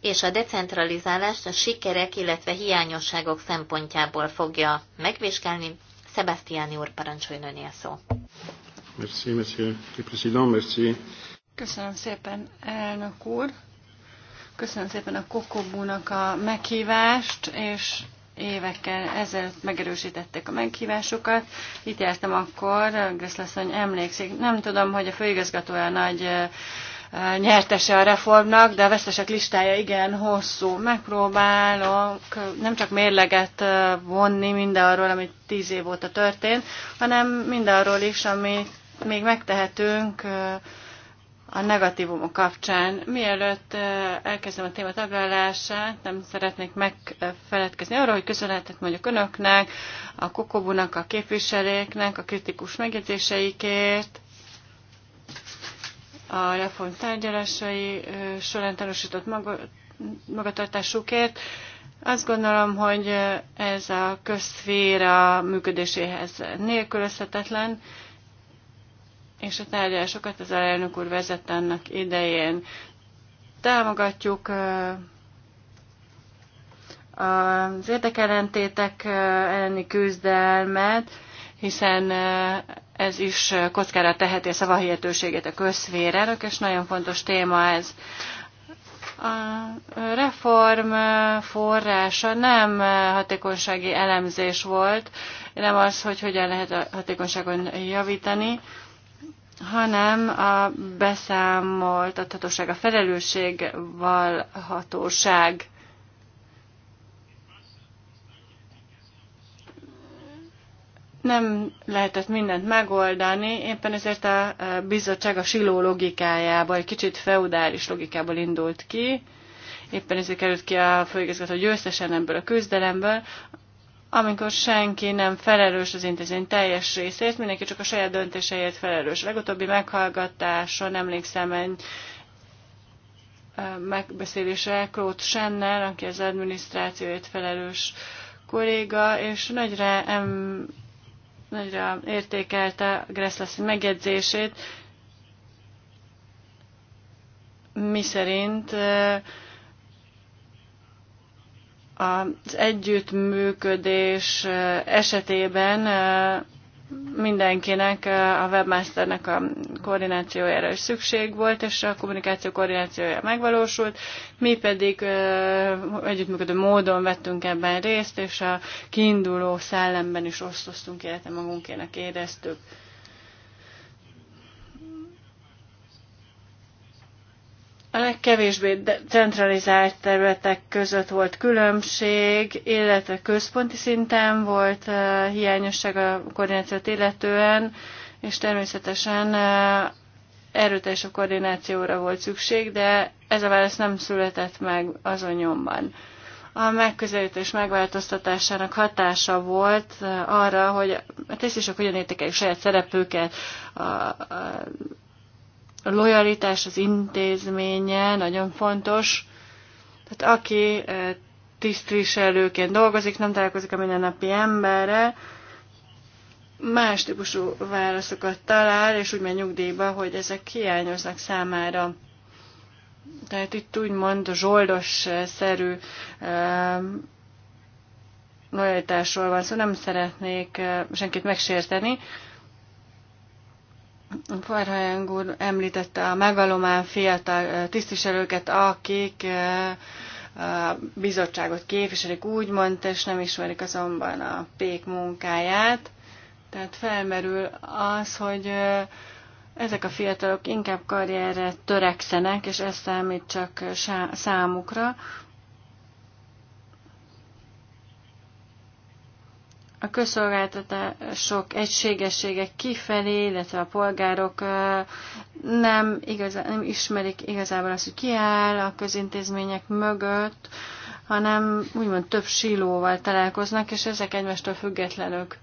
és a decentralizálást a sikerek, illetve hiányosságok szempontjából fogja megvizsgálni. Sebastiani úr parancsoljon önél szó. Merci, monsieur le président, merci Köszönöm szépen, elnök úr. Köszönöm szépen a Kokobúnak a meghívást, és évekkel ezelőtt megerősítették a meghívásokat. Itt jártam akkor, Greszlasszony emlékszik. Nem tudom, hogy a főigazgatója nagy nyertese a reformnak, de a vesztesek listája igen hosszú. Megpróbálok nem csak mérleget vonni mindarról, amit tíz év óta történt, hanem mindarról is, amit még megtehetünk a negatívumok kapcsán. Mielőtt elkezdem a téma taglalását, nem szeretnék megfeledkezni arról, hogy köszönhetek mondjuk önöknek, a kokobunak, a képviseléknek, a kritikus megjegyzéseikért, a reform tárgyalásai során tanúsított magatartásukért. Azt gondolom, hogy ez a közszféra működéséhez nélkülözhetetlen, és a tárgyalásokat az elnök úr vezet annak idején. Támogatjuk az érdekelentétek elleni küzdelmet, hiszen ez is kockára teheti a szavahihetőséget a közszférának, és nagyon fontos téma ez. A reform forrása nem hatékonysági elemzés volt, nem az, hogy hogyan lehet a hatékonyságon javítani, hanem a beszámoltathatóság, a felelősség valhatóság. Nem lehetett mindent megoldani, éppen ezért a bizottság a siló logikájából, egy kicsit feudális logikából indult ki, éppen ezért került ki a főigazgató győztesen ebből a küzdelemből, amikor senki nem felelős az intézmény teljes részét, mindenki csak a saját döntéseért felelős. legutóbbi meghallgatáson emlékszem egy megbeszélésre Claude Sennel, aki az adminisztrációért felelős kolléga, és nagyra, em, nagyra értékelte Gresslaszi megjegyzését, miszerint szerint az együttműködés esetében mindenkinek, a webmasternek a koordinációjára is szükség volt, és a kommunikáció koordinációja megvalósult. Mi pedig együttműködő módon vettünk ebben részt, és a kiinduló szellemben is osztoztunk, illetve magunkének éreztük. A legkevésbé centralizált területek között volt különbség, illetve központi szinten volt eh, hiányosság a koordinációt illetően, és természetesen eh, erőteljesebb koordinációra volt szükség, de ez a válasz nem született meg azon nyomban. A megközelítés megváltoztatásának hatása volt eh, arra, hogy a tisztések hogyan értékelik saját szerepüket, a, a a lojalitás az intézménye nagyon fontos. Tehát aki tisztviselőként dolgozik, nem találkozik a mindennapi emberre, más típusú válaszokat talál, és úgy megy nyugdíjba, hogy ezek hiányoznak számára. Tehát itt úgymond zsoldos-szerű lojalitásról van szó, szóval nem szeretnék senkit megsérteni, Farhajang úr említette a megalomán fiatal tisztviselőket, akik a bizottságot képviselik úgymond, és nem ismerik azonban a pék munkáját. Tehát felmerül az, hogy ezek a fiatalok inkább karrierre törekszenek, és ez számít csak számukra, a közszolgáltatások egységessége kifelé, illetve a polgárok nem, igazán, nem ismerik igazából azt, hogy ki áll a közintézmények mögött, hanem úgymond több sílóval találkoznak, és ezek egymástól függetlenök.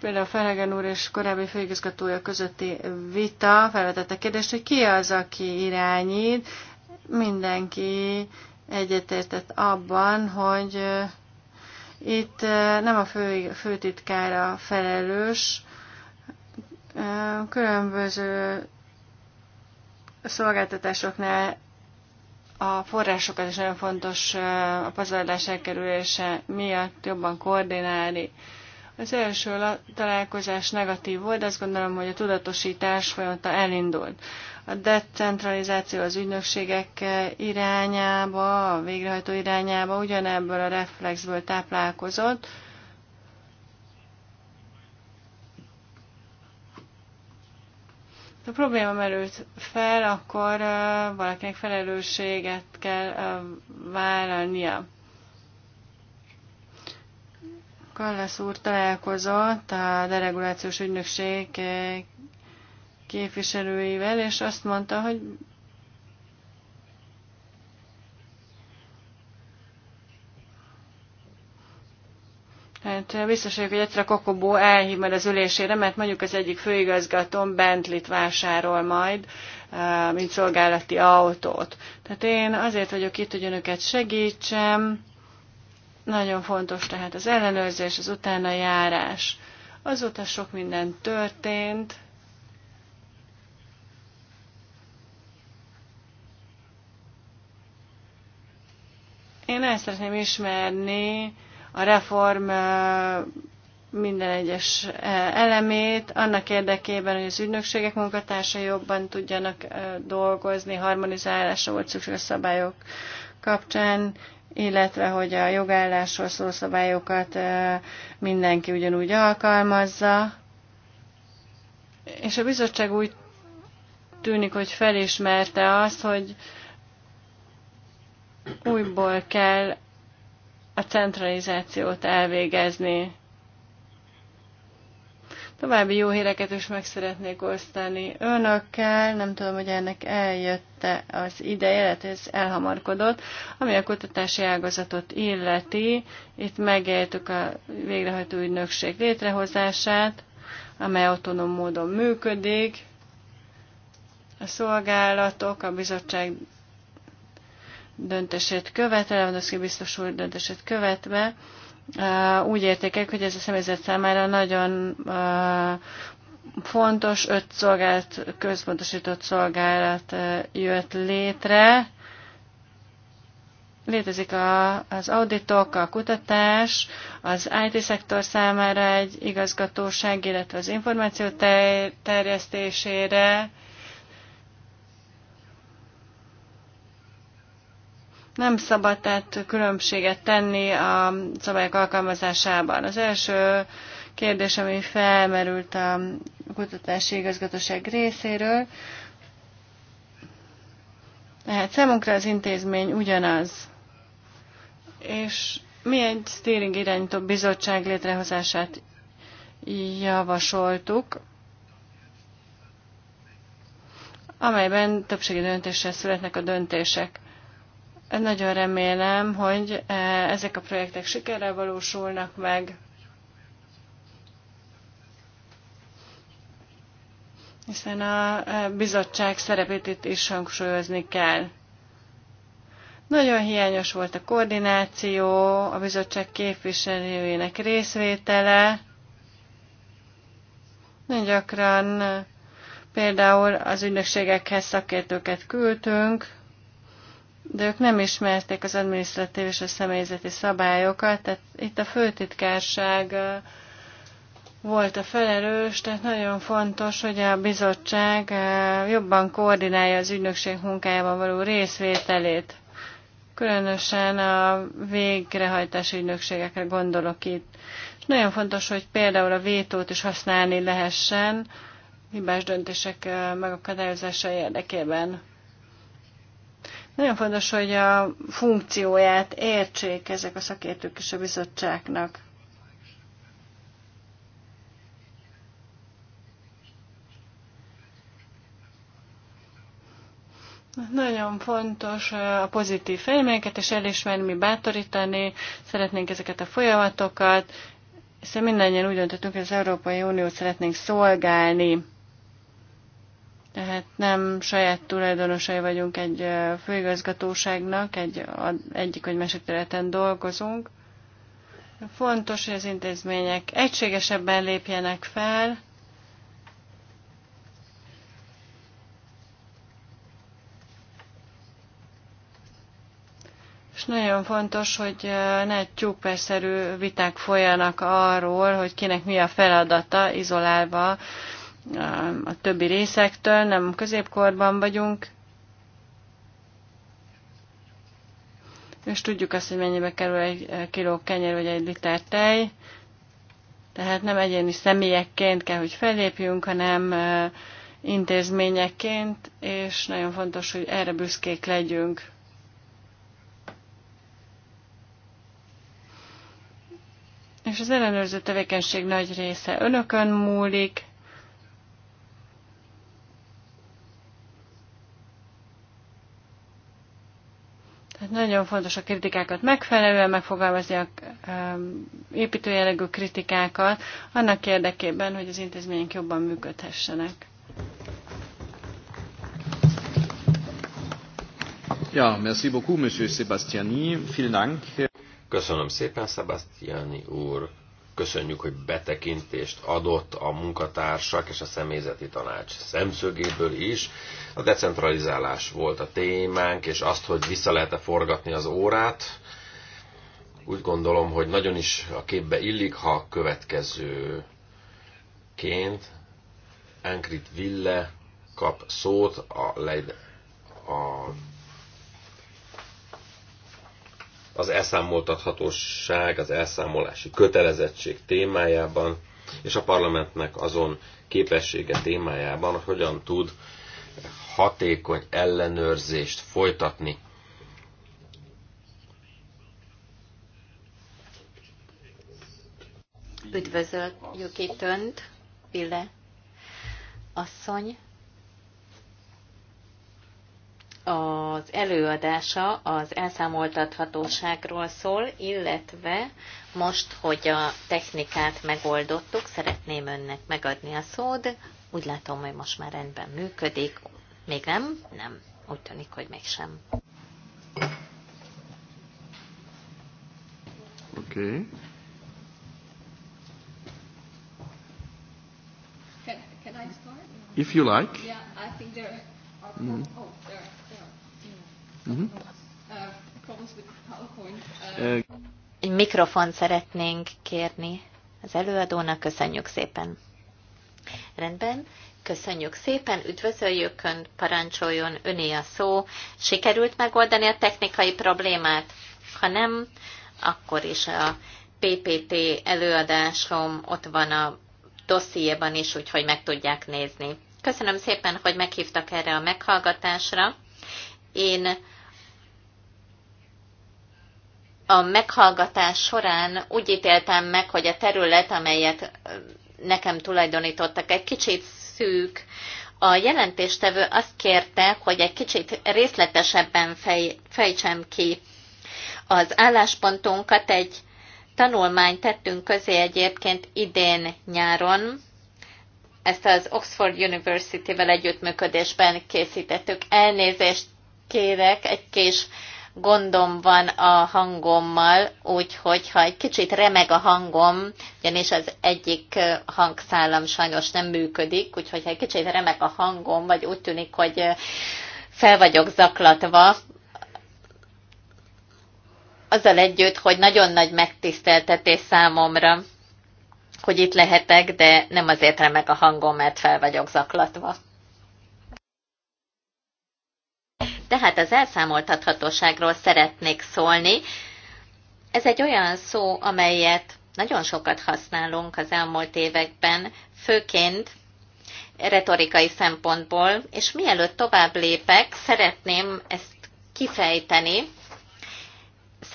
Például Felegen úr és korábbi főigazgatója közötti vita felvetette kérdést, hogy ki az, aki irányít. Mindenki egyetértett abban, hogy itt nem a fő, főtitkára felelős, különböző szolgáltatásoknál a forrásokat is nagyon fontos a pazarlás elkerülése miatt jobban koordinálni. Az első találkozás negatív volt, azt gondolom, hogy a tudatosítás folyamata elindult. A decentralizáció az ügynökségek irányába, a végrehajtó irányába ugyanebből a reflexből táplálkozott, A probléma merült fel, akkor valakinek felelősséget kell vállalnia. Kallas úr találkozott a deregulációs ügynökség eh, képviselőivel, és azt mondta, hogy Hát biztos vagyok, hogy egyszer a Kokobó elhív majd az ülésére, mert mondjuk az egyik főigazgatón bentley vásárol majd, eh, mint szolgálati autót. Tehát én azért vagyok itt, hogy önöket segítsem, nagyon fontos tehát az ellenőrzés, az utána járás. Azóta sok minden történt. Én el szeretném ismerni a reform minden egyes elemét, annak érdekében, hogy az ügynökségek munkatársa jobban tudjanak dolgozni, harmonizálásra volt szükség a szabályok kapcsán, illetve hogy a jogállásról szóló szabályokat mindenki ugyanúgy alkalmazza. És a bizottság úgy tűnik, hogy felismerte azt, hogy újból kell a centralizációt elvégezni. További jó híreket is meg szeretnék osztani önökkel. Nem tudom, hogy ennek eljötte az ideje, lehet, ez elhamarkodott, ami a kutatási ágazatot illeti. Itt megéltük a végrehajtó ügynökség létrehozását, amely autonóm módon működik. A szolgálatok, a bizottság döntését követve, a biztos úr döntését követve, úgy értékek, hogy ez a személyzet számára nagyon fontos, öt szolgált, központosított szolgálat jött létre. Létezik a, az auditok, a kutatás, az IT-szektor számára egy igazgatóság, illetve az információ terjesztésére, Nem szabad tehát különbséget tenni a szabályok alkalmazásában. Az első kérdés, ami felmerült a kutatási igazgatóság részéről, tehát számunkra az intézmény ugyanaz. És mi egy steering irányító bizottság létrehozását javasoltuk, amelyben többségi döntéssel születnek a döntések. Nagyon remélem, hogy eh, ezek a projektek sikerrel valósulnak meg, hiszen a eh, bizottság szerepét itt is hangsúlyozni kell. Nagyon hiányos volt a koordináció, a bizottság képviselőjének részvétele. Nagyon gyakran eh, például az ügynökségekhez szakértőket küldtünk, de ők nem ismerték az adminisztratív és a személyzeti szabályokat, tehát itt a főtitkárság volt a felelős, tehát nagyon fontos, hogy a bizottság jobban koordinálja az ügynökség munkájában való részvételét. Különösen a végrehajtási ügynökségekre gondolok itt. És nagyon fontos, hogy például a vétót is használni lehessen hibás döntések megakadályozása érdekében. Nagyon fontos, hogy a funkcióját értsék ezek a szakértők és a bizottságnak. Nagyon fontos a pozitív fejlményeket, és elismerni, bátorítani, szeretnénk ezeket a folyamatokat, hiszen mindannyian úgy döntöttünk, hogy az Európai Uniót szeretnénk szolgálni. Tehát nem saját tulajdonosai vagyunk egy főigazgatóságnak, egy, egyik vagy másik területen dolgozunk. Fontos, hogy az intézmények egységesebben lépjenek fel, És nagyon fontos, hogy ne tyúkperszerű viták folyanak arról, hogy kinek mi a feladata, izolálva a többi részektől, nem középkorban vagyunk, és tudjuk azt, hogy mennyibe kerül egy eh, kiló kenyér vagy egy liter tej, tehát nem egyéni személyekként kell, hogy fellépjünk, hanem eh, intézményekként, és nagyon fontos, hogy erre büszkék legyünk. És az ellenőrző tevékenység nagy része önökön múlik, Nagyon fontos a kritikákat megfelelően megfogalmazni, a um, építőjellegű kritikákat, annak érdekében, hogy az intézmények jobban működhessenek. Ja, merci beaucoup, monsieur Sebastiani. Vielen Dank. Köszönöm szépen, Sebastiani úr. Köszönjük, hogy betekintést adott a munkatársak és a személyzeti tanács szemszögéből is. A decentralizálás volt a témánk, és azt, hogy vissza lehet-e forgatni az órát, úgy gondolom, hogy nagyon is a képbe illik, ha következőként Enkrit Ville kap szót a, Leid, a az elszámoltathatóság, az elszámolási kötelezettség témájában, és a parlamentnek azon képessége témájában, hogy hogyan tud hatékony ellenőrzést folytatni. Üdvözöljük itt Önt, Ville asszony az előadása az elszámoltathatóságról szól, illetve most, hogy a technikát megoldottuk, szeretném önnek megadni a szót. Úgy látom, hogy most már rendben működik. Még nem? Nem. Úgy tűnik, hogy mégsem. Oké. Okay. Can, can I start? If you like. Yeah, I think there are... Mm. Oh. Egy mikrofon szeretnénk kérni az előadónak. Köszönjük szépen. Rendben. Köszönjük szépen, üdvözöljük Ön, parancsoljon Öné a szó. Sikerült megoldani a technikai problémát? Ha nem, akkor is a PPT előadásom ott van a dossziéban is, úgyhogy meg tudják nézni. Köszönöm szépen, hogy meghívtak erre a meghallgatásra. Én a meghallgatás során úgy ítéltem meg, hogy a terület, amelyet nekem tulajdonítottak, egy kicsit szűk. A jelentéstevő azt kérte, hogy egy kicsit részletesebben fej, fejtsem ki az álláspontunkat. Egy tanulmányt tettünk közé egyébként idén nyáron, ezt az Oxford University-vel együttműködésben készítettük. Elnézést kérek, egy kis gondom van a hangommal, úgyhogy ha egy kicsit remeg a hangom, ugyanis az egyik hangszálam sajnos nem működik, úgyhogy ha egy kicsit remeg a hangom, vagy úgy tűnik, hogy fel vagyok zaklatva, azzal együtt, hogy nagyon nagy megtiszteltetés számomra, hogy itt lehetek, de nem azért remeg a hangom, mert fel vagyok zaklatva. Tehát az elszámoltathatóságról szeretnék szólni. Ez egy olyan szó, amelyet nagyon sokat használunk az elmúlt években, főként retorikai szempontból, és mielőtt tovább lépek, szeretném ezt kifejteni,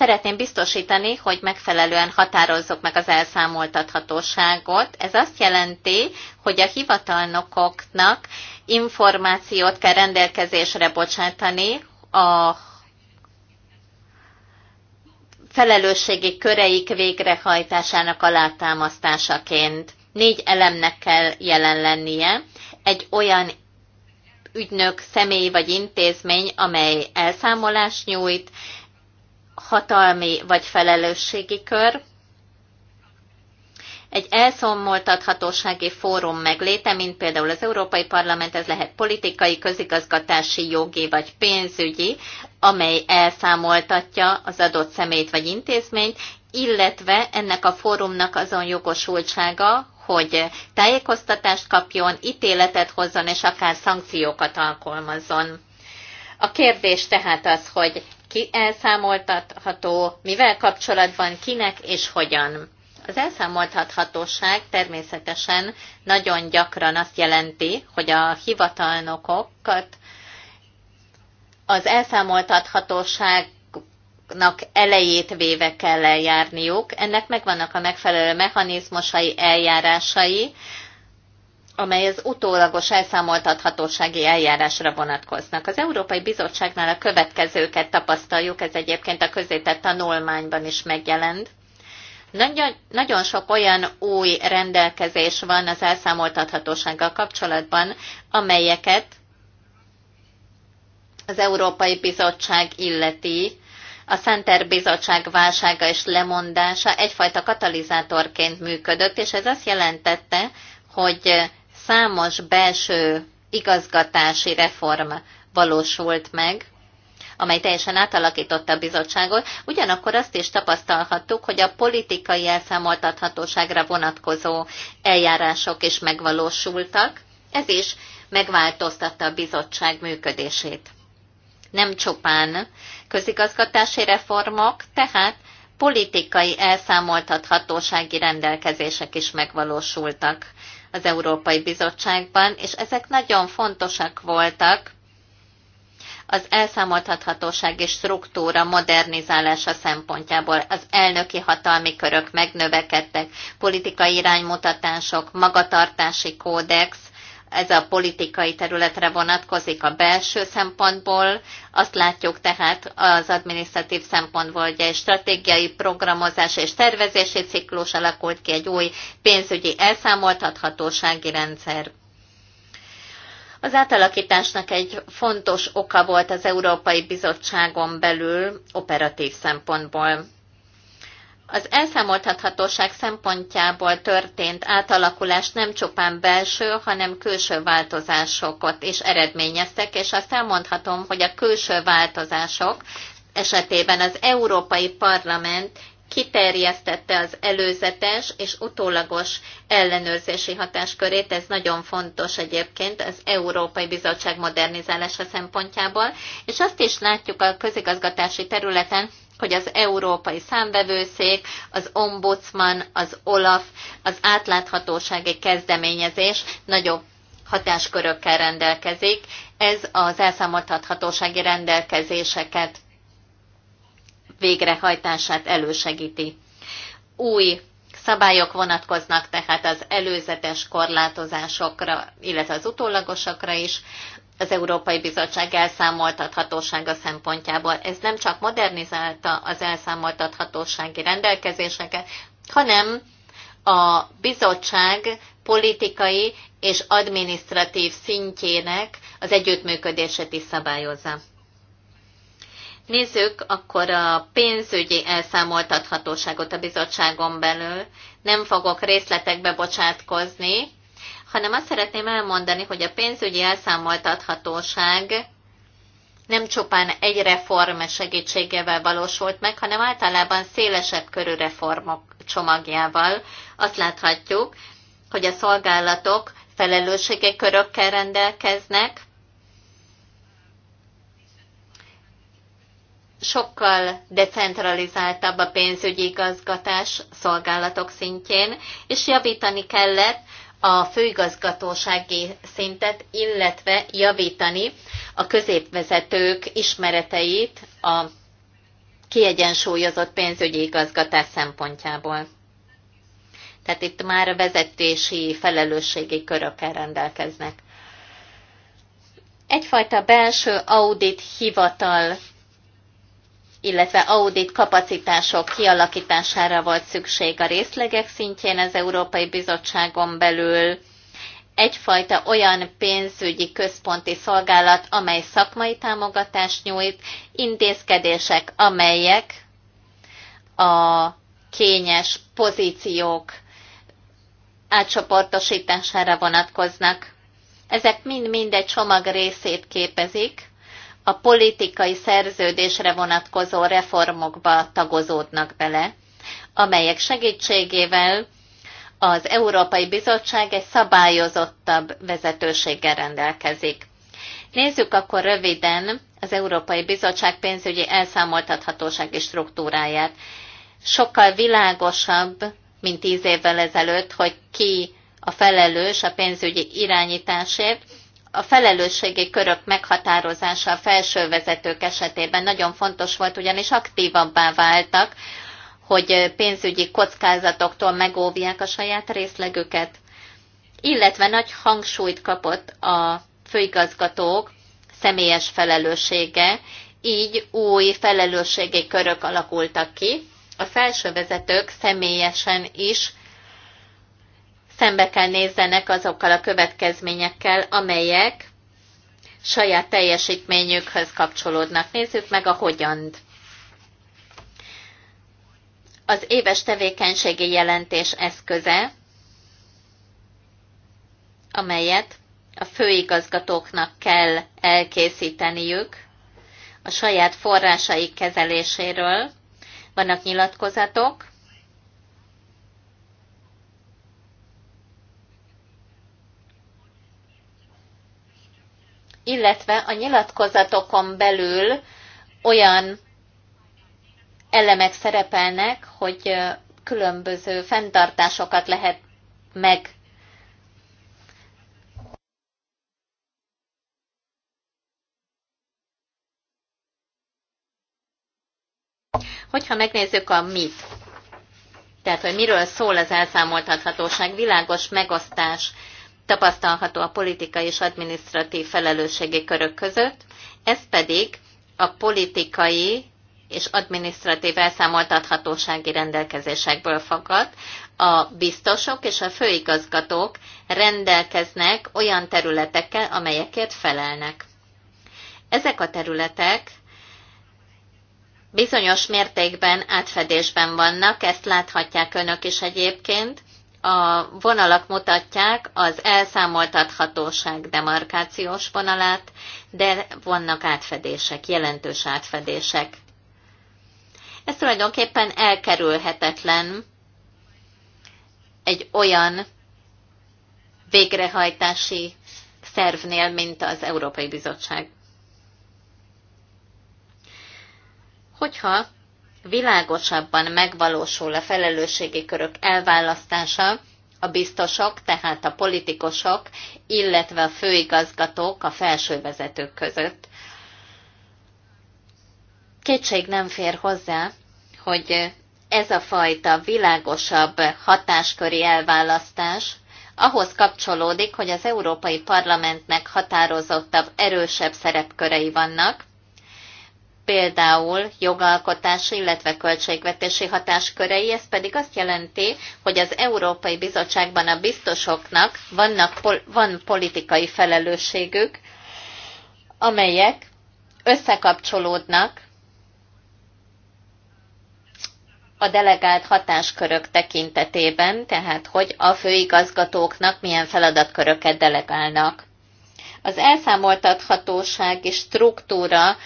Szeretném biztosítani, hogy megfelelően határozzuk meg az elszámoltathatóságot. Ez azt jelenti, hogy a hivatalnokoknak információt kell rendelkezésre bocsátani a felelősségi köreik végrehajtásának alátámasztásaként. Négy elemnek kell jelen lennie, egy olyan ügynök, személy vagy intézmény, amely elszámolást nyújt, hatalmi vagy felelősségi kör, egy elszomoltathatósági fórum megléte, mint például az Európai Parlament, ez lehet politikai, közigazgatási, jogi vagy pénzügyi, amely elszámoltatja az adott személyt vagy intézményt, illetve ennek a fórumnak azon jogosultsága, hogy tájékoztatást kapjon, ítéletet hozzon és akár szankciókat alkalmazzon. A kérdés tehát az, hogy ki elszámoltatható, mivel kapcsolatban, kinek és hogyan. Az elszámoltathatóság természetesen nagyon gyakran azt jelenti, hogy a hivatalnokokat az elszámoltathatóságnak elejét véve kell eljárniuk. Ennek megvannak a megfelelő mechanizmusai, eljárásai, amely az utólagos elszámoltathatósági eljárásra vonatkoznak. Az Európai Bizottságnál a következőket tapasztaljuk, ez egyébként a közétett tanulmányban is megjelent. Nagyon, nagyon sok olyan új rendelkezés van az elszámoltathatósággal kapcsolatban, amelyeket az Európai Bizottság illeti, a Center Bizottság válsága és lemondása egyfajta katalizátorként működött, és ez azt jelentette, hogy számos belső igazgatási reform valósult meg, amely teljesen átalakította a bizottságot, ugyanakkor azt is tapasztalhattuk, hogy a politikai elszámoltathatóságra vonatkozó eljárások is megvalósultak, ez is megváltoztatta a bizottság működését. Nem csupán közigazgatási reformok, tehát politikai elszámoltathatósági rendelkezések is megvalósultak az Európai Bizottságban, és ezek nagyon fontosak voltak az elszámoltathatóság és struktúra modernizálása szempontjából. Az elnöki hatalmi körök megnövekedtek, politikai iránymutatások, magatartási kódex, ez a politikai területre vonatkozik a belső szempontból. Azt látjuk tehát az adminisztratív szempontból, hogy egy stratégiai programozás és tervezési ciklus alakult ki egy új pénzügyi elszámoltathatósági rendszer. Az átalakításnak egy fontos oka volt az Európai Bizottságon belül operatív szempontból. Az elszámoltathatóság szempontjából történt átalakulás nem csupán belső, hanem külső változásokat is eredményeztek, és azt elmondhatom, hogy a külső változások esetében az Európai Parlament kiterjesztette az előzetes és utólagos ellenőrzési hatáskörét, ez nagyon fontos egyébként az Európai Bizottság modernizálása szempontjából, és azt is látjuk a közigazgatási területen, hogy az Európai Számvevőszék, az Ombudsman, az OLAF, az átláthatósági kezdeményezés nagyobb hatáskörökkel rendelkezik. Ez az elszámoltathatósági rendelkezéseket végrehajtását elősegíti. Új szabályok vonatkoznak tehát az előzetes korlátozásokra, illetve az utólagosakra is az Európai Bizottság elszámoltathatósága szempontjából. Ez nem csak modernizálta az elszámoltathatósági rendelkezéseket, hanem a bizottság politikai és adminisztratív szintjének az együttműködését is szabályozza. Nézzük akkor a pénzügyi elszámoltathatóságot a bizottságon belül. Nem fogok részletekbe bocsátkozni, hanem azt szeretném elmondani, hogy a pénzügyi elszámoltathatóság nem csupán egy reform segítségével valósult meg, hanem általában szélesebb körű reformok csomagjával. Azt láthatjuk, hogy a szolgálatok felelősségi körökkel rendelkeznek, sokkal decentralizáltabb a pénzügyi igazgatás szolgálatok szintjén, és javítani kellett a főigazgatósági szintet, illetve javítani a középvezetők ismereteit a kiegyensúlyozott pénzügyi igazgatás szempontjából. Tehát itt már a vezetési felelősségi körökkel rendelkeznek. Egyfajta belső audit hivatal illetve audit kapacitások kialakítására volt szükség a részlegek szintjén az Európai Bizottságon belül, egyfajta olyan pénzügyi központi szolgálat, amely szakmai támogatást nyújt, intézkedések, amelyek a kényes pozíciók átcsoportosítására vonatkoznak. Ezek mind-mind egy csomag részét képezik, a politikai szerződésre vonatkozó reformokba tagozódnak bele, amelyek segítségével az Európai Bizottság egy szabályozottabb vezetőséggel rendelkezik. Nézzük akkor röviden az Európai Bizottság pénzügyi elszámoltathatósági struktúráját. Sokkal világosabb, mint tíz évvel ezelőtt, hogy ki a felelős a pénzügyi irányításért, a felelősségi körök meghatározása a felső vezetők esetében nagyon fontos volt, ugyanis aktívabbá váltak, hogy pénzügyi kockázatoktól megóvják a saját részlegüket, illetve nagy hangsúlyt kapott a főigazgatók személyes felelőssége, így új felelősségi körök alakultak ki. A felső vezetők személyesen is szembe kell nézzenek azokkal a következményekkel, amelyek saját teljesítményükhöz kapcsolódnak. Nézzük meg a hogyant. Az éves tevékenységi jelentés eszköze, amelyet a főigazgatóknak kell elkészíteniük a saját forrásaik kezeléséről. Vannak nyilatkozatok, illetve a nyilatkozatokon belül olyan elemek szerepelnek, hogy különböző fenntartásokat lehet meg Hogyha megnézzük a mit, tehát hogy miről szól az elszámoltathatóság, világos megosztás tapasztalható a politikai és adminisztratív felelősségi körök között, ez pedig a politikai és adminisztratív elszámoltathatósági rendelkezésekből fakad. A biztosok és a főigazgatók rendelkeznek olyan területekkel, amelyekért felelnek. Ezek a területek bizonyos mértékben átfedésben vannak, ezt láthatják önök is egyébként, a vonalak mutatják az elszámoltathatóság demarkációs vonalát, de vannak átfedések, jelentős átfedések. Ez tulajdonképpen elkerülhetetlen egy olyan végrehajtási szervnél, mint az Európai Bizottság. Hogyha világosabban megvalósul a felelősségi körök elválasztása, a biztosok, tehát a politikusok, illetve a főigazgatók a felső vezetők között. Kétség nem fér hozzá, hogy ez a fajta világosabb hatásköri elválasztás ahhoz kapcsolódik, hogy az Európai Parlamentnek határozottabb, erősebb szerepkörei vannak, például jogalkotási, illetve költségvetési hatáskörei, ez pedig azt jelenti, hogy az Európai Bizottságban a biztosoknak vannak, van politikai felelősségük, amelyek összekapcsolódnak a delegált hatáskörök tekintetében, tehát hogy a főigazgatóknak milyen feladatköröket delegálnak. Az elszámoltathatósági struktúra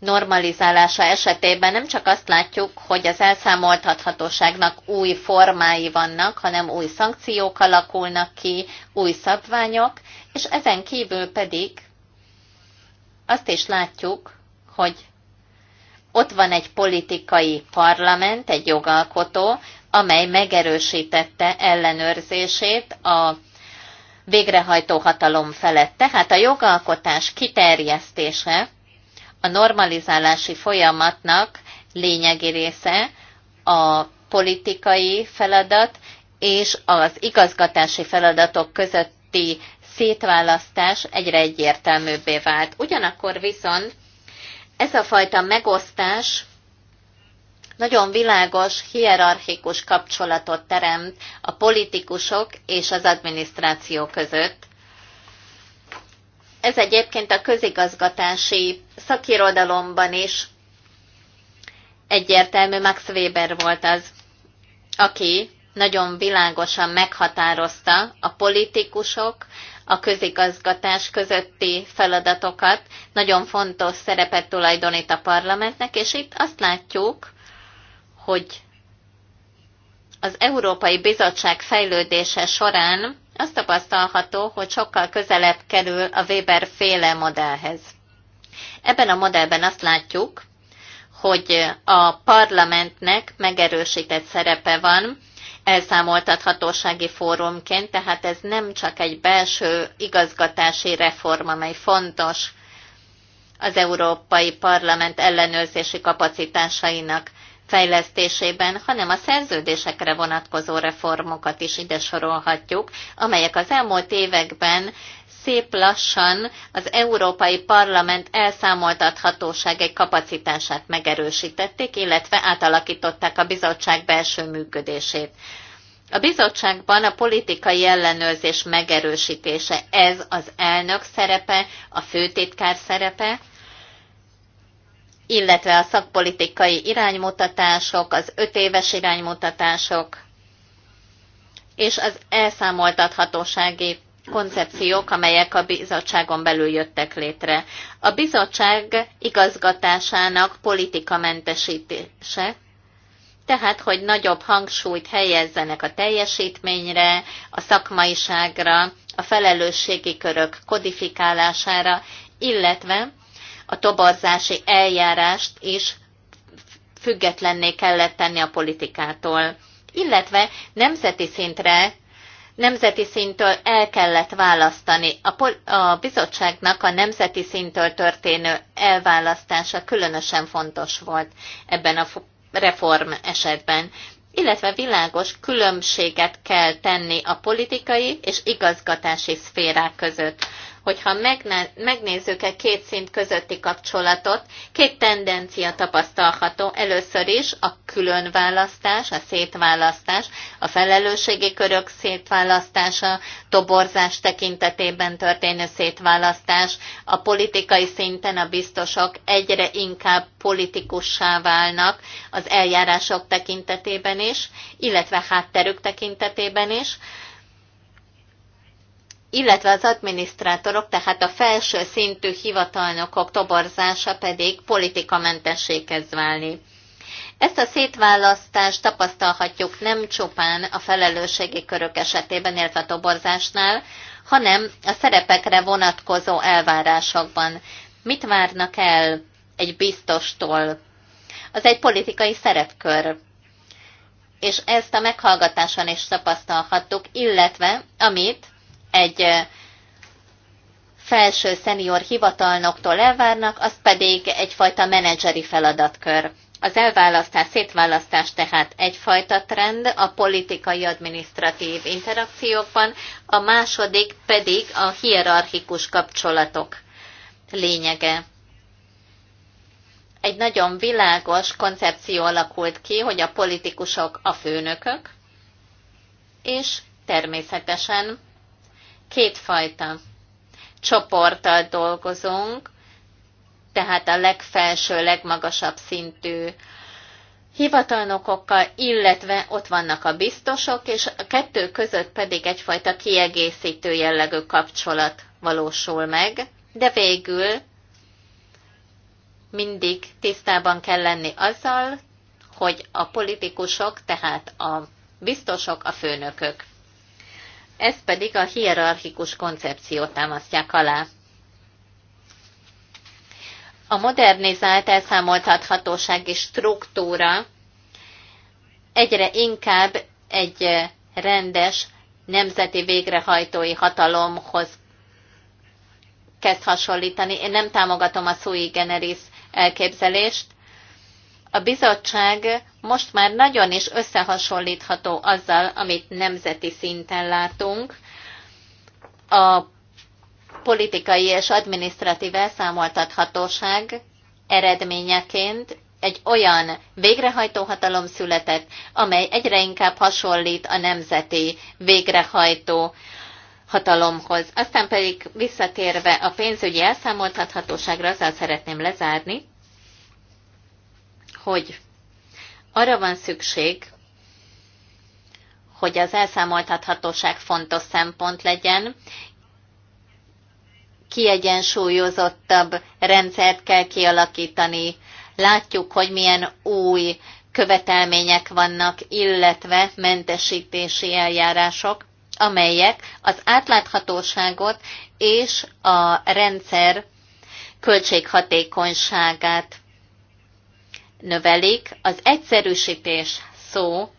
normalizálása esetében nem csak azt látjuk, hogy az elszámoltathatóságnak új formái vannak, hanem új szankciók alakulnak ki, új szabványok, és ezen kívül pedig azt is látjuk, hogy ott van egy politikai parlament, egy jogalkotó, amely megerősítette ellenőrzését a végrehajtó hatalom felett. Tehát a jogalkotás kiterjesztése a normalizálási folyamatnak lényegi része a politikai feladat és az igazgatási feladatok közötti szétválasztás egyre egyértelműbbé vált. Ugyanakkor viszont ez a fajta megosztás nagyon világos, hierarchikus kapcsolatot teremt a politikusok és az adminisztráció között, ez egyébként a közigazgatási szakirodalomban is egyértelmű Max Weber volt az, aki nagyon világosan meghatározta a politikusok, a közigazgatás közötti feladatokat, nagyon fontos szerepet tulajdonít a parlamentnek, és itt azt látjuk, hogy az Európai Bizottság fejlődése során azt tapasztalható, hogy sokkal közelebb kerül a Weber féle modellhez. Ebben a modellben azt látjuk, hogy a parlamentnek megerősített szerepe van elszámoltathatósági fórumként, tehát ez nem csak egy belső igazgatási reform, amely fontos az Európai Parlament ellenőrzési kapacitásainak fejlesztésében, hanem a szerződésekre vonatkozó reformokat is ide sorolhatjuk, amelyek az elmúlt években szép lassan az Európai Parlament elszámoltathatósági kapacitását megerősítették, illetve átalakították a bizottság belső működését. A bizottságban a politikai ellenőrzés megerősítése, ez az elnök szerepe, a főtitkár szerepe, illetve a szakpolitikai iránymutatások, az öt éves iránymutatások, és az elszámoltathatósági koncepciók, amelyek a bizottságon belül jöttek létre. A bizottság igazgatásának politikamentesítése, tehát hogy nagyobb hangsúlyt helyezzenek a teljesítményre, a szakmaiságra, a felelősségi körök kodifikálására, illetve a toborzási eljárást is függetlenné kellett tenni a politikától, illetve nemzeti szintre nemzeti szintől el kellett választani. A, a bizottságnak a nemzeti szintől történő elválasztása különösen fontos volt ebben a reform esetben, illetve világos különbséget kell tenni a politikai és igazgatási szférák között hogyha megnézzük e két szint közötti kapcsolatot, két tendencia tapasztalható. Először is a különválasztás, a szétválasztás, a felelősségi körök szétválasztása, toborzás tekintetében történő szétválasztás, a politikai szinten a biztosok egyre inkább politikussá válnak az eljárások tekintetében is, illetve hátterük tekintetében is, illetve az adminisztrátorok, tehát a felső szintű hivatalnokok toborzása pedig politikamentessé kezd válni. Ezt a szétválasztást tapasztalhatjuk nem csupán a felelősségi körök esetében, illetve a toborzásnál, hanem a szerepekre vonatkozó elvárásokban. Mit várnak el egy biztostól? Az egy politikai szerepkör. És ezt a meghallgatáson is tapasztalhattuk, illetve amit egy felső szenior hivatalnoktól elvárnak, az pedig egyfajta menedzseri feladatkör. Az elválasztás, szétválasztás tehát egyfajta trend a politikai adminisztratív interakciókban, a második pedig a hierarchikus kapcsolatok lényege. Egy nagyon világos koncepció alakult ki, hogy a politikusok a főnökök, és természetesen kétfajta csoporttal dolgozunk, tehát a legfelső, legmagasabb szintű hivatalnokokkal, illetve ott vannak a biztosok, és a kettő között pedig egyfajta kiegészítő jellegű kapcsolat valósul meg, de végül mindig tisztában kell lenni azzal, hogy a politikusok, tehát a biztosok, a főnökök ezt pedig a hierarchikus koncepciót támasztják alá. A modernizált elszámoltathatósági struktúra egyre inkább egy rendes nemzeti végrehajtói hatalomhoz kezd hasonlítani. Én nem támogatom a sui generis elképzelést, a bizottság most már nagyon is összehasonlítható azzal, amit nemzeti szinten látunk. A politikai és adminisztratív elszámoltathatóság eredményeként egy olyan végrehajtó hatalom született, amely egyre inkább hasonlít a nemzeti végrehajtó hatalomhoz. Aztán pedig visszatérve a pénzügyi elszámoltathatóságra, azzal szeretném lezárni, hogy arra van szükség, hogy az elszámoltathatóság fontos szempont legyen, kiegyensúlyozottabb rendszert kell kialakítani, látjuk, hogy milyen új követelmények vannak, illetve mentesítési eljárások, amelyek az átláthatóságot és a rendszer költséghatékonyságát növelik. Az egyszerűsítés szó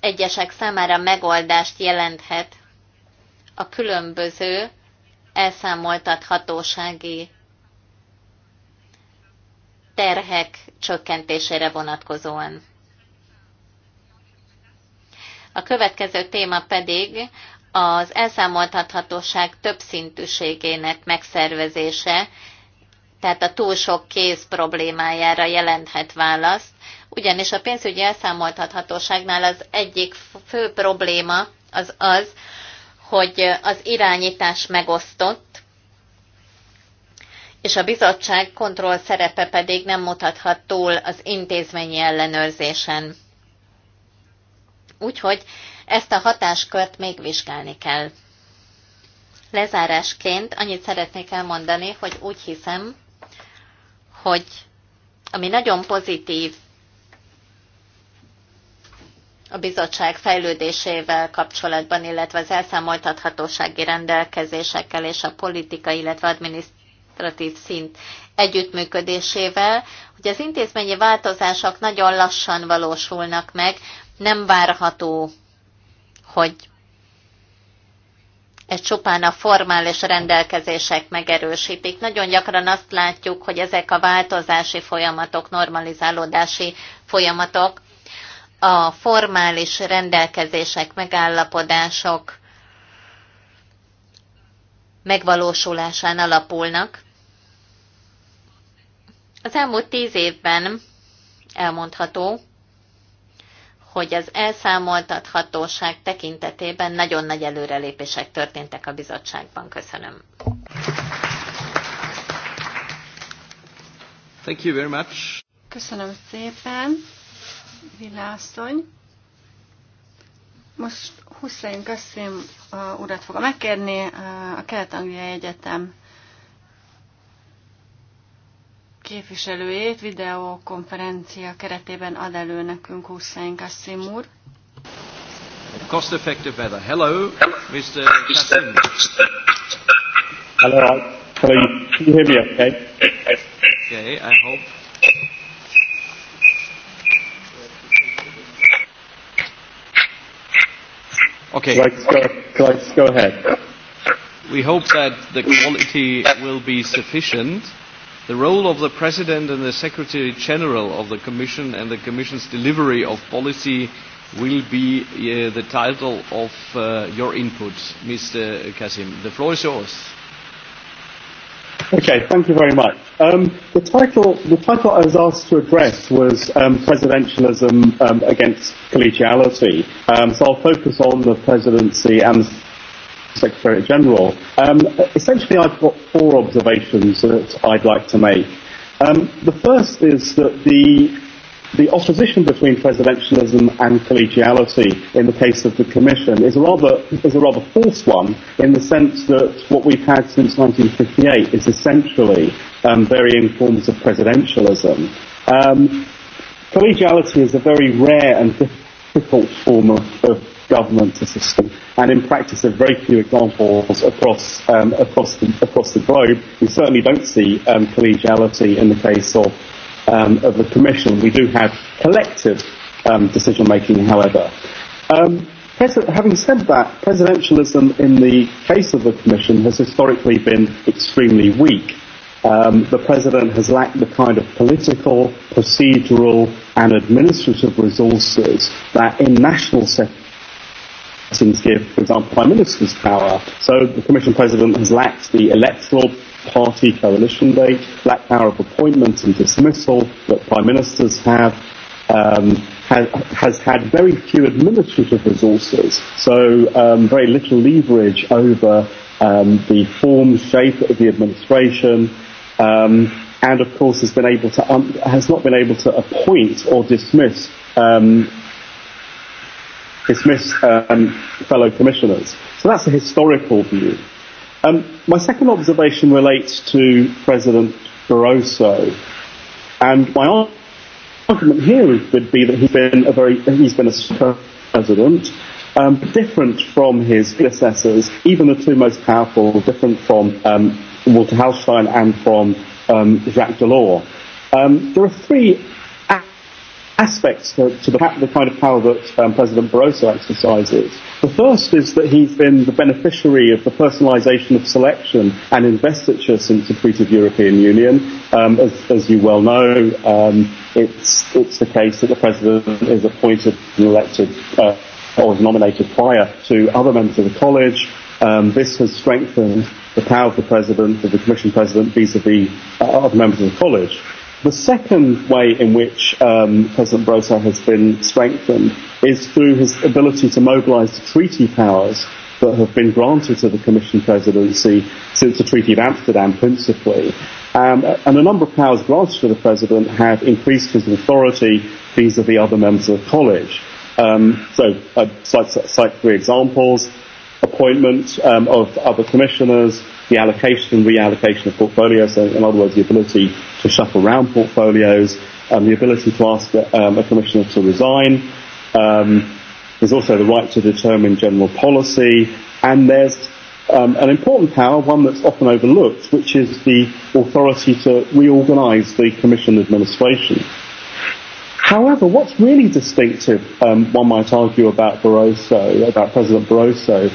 egyesek számára megoldást jelenthet a különböző elszámoltathatósági terhek csökkentésére vonatkozóan. A következő téma pedig az elszámoltathatóság többszintűségének megszervezése, tehát a túl sok kéz problémájára jelenthet választ, ugyanis a pénzügyi elszámoltathatóságnál az egyik fő probléma az az, hogy az irányítás megosztott, és a bizottság kontroll szerepe pedig nem mutathat túl az intézményi ellenőrzésen. Úgyhogy ezt a hatáskört még vizsgálni kell. Lezárásként annyit szeretnék elmondani, hogy úgy hiszem, hogy ami nagyon pozitív a bizottság fejlődésével kapcsolatban, illetve az elszámoltathatósági rendelkezésekkel és a politika, illetve administratív szint együttműködésével, hogy az intézményi változások nagyon lassan valósulnak meg, nem várható, hogy ez csupán a formális rendelkezések megerősítik. Nagyon gyakran azt látjuk, hogy ezek a változási folyamatok, normalizálódási folyamatok, a formális rendelkezések, megállapodások megvalósulásán alapulnak. Az elmúlt tíz évben elmondható, hogy az elszámoltathatóság tekintetében nagyon nagy előrelépések történtek a bizottságban. Köszönöm. Thank you very much. Köszönöm szépen, Vilászony. Most Hussein Kassim uh, urat fogom megkérni uh, a Kelet-Angliai Egyetem képviselőjét videokonferencia keretében ad elő nekünk Hussein Kassim úr. Cost effective weather. Hello, Mr. Kassim. Hello, can you, you hear me okay? Okay, I hope. Okay. Can I, just go, can I just go ahead? We hope that the quality will be sufficient. The role of the President and the Secretary General of the Commission and the Commission's delivery of policy will be uh, the title of uh, your input, Mr. Kasim. The floor is yours. Okay, thank you very much. Um, the title, the title I was asked to address was um, presidentialism um, against collegiality. Um, so I'll focus on the presidency and Secretary General. Um, essentially, I've got four observations that I'd like to make. Um, the first is that the the opposition between presidentialism and collegiality in the case of the Commission is a rather, is a rather false one in the sense that what we've had since 1958 is essentially um, varying forms of presidentialism. Um, collegiality is a very rare and difficult form of, of government to sustain and in practice there are very few examples across um, across the across the globe. We certainly don't see um, collegiality in the case of um, of the Commission. We do have collective um, decision making, however. Um, having said that, presidentialism in the case of the Commission has historically been extremely weak. Um, the president has lacked the kind of political, procedural, and administrative resources that in national settings since, for example, Prime Minister's power. So the Commission President has lacked the electoral party coalition date, lacked power of appointment and dismissal that Prime Ministers have, um, has, has had very few administrative resources, so um, very little leverage over um, the form, shape of the administration, um, and of course has been able to um, has not been able to appoint or dismiss um, dismiss um, fellow commissioners. So that's a historical view. Um, my second observation relates to President Barroso, and my argument here would be that he's been a very he's been a president, um, different from his predecessors, even the two most powerful, different from um, Walter Hallstein and from um, Jacques Delors. Um, there are three aspects to, to the, the kind of power that um, President Barroso exercises. The first is that he's been the beneficiary of the personalisation of selection and investiture since the Treaty of European Union. Um, as, as you well know, um, it's, it's the case that the President is appointed and elected uh, or is nominated prior to other members of the College. Um, this has strengthened the power of the President, of the Commission President, vis a vis -vis, uh, other members of the College. The second way in which um, President Brosa has been strengthened is through his ability to mobilize the treaty powers that have been granted to the Commission presidency since the Treaty of Amsterdam, principally. Um, and a number of powers granted to the president have increased his authority vis-à-vis -vis other members of the college. Um, so, uh, cite, cite three examples: appointment um, of other commissioners, the allocation and reallocation of portfolios. So, in other words, the ability to shuffle around portfolios, um, the ability to ask um, a commissioner to resign. Um, there's also the right to determine general policy, and there's um, an important power, one that's often overlooked, which is the authority to reorganise the commission administration. However, what's really distinctive, um, one might argue, about Barroso, about President Barroso,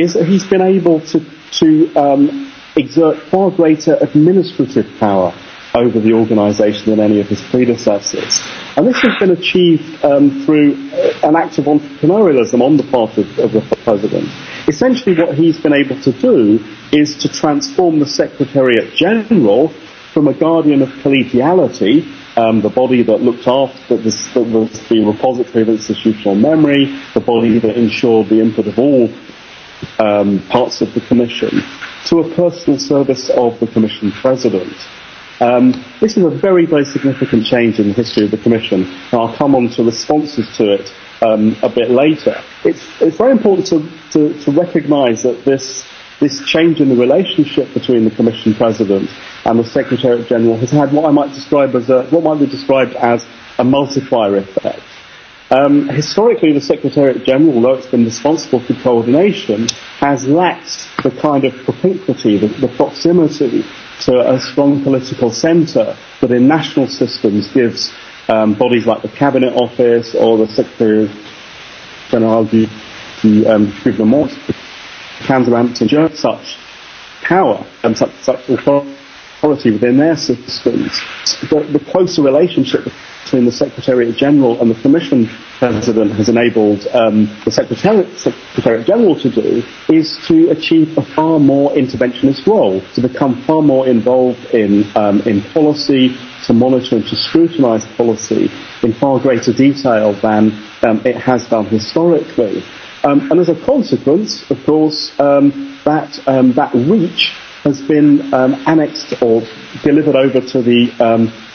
is that he's been able to, to um, exert far greater administrative power over the organisation than any of his predecessors. And this has been achieved um, through uh, an act of entrepreneurialism on the part of, of the president. Essentially, what he's been able to do is to transform the Secretariat General from a guardian of collegiality, um, the body that looked after that was, that was the repository of institutional memory, the body that ensured the input of all um, parts of the Commission, to a personal service of the Commission President Um, this is a very, very significant change in the history of the Commission, and I'll come on to responses to it um, a bit later. It's, it's very important to, to, to recognise that this, this change in the relationship between the Commission President and the Secretary General has had what I might describe as a, what might be described as a multiplier effect. Um, historically, the Secretariat General, though it's been responsible for coordination, has lacked the kind of propinquity, the, the proximity So a strong political centre that in national systems gives um, bodies like the Cabinet Office or the Secretary General du, du um, the Council in Germany, such power and such, such authority within their systems. The, the closer relationship between the Secretariat General and the Commission President has enabled um, the Secretariat, Secretariat General to do is to achieve a far more interventionist role, to become far more involved in, um, in policy, to monitor and to scrutinise policy in far greater detail than um, it has done historically. Um, and as a consequence, of course, um, that, um, that reach has been um, annexed or delivered over to the um,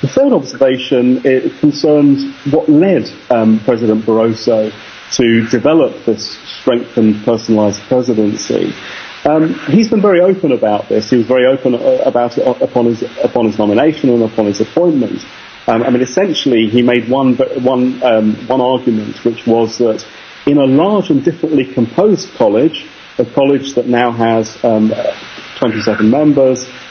The third observation it concerns what led um, President Barroso to develop this strengthened personalized presidency. Um, he's been very open about this. He was very open uh, about it upon his, upon his nomination and upon his appointment. Um, I mean, essentially, he made one, one, um, one argument, which was that in a large and differently composed college, a college that now has um, 27 members,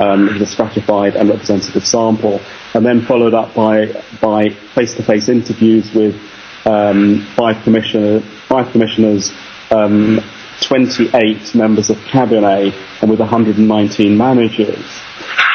um, in a stratified and representative sample, and then followed up by by face-to-face interviews with um, five commissioner five commissioners, um, 28 members of cabinet, and with 119 managers.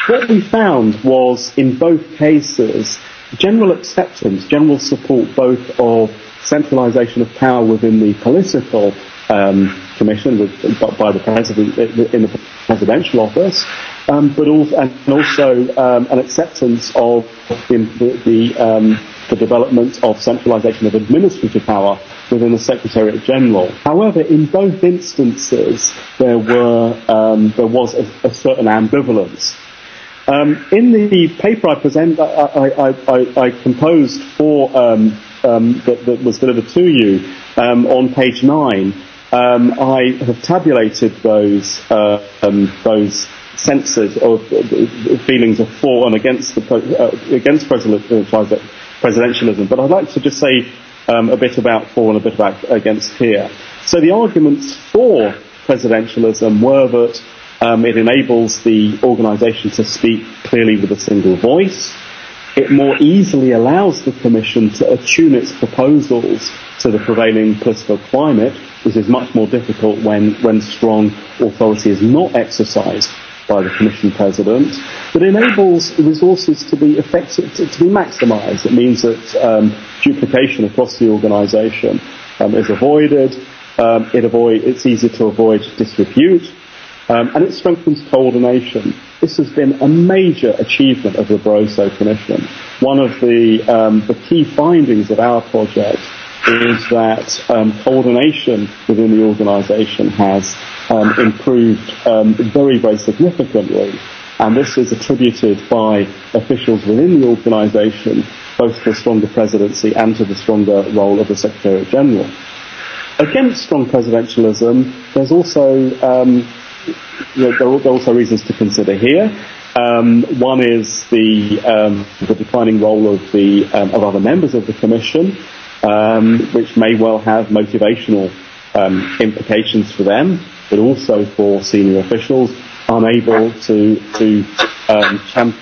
What we found was in both cases general acceptance, general support both of centralisation of power within the political um, commission with, by the president in the presidential office, um, but also, and also um, an acceptance of the, the, um, the development of centralisation of administrative power within the Secretariat General. However, in both instances, there were um, there was a, a certain ambivalence. Um, in the paper I present, I, I, I, I composed for um, um, that, that was delivered to you um, on page nine Um, I have tabulated those uh, um, those censored or feelings of for and against the uh, against presidentialism. But I'd like to just say um, a bit about for and a bit about against here. So the arguments for presidentialism were that um, it enables the organisation to speak clearly with a single voice it more easily allows the Commission to attune its proposals to the prevailing political climate, which is much more difficult when, when strong authority is not exercised by the Commission President, It enables resources to be effective, to, to be maximised. It means that um, duplication across the organisation um, is avoided. Um, it avoid, it's easier to avoid disrepute Um, and it strengthens coordination. This has been a major achievement of the Barroso Commission. One of the, um, the key findings of our project is that um, coordination within the organisation has um, improved um, very, very significantly. And this is attributed by officials within the organisation both to a stronger presidency and to the stronger role of the Secretary General. Against strong presidentialism, there's also um, there are also reasons to consider here. Um, one is the, um, the declining role of, the, um, of other members of the Commission, um, which may well have motivational um, implications for them, but also for senior officials unable to, to, um, champ-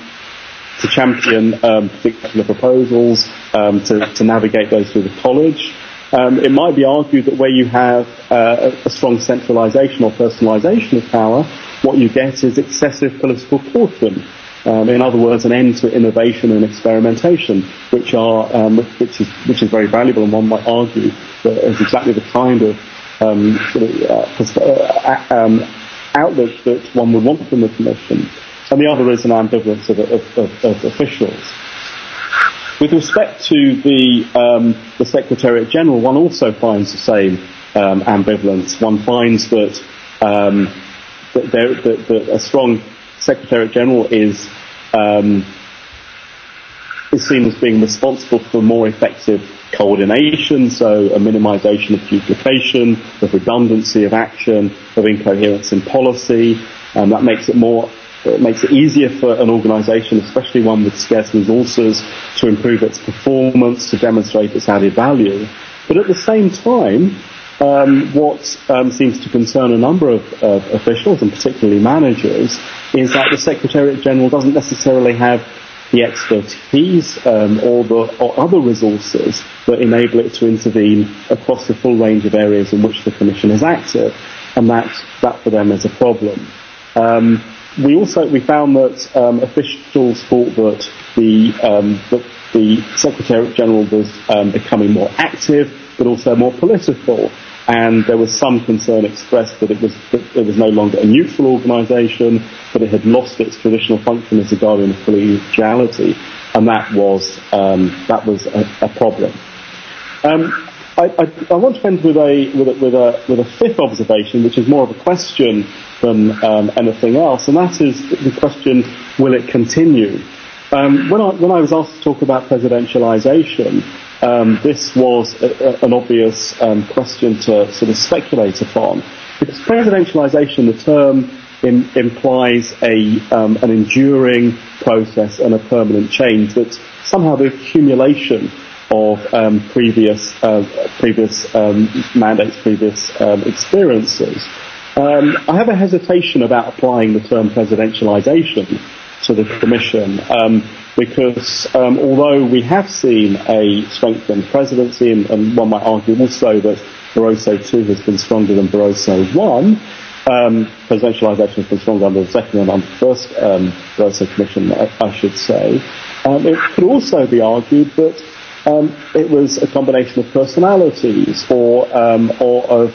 to champion um, particular proposals, um, to, to navigate those through the college Um, it might be argued that where you have uh, a strong centralization or personalization of power, what you get is excessive political caution. Um, in other words, an end to innovation and experimentation, which are um, which is which is very valuable, and one might argue that is exactly the kind of um, uh, uh, um, outlook that one would want from the commission. And the other is an ambivalence of, of, of, of officials. With respect to the, um, the Secretariat General, one also finds the same um, ambivalence. One finds that, um, that, there, that, that a strong Secretariat General is, um, is seen as being responsible for more effective coordination, so a minimization of duplication, of redundancy of action, of incoherence in policy. Um, that makes it more It makes it easier for an organisation, especially one with scarce resources, to improve its performance, to demonstrate its added value. But at the same time, um, what um, seems to concern a number of uh, officials, and particularly managers, is that the Secretariat General doesn't necessarily have the expertise um, or the or other resources that enable it to intervene across the full range of areas in which the Commission is active, and that that for them is a problem. Um, we also we found that um, officials thought that the um, that the Secretary General was um, becoming more active, but also more political. And there was some concern expressed that it was that it was no longer a neutral organisation, that it had lost its traditional function as a guardian of collegiality, and that was um, that was a, a problem. Um, I, I, I want to end with a, with a with a with a fifth observation, which is more of a question from um, anything else, and that is the question: Will it continue? Um, when I when I was asked to talk about presidentialization, um, this was a, a, an obvious um, question to sort of speculate upon, because presidentialization, the term in, implies a, um, an enduring process and a permanent change that's somehow the accumulation of um, previous, uh, previous um, mandates, previous um, experiences. Um, I have a hesitation about applying the term presidentialization to the Commission um, because um, although we have seen a strengthened presidency, and, and one might argue also that Barroso II has been stronger than Barroso I, um, presidentialization has been stronger under the second and under the first um, Barroso Commission, I, I should say, um, it could also be argued that um, it was a combination of personalities or, um, or of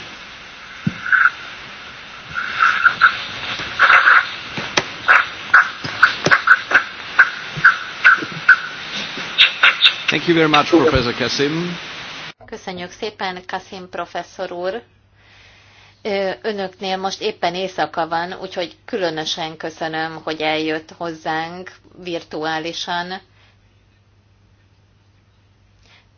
Thank you very much, Professor Kassim. Köszönjük szépen, Kasim professzor úr. Önöknél most éppen éjszaka van, úgyhogy különösen köszönöm, hogy eljött hozzánk virtuálisan.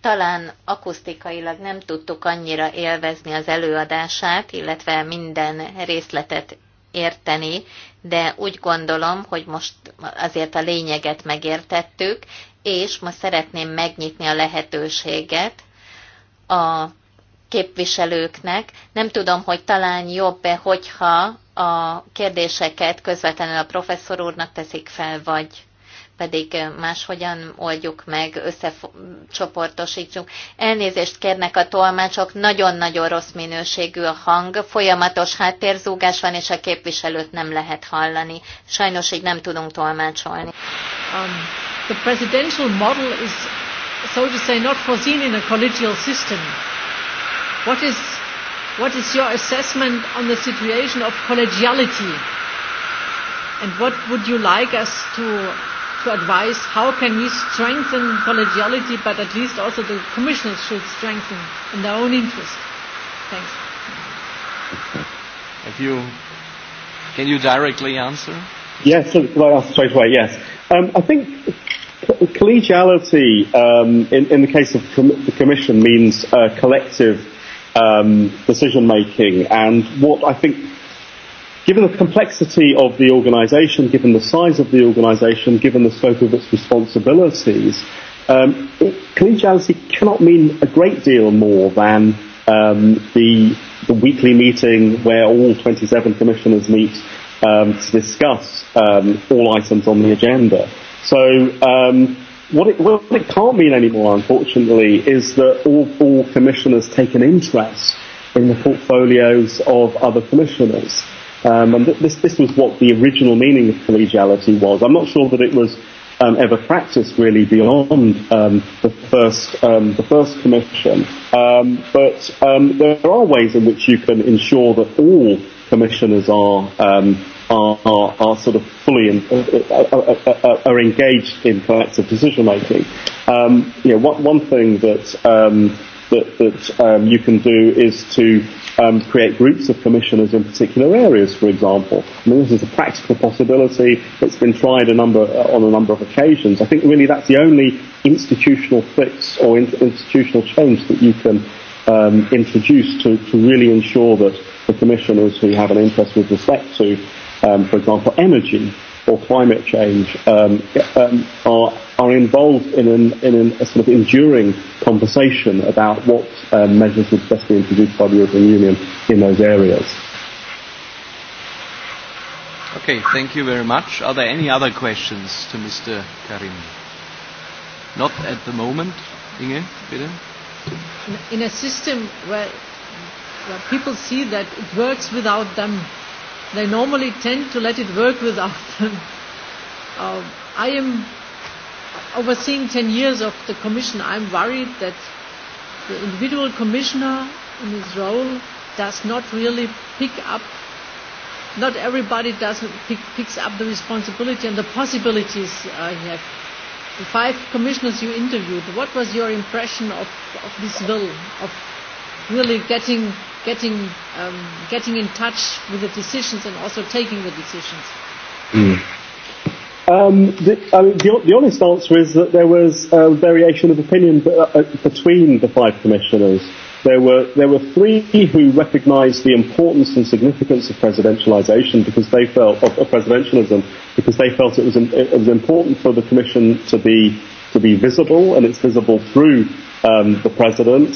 Talán akusztikailag nem tudtuk annyira élvezni az előadását, illetve minden részletet érteni, de úgy gondolom, hogy most azért a lényeget megértettük, és ma szeretném megnyitni a lehetőséget a képviselőknek. Nem tudom, hogy talán jobb-e, hogyha a kérdéseket közvetlenül a professzor úrnak teszik fel, vagy pedig máshogyan oldjuk meg, összecsoportosítsuk. Elnézést kérnek a tolmácsok, nagyon-nagyon rossz minőségű a hang, folyamatos háttérzúgás van, és a képviselőt nem lehet hallani. Sajnos így nem tudunk tolmácsolni. Um, the presidential model is, so to say, not foreseen in a collegial system. What is, what is your assessment on the situation of collegiality? And what would you like us to to advise how can we strengthen collegiality, but at least also the commissioners should strengthen in their own interest. Thanks. If you, can you directly answer? Yes, well, I'll straight away, yes. Um, I think collegiality um, in, in the case of com- the Commission means uh, collective um, decision making, and what I think Given the complexity of the organisation, given the size of the organisation, given the scope of its responsibilities, um, collegiality cannot mean a great deal more than um, the, the weekly meeting where all 27 commissioners meet um, to discuss um, all items on the agenda. So um, what, it, what it can't mean anymore, unfortunately, is that all, all commissioners take an interest in the portfolios of other commissioners. Um, and th- this, this was what the original meaning of collegiality was. I'm not sure that it was um, ever practiced really beyond um, the first um, the first commission. Um, but um, there are ways in which you can ensure that all commissioners are um, are, are, are sort of fully in, uh, are, uh, are, uh, uh, are engaged in collective decision making. Um, you know, one, one thing that um, that, that um, you can do is to um, create groups of commissioners in particular areas, for example. I mean, this is a practical possibility that's been tried a number, uh, on a number of occasions. I think really that's the only institutional fix or in- institutional change that you can um, introduce to, to really ensure that the commissioners who have an interest with respect to, um, for example, energy or climate change um, um, are are involved in an in an, a sort of enduring conversation about what um, measures would best be introduced by the European Union in those areas. Okay, thank you very much. Are there any other questions to Mr. Karim? Not at the moment. Inge, bitte. In a system where, where people see that it works without them, they normally tend to let it work without *laughs* them. Uh, I am overseeing 10 years of the commission. I'm worried that the individual commissioner in his role does not really pick up, not everybody does pick, picks up the responsibility and the possibilities uh, he has. The five commissioners you interviewed, what was your impression of, of this will, of really getting, getting, um, getting in touch with the decisions and also taking the decisions? Mm. Um, the, I mean, the, the honest answer is that there was a variation of opinion b- uh, between the five commissioners. There were, there were three who recognised the importance and significance of presidentialisation because they felt of, of presidentialism because they felt it was, in, it was important for the commission to be to be visible and it's visible through um, the president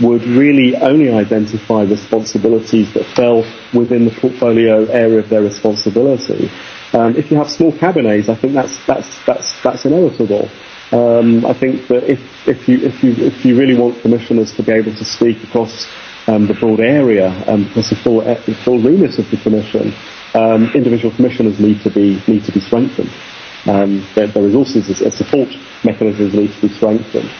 would really only identify responsibilities that fell within the portfolio area of their responsibility. Um, if you have small cabinets, I think that's that's that's that's inevitable. Um, I think that if if you if you if you really want commissioners to be able to speak across um, the broad area, um, across the full the full remit of the commission, um, individual commissioners need to be need to be strengthened. Um, their, their resources as, support mechanisms need to be strengthened.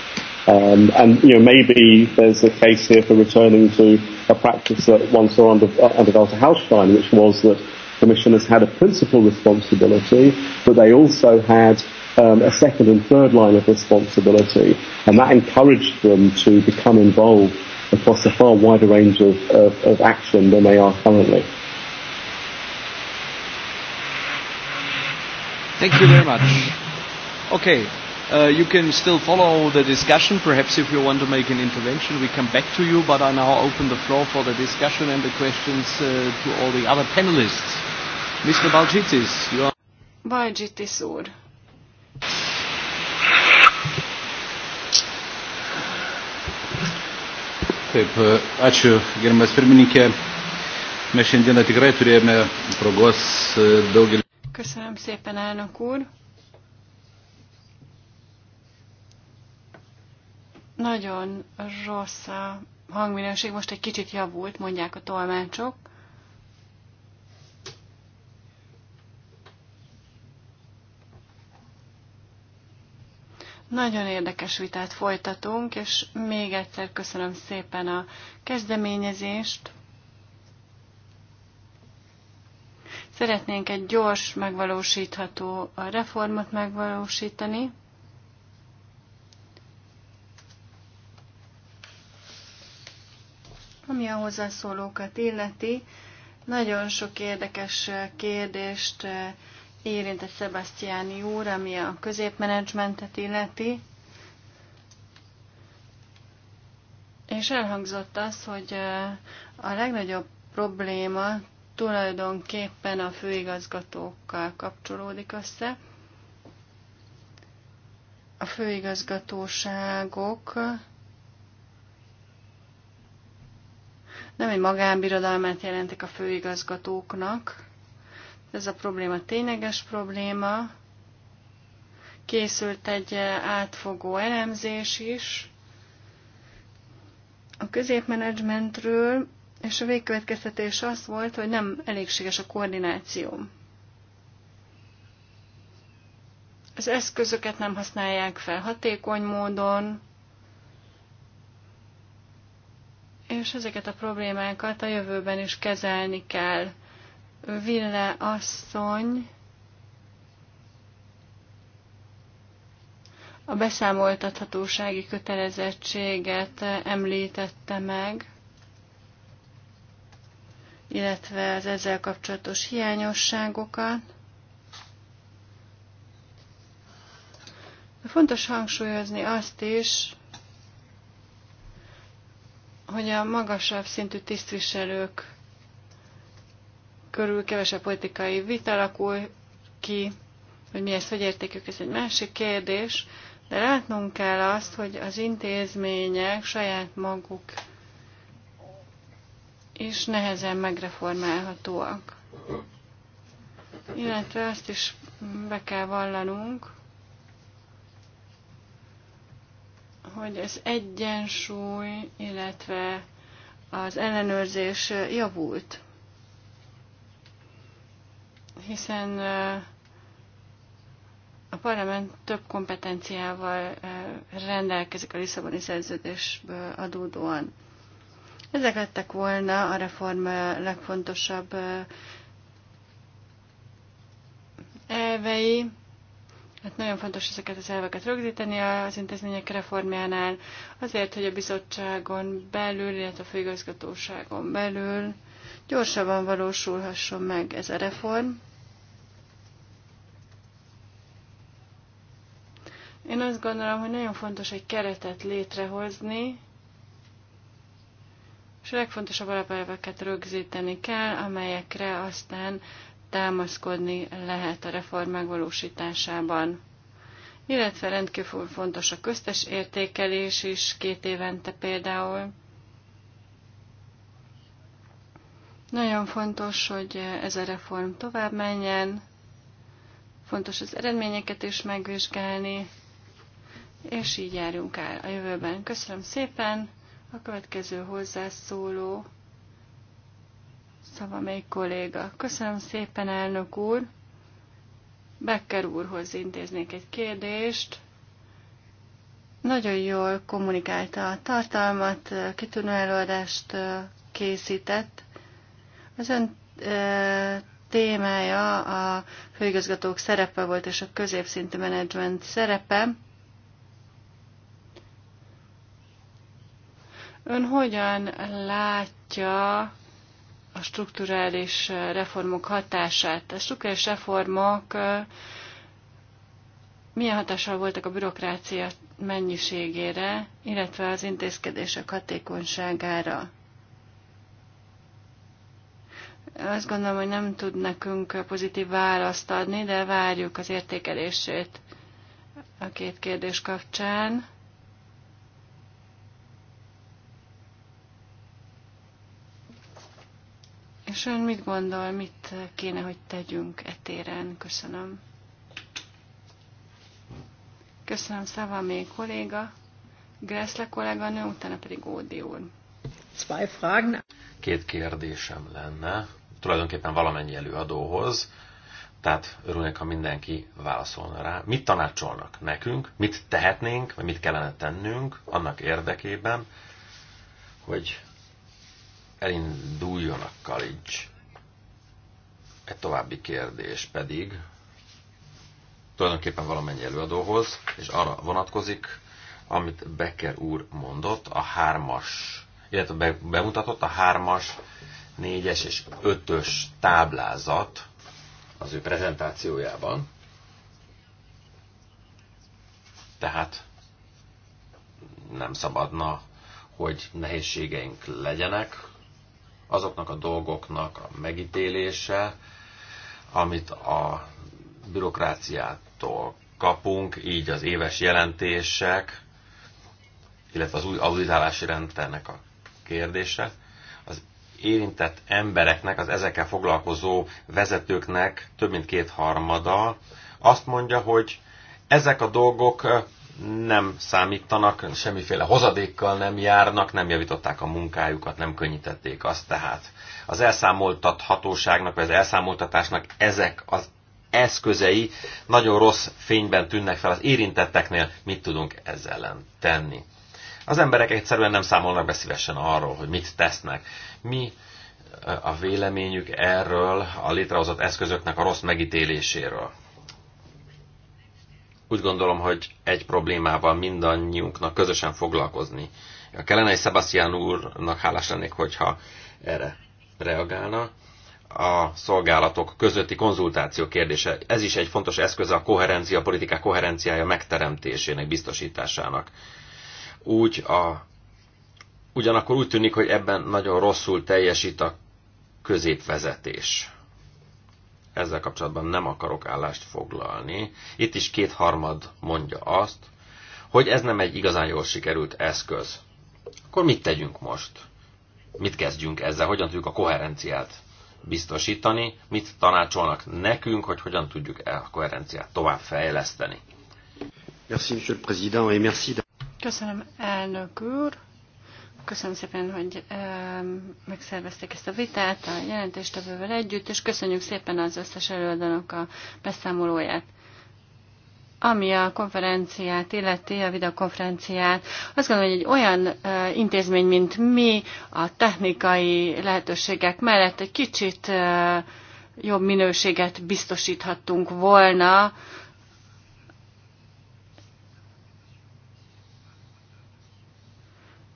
Um, and you know maybe there's a case here for returning to a practice that one saw under uh, under Walter Hallstein, which was that commissioners had a principal responsibility, but they also had um, a second and third line of responsibility, and that encouraged them to become involved across a far wider range of, of, of action than they are currently. Thank you very much. Okay. Uh, you can still follow the discussion. Perhaps if you want to make an intervention, we come back to you. But I now open the floor for the discussion and the questions uh, to all the other panelists. Mr. Balchitis, you are. Balchitis úr. Taip, e, ačiū, gerbiamas pirmininkė. Mes šiandieną tikrai turėjome progos e, daugelį. Köszönöm szépen, elnök úr. Nagyon rossz a hangminőség, most egy kicsit javult, mondják a tolmácsok. Nagyon érdekes vitát folytatunk, és még egyszer köszönöm szépen a kezdeményezést. Szeretnénk egy gyors, megvalósítható reformot megvalósítani. Ami a hozzászólókat illeti, nagyon sok érdekes kérdést eh, érintett Sebastiáni úr, ami a középmenedzsmentet illeti. És elhangzott az, hogy eh, a legnagyobb probléma tulajdonképpen a főigazgatókkal kapcsolódik össze. A főigazgatóságok nem egy magánbirodalmát jelentik a főigazgatóknak. Ez a probléma tényleges probléma. Készült egy eh, átfogó elemzés is a középmenedzsmentről, és a végkövetkeztetés az volt, hogy nem elégséges a koordináció. Az eszközöket nem használják fel hatékony módon, és ezeket a problémákat a jövőben is kezelni kell. Ville asszony a beszámoltathatósági kötelezettséget említette meg, illetve az ezzel kapcsolatos hiányosságokat. Fontos hangsúlyozni azt is, hogy a magasabb szintű tisztviselők körül kevesebb politikai vita alakul ki, hogy mi ezt hogy értékük, ez egy másik kérdés, de látnunk kell azt, hogy az intézmények saját maguk is nehezen megreformálhatóak. Illetve azt is be kell vallanunk, hogy az egyensúly, illetve az ellenőrzés javult. Hiszen a parlament több kompetenciával rendelkezik a Lisszaboni szerződésből adódóan. Ezek lettek volna a reform legfontosabb elvei. Hát nagyon fontos ezeket az elveket rögzíteni az intézmények reformjánál, azért, hogy a bizottságon belül, illetve a főigazgatóságon belül gyorsabban valósulhasson meg ez a reform. Én azt gondolom, hogy nagyon fontos egy keretet létrehozni, és a legfontosabb alapelveket rögzíteni kell, amelyekre aztán támaszkodni lehet a reform megvalósításában. Illetve rendkívül fontos a köztes értékelés is, két évente például. Nagyon fontos, hogy ez a reform tovább menjen, fontos az eredményeket is megvizsgálni, és így járjunk el a jövőben. Köszönöm szépen! A következő hozzászóló szava még kolléga. Köszönöm szépen, elnök úr. Becker úrhoz intéznék egy kérdést. Nagyon jól kommunikálta a tartalmat, kitűnő előadást készített. Az ön témája a főigazgatók szerepe volt, és a középszintű menedzsment szerepe. Ön hogyan látja a strukturális eh, reformok hatását. A strukturális reformok eh, milyen hatással voltak a bürokrácia mennyiségére, illetve az intézkedések hatékonyságára. Azt gondolom, hogy nem tud nekünk pozitív választ adni, de várjuk az értékelését a két kérdés kapcsán. És ön mit gondol, mit kéne, hogy tegyünk etéren? Köszönöm. Köszönöm Szava még kolléga, Gressle nő, utána pedig Ódi úr. Két kérdésem lenne, tulajdonképpen valamennyi előadóhoz, tehát örülnék, ha mindenki válaszolna rá. Mit tanácsolnak nekünk, mit tehetnénk, vagy mit kellene tennünk annak érdekében, hogy elinduljon a kalics. Egy további kérdés pedig tulajdonképpen valamennyi előadóhoz, és arra vonatkozik, amit Becker úr mondott, a hármas, illetve bemutatott a hármas, négyes és ötös táblázat az ő prezentációjában. Tehát nem szabadna, hogy nehézségeink legyenek, azoknak a dolgoknak a megítélése, amit a bürokráciától kapunk, így az éves jelentések, illetve az új auditálási rendszernek a kérdése, az érintett embereknek, az ezekkel foglalkozó vezetőknek több mint kétharmada azt mondja, hogy ezek a dolgok nem számítanak, semmiféle hozadékkal nem járnak, nem javították a munkájukat, nem könnyítették azt tehát. Az elszámoltathatóságnak, vagy az elszámoltatásnak ezek az eszközei nagyon rossz fényben tűnnek fel az érintetteknél, mit tudunk ezzel ellen tenni. Az emberek egyszerűen nem számolnak be szívesen arról, hogy mit tesznek. Mi a véleményük erről, a létrehozott eszközöknek a rossz megítéléséről. Úgy gondolom, hogy egy problémával mindannyiunknak közösen foglalkozni A Kelenei Sebastian úrnak hálás lennék, hogyha erre reagálna. A szolgálatok közötti konzultáció kérdése, ez is egy fontos eszköze a koherencia, a politikák koherenciája megteremtésének, biztosításának. Úgy a, ugyanakkor úgy tűnik, hogy ebben nagyon rosszul teljesít a középvezetés ezzel kapcsolatban nem akarok állást foglalni. Itt is kétharmad mondja azt, hogy ez nem egy igazán jól sikerült eszköz. Akkor mit tegyünk most? Mit kezdjünk ezzel? Hogyan tudjuk a koherenciát biztosítani? Mit tanácsolnak nekünk, hogy hogyan tudjuk -e a koherenciát tovább fejleszteni? Köszönöm, elnök úr. Köszönöm szépen, hogy megszervezték ezt a vitát a jelentéstevővel együtt, és köszönjük szépen az összes előadónak a beszámolóját. Ami a konferenciát illeti, a videokonferenciát, azt gondolom, hogy egy olyan intézmény, mint mi, a technikai lehetőségek mellett egy kicsit jobb minőséget biztosíthattunk volna,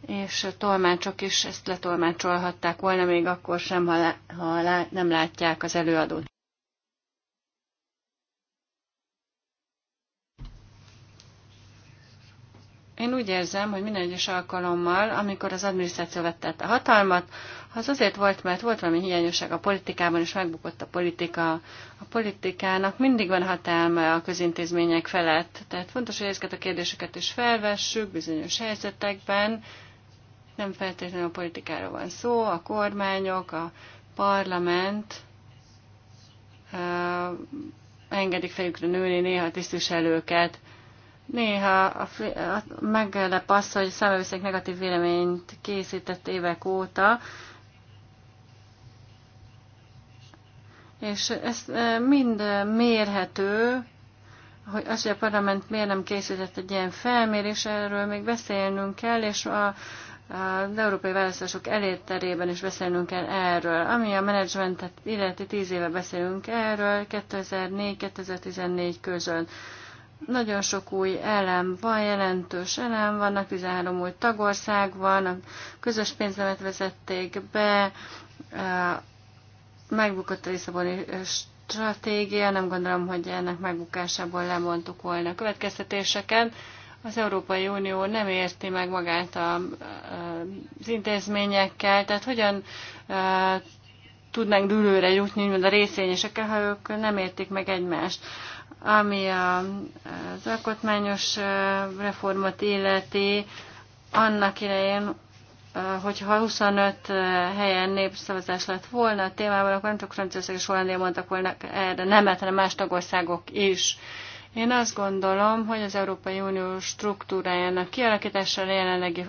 és a tolmácsok is ezt letolmácsolhatták volna még akkor sem, ha, lá, ha lá, nem látják az előadót. Én úgy érzem, hogy minden egyes alkalommal, amikor az adminisztráció vette a hatalmat, az azért volt, mert volt valami hiányosság a politikában, és megbukott a politika. A politikának mindig van hatalma a közintézmények felett. Tehát fontos, hogy ezeket a kérdéseket is felvessük bizonyos helyzetekben, nem feltétlenül a politikáról van szó, a kormányok, a parlament uh, engedik fejükre nőni néha tisztviselőket, Néha a, a, meglep az, hogy számövőszék negatív véleményt készített évek óta, és ez mind mérhető, hogy az, hogy a parlament miért nem készített egy ilyen felmérés, erről még beszélnünk kell, és a az európai választások eléterében is beszélnünk kell erről. Ami a menedzsmentet illeti, tíz éve beszélünk erről, 2004-2014 közön. Nagyon sok új elem van, jelentős elem vannak, 13 új tagország van, a közös pénzemet vezették be, megbukott a Lisszaboni stratégia, nem gondolom, hogy ennek megbukásából lemondtuk volna a következtetéseket az Európai Unió nem érti meg magát a, az intézményekkel, tehát hogyan tudnánk dülőre jutni, mint a részényesekkel, ha ők nem értik meg egymást. Ami a, az alkotmányos reformot illeti, annak idején, hogyha 25 helyen népszavazás lett volna a témában, akkor nem csak Franciaország és Hollandia mondtak volna erre nemet, hanem más tagországok is. Én azt gondolom, hogy az Európai Unió struktúrájának a jelenlegi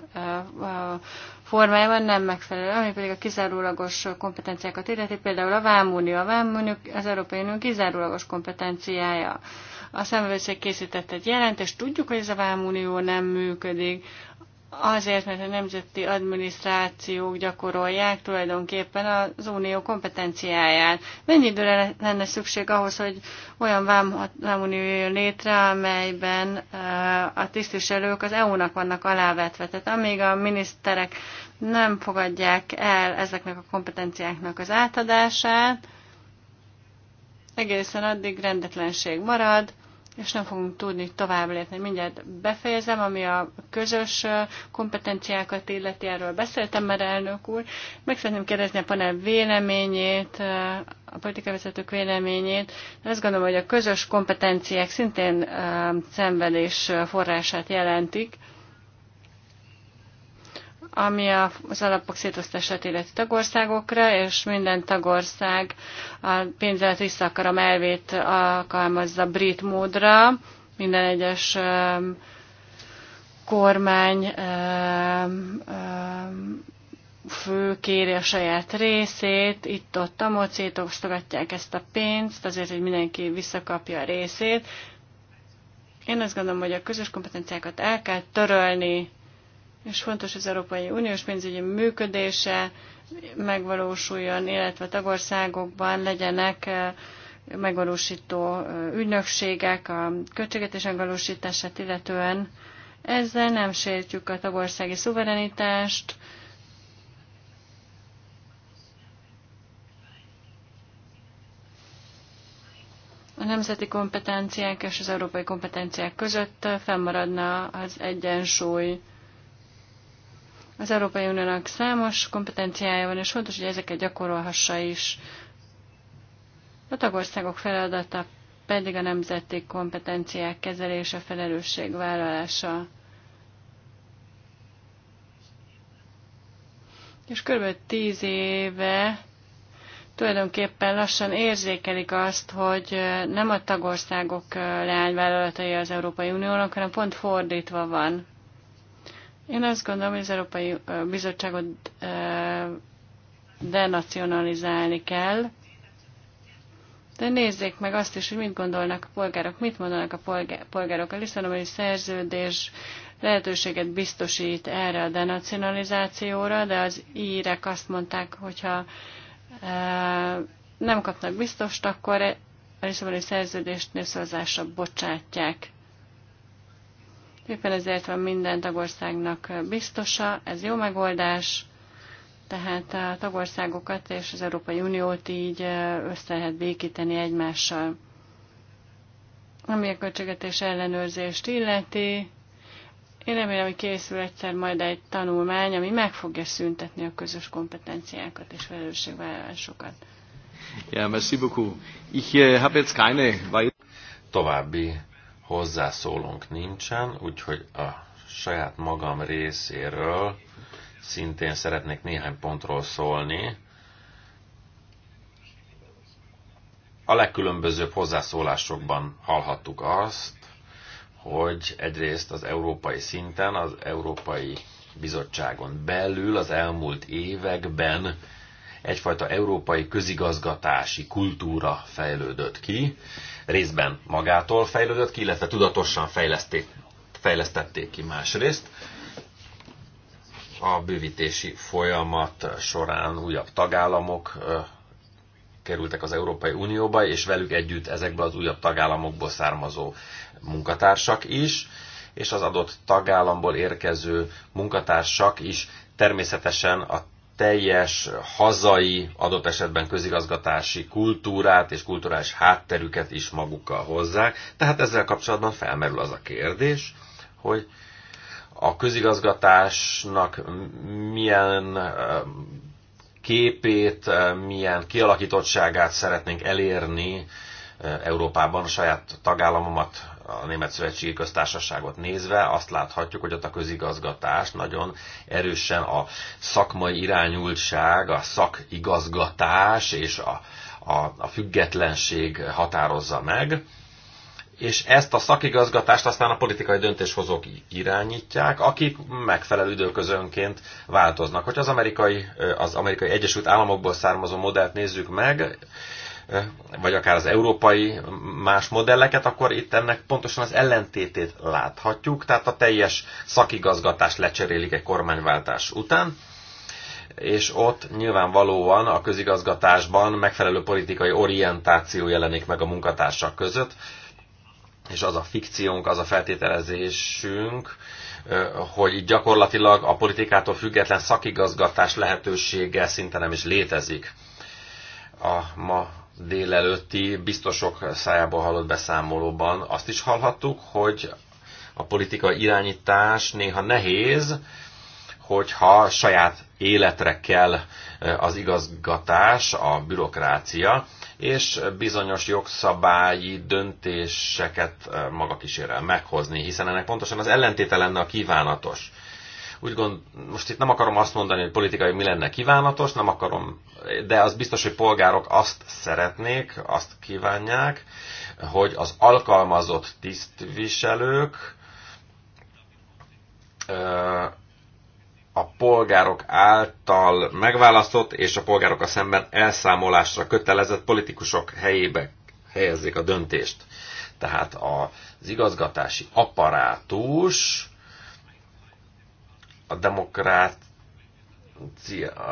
formájában nem megfelelő, ami pedig a kizárólagos kompetenciákat illeti, például a Vámunió. A Vámunió az Európai Unió kizárólagos kompetenciája. A szemvevőszék készített egy jelentést, tudjuk, hogy ez a Vámunió nem működik. Azért, mert a nemzeti adminisztrációk gyakorolják tulajdonképpen az unió kompetenciáját. Mennyi időre lenne szükség ahhoz, hogy olyan vámunió jöjjön létre, amelyben eh, a tisztviselők az EU-nak vannak alávetve? Tehát amíg a miniszterek nem fogadják el ezeknek a kompetenciáknak az átadását, egészen addig rendetlenség marad, és nem fogunk tudni tovább lépni. Mindjárt befejezem, ami a közös kompetenciákat illeti, erről beszéltem már elnök úr. Meg szeretném kérdezni a panel véleményét, a politikai vezetők véleményét. azt gondolom, hogy a közös kompetenciák szintén szenvedés forrását jelentik ami az alapok szétosztását illeti tagországokra, és minden tagország a pénzelet visszakarom elvét alkalmazza brit módra, minden egyes um, kormány um, um, fő kéri a saját részét, itt-ott a szétosztogatják ezt a pénzt, azért, hogy mindenki visszakapja a részét. Én azt gondolom, hogy a közös kompetenciákat el kell törölni és fontos az Európai Uniós pénzügyi működése megvalósuljon, illetve a tagországokban legyenek megvalósító ügynökségek a költségvetés megvalósítását illetően. Ezzel nem sértjük a tagországi szuverenitást, a nemzeti kompetenciák és az európai kompetenciák között fennmaradna az egyensúly. Az Európai Uniónak számos kompetenciája van, és fontos, hogy ezeket gyakorolhassa is. A tagországok feladata pedig a nemzeti kompetenciák kezelése, vállalása. És kb. tíz éve tulajdonképpen lassan érzékelik azt, hogy nem a tagországok leányvállalatai az Európai Uniónak, hanem pont fordítva van. Én azt gondolom, hogy az Európai Bizottságot denacionalizálni kell, de nézzék meg azt is, hogy mit gondolnak a polgárok, mit mondanak a polgárok. A Lisszaboni szerződés lehetőséget biztosít erre a denacionalizációra, de az írek azt mondták, hogyha nem kapnak biztost, akkor a Lisszaboni szerződést nőszorzásra bocsátják. Éppen ezért van minden tagországnak biztosa, ez jó megoldás, tehát a tagországokat és az Európai Uniót így össze lehet békíteni egymással. Ami a költségetés ellenőrzést illeti, én remélem, hogy készül egyszer majd egy tanulmány, ami meg fogja szüntetni a közös kompetenciákat és felelősségvállalásokat. Ja, merci beaucoup. Ich habe jetzt keine... További hozzászólónk nincsen, úgyhogy a saját magam részéről szintén szeretnék néhány pontról szólni. A legkülönbözőbb hozzászólásokban hallhattuk azt, hogy egyrészt az európai szinten, az Európai Bizottságon belül az elmúlt években egyfajta európai közigazgatási kultúra fejlődött ki, részben magától fejlődött ki, illetve tudatosan fejleszték, fejlesztették ki másrészt. A bővítési folyamat során újabb tagállamok kerültek az Európai Unióba, és velük együtt ezekből az újabb tagállamokból származó munkatársak is, és az adott tagállamból érkező munkatársak is természetesen a teljes hazai, adott esetben közigazgatási kultúrát és kulturális hátterüket is magukkal hozzák. Tehát ezzel kapcsolatban felmerül az a kérdés, hogy a közigazgatásnak milyen képét, milyen kialakítottságát szeretnénk elérni Európában, a saját tagállamomat a Német Szövetségi Köztársaságot nézve azt láthatjuk, hogy ott a közigazgatás nagyon erősen a szakmai irányultság, a szakigazgatás és a, a, a függetlenség határozza meg, és ezt a szakigazgatást aztán a politikai döntéshozók irányítják, akik megfelelő időközönként változnak. Hogy az amerikai, az amerikai Egyesült Államokból származó modellt nézzük meg, vagy akár az európai más modelleket, akkor itt ennek pontosan az ellentétét láthatjuk, tehát a teljes szakigazgatás lecserélik egy kormányváltás után, és ott nyilvánvalóan a közigazgatásban megfelelő politikai orientáció jelenik meg a munkatársak között, és az a fikciónk, az a feltételezésünk, hogy gyakorlatilag a politikától független szakigazgatás lehetősége szinte nem is létezik. A ma délelőtti biztosok szájából hallott beszámolóban azt is hallhattuk, hogy a politikai irányítás néha nehéz, hogyha saját életre kell az igazgatás, a bürokrácia, és bizonyos jogszabályi döntéseket maga kísérel meghozni, hiszen ennek pontosan az ellentéte lenne a kívánatos. Úgy gond, most itt nem akarom azt mondani, hogy politikai mi lenne kívánatos, nem akarom, de az biztos, hogy polgárok azt szeretnék, azt kívánják, hogy az alkalmazott tisztviselők a polgárok által megválasztott és a polgárok a szemben elszámolásra kötelezett politikusok helyébe helyezzék a döntést. Tehát az igazgatási apparátus a demokrát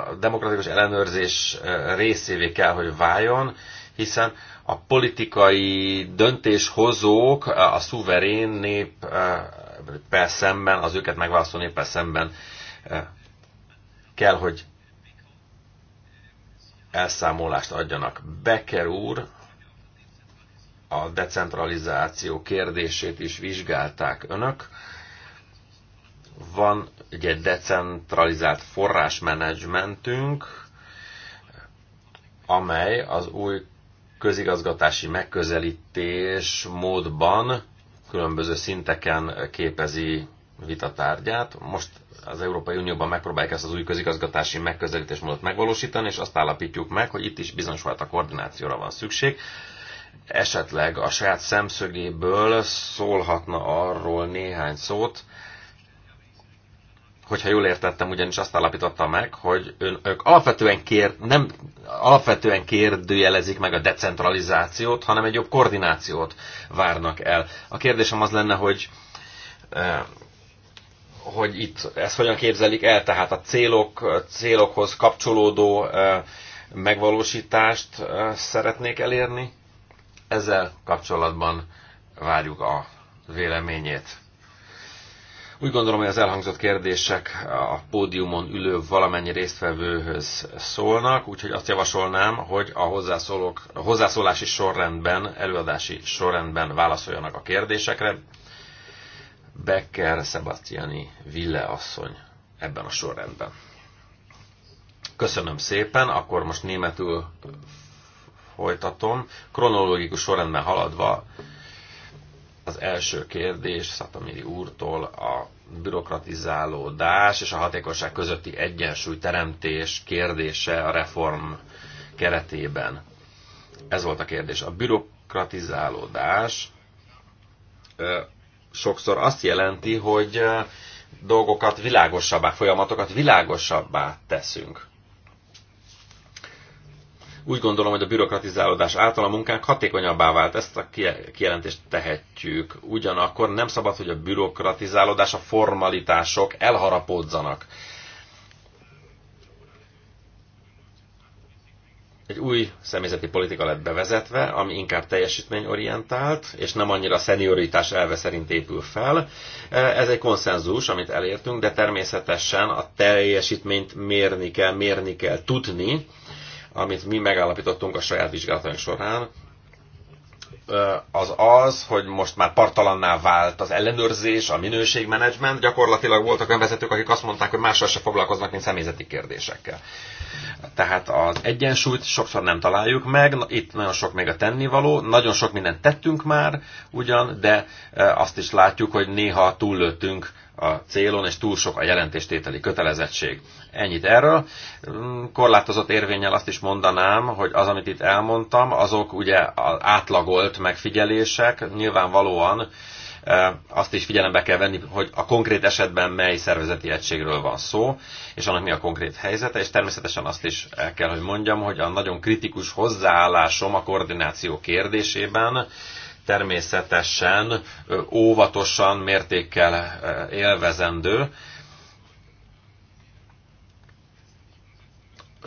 a demokratikus ellenőrzés részévé kell, hogy váljon, hiszen a politikai döntéshozók a szuverén nép szemben, az őket megválasztó nép szemben kell, hogy elszámolást adjanak. Becker úr a decentralizáció kérdését is vizsgálták önök. Van ugye decentralizált forrásmenedzsmentünk, amely az új közigazgatási megközelítés módban különböző szinteken képezi vitatárgyát. Most az Európai Unióban megpróbálják ezt az új közigazgatási megközelítés módot megvalósítani, és azt állapítjuk meg, hogy itt is bizonyos a koordinációra van szükség. Esetleg a saját szemszögéből szólhatna arról néhány szót, hogyha jól értettem, ugyanis azt állapította meg, hogy ők alapvetően, kér, nem, alapvetően kérdőjelezik meg a decentralizációt, hanem egy jobb koordinációt várnak el. A kérdésem az lenne, hogy e, hogy itt ezt hogyan képzelik el, tehát a célok, célokhoz kapcsolódó e, megvalósítást e, szeretnék elérni. Ezzel kapcsolatban várjuk a véleményét. Úgy gondolom, hogy az elhangzott kérdések a pódiumon ülő valamennyi résztvevőhöz szólnak, úgyhogy azt javasolnám, hogy a, hozzászólók, a hozzászólási sorrendben, előadási sorrendben válaszoljanak a kérdésekre. Becker Sebastiani Ville asszony ebben a sorrendben. Köszönöm szépen, akkor most németül folytatom. Kronológikus sorrendben haladva az első kérdés Szatamiri úrtól a bürokratizálódás és a hatékonyság közötti egyensúly teremtés kérdése a reform keretében. Ez volt a kérdés. A bürokratizálódás sokszor azt jelenti, hogy dolgokat világosabbá, folyamatokat világosabbá teszünk. Úgy gondolom, hogy a bürokratizálódás által a munkánk hatékonyabbá vált, ezt a kijelentést tehetjük. Ugyanakkor nem szabad, hogy a bürokratizálódás, a formalitások elharapódzanak. egy új személyzeti politika lett bevezetve, ami inkább teljesítményorientált, és nem annyira szenioritás elve szerint épül fel. Ez egy konszenzus, amit elértünk, de természetesen a teljesítményt mérni kell, mérni kell tudni, amit mi megállapítottunk a saját vizsgálataink során, az az, hogy most már partalanná vált az ellenőrzés, a minőségmenedzsment. Gyakorlatilag voltak olyan vezetők, akik azt mondták, hogy mással se foglalkoznak, mint személyzeti kérdésekkel. Tehát az egyensúlyt sokszor nem találjuk meg, itt nagyon sok még a tennivaló, nagyon sok mindent tettünk már ugyan, de azt is látjuk, hogy néha túllőttünk a célon, és túl sok a jelentéstételi kötelezettség. Ennyit erről. Mm, korlátozott érvényel azt is mondanám, hogy az, amit itt elmondtam, azok ugye az átlagolt megfigyelések, nyilvánvalóan e, azt is figyelembe kell venni, hogy a konkrét esetben mely szervezeti egységről van szó, és annak mi a konkrét helyzete, és természetesen azt is el kell, hogy mondjam, hogy a nagyon kritikus hozzáállásom a koordináció kérdésében természetesen óvatosan, mértékkel élvezendő,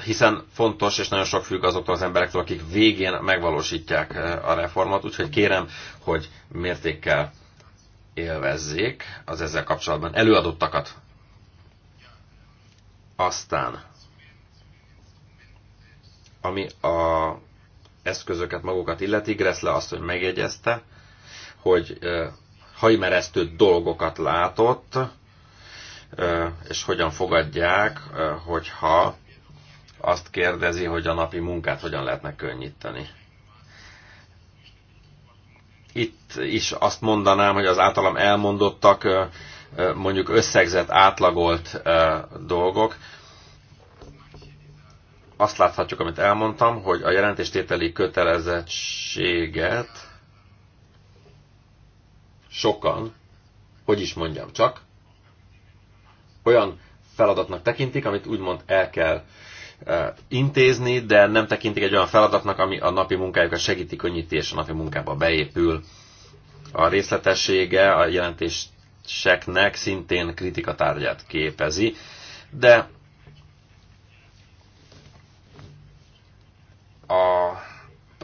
hiszen fontos, és nagyon sok függ azoktól az emberektől, akik végén megvalósítják a reformot, úgyhogy kérem, hogy mértékkel élvezzék az ezzel kapcsolatban előadottakat. Aztán, ami a eszközöket magukat illeti, Gressle hogy megjegyezte, hogy hajmeresztő dolgokat látott, és hogyan fogadják, hogyha azt kérdezi, hogy a napi munkát hogyan lehetne könnyíteni. Itt is azt mondanám, hogy az általam elmondottak mondjuk összegzett, átlagolt dolgok, azt láthatjuk, amit elmondtam, hogy a jelentéstételi kötelezettséget sokan, hogy is mondjam csak, olyan feladatnak tekintik, amit úgymond el kell e, intézni, de nem tekintik egy olyan feladatnak, ami a napi munkájukat segíti, könnyíti, és a napi munkába beépül. A részletessége a jelentéseknek szintén kritika tárgyát képezi, de a,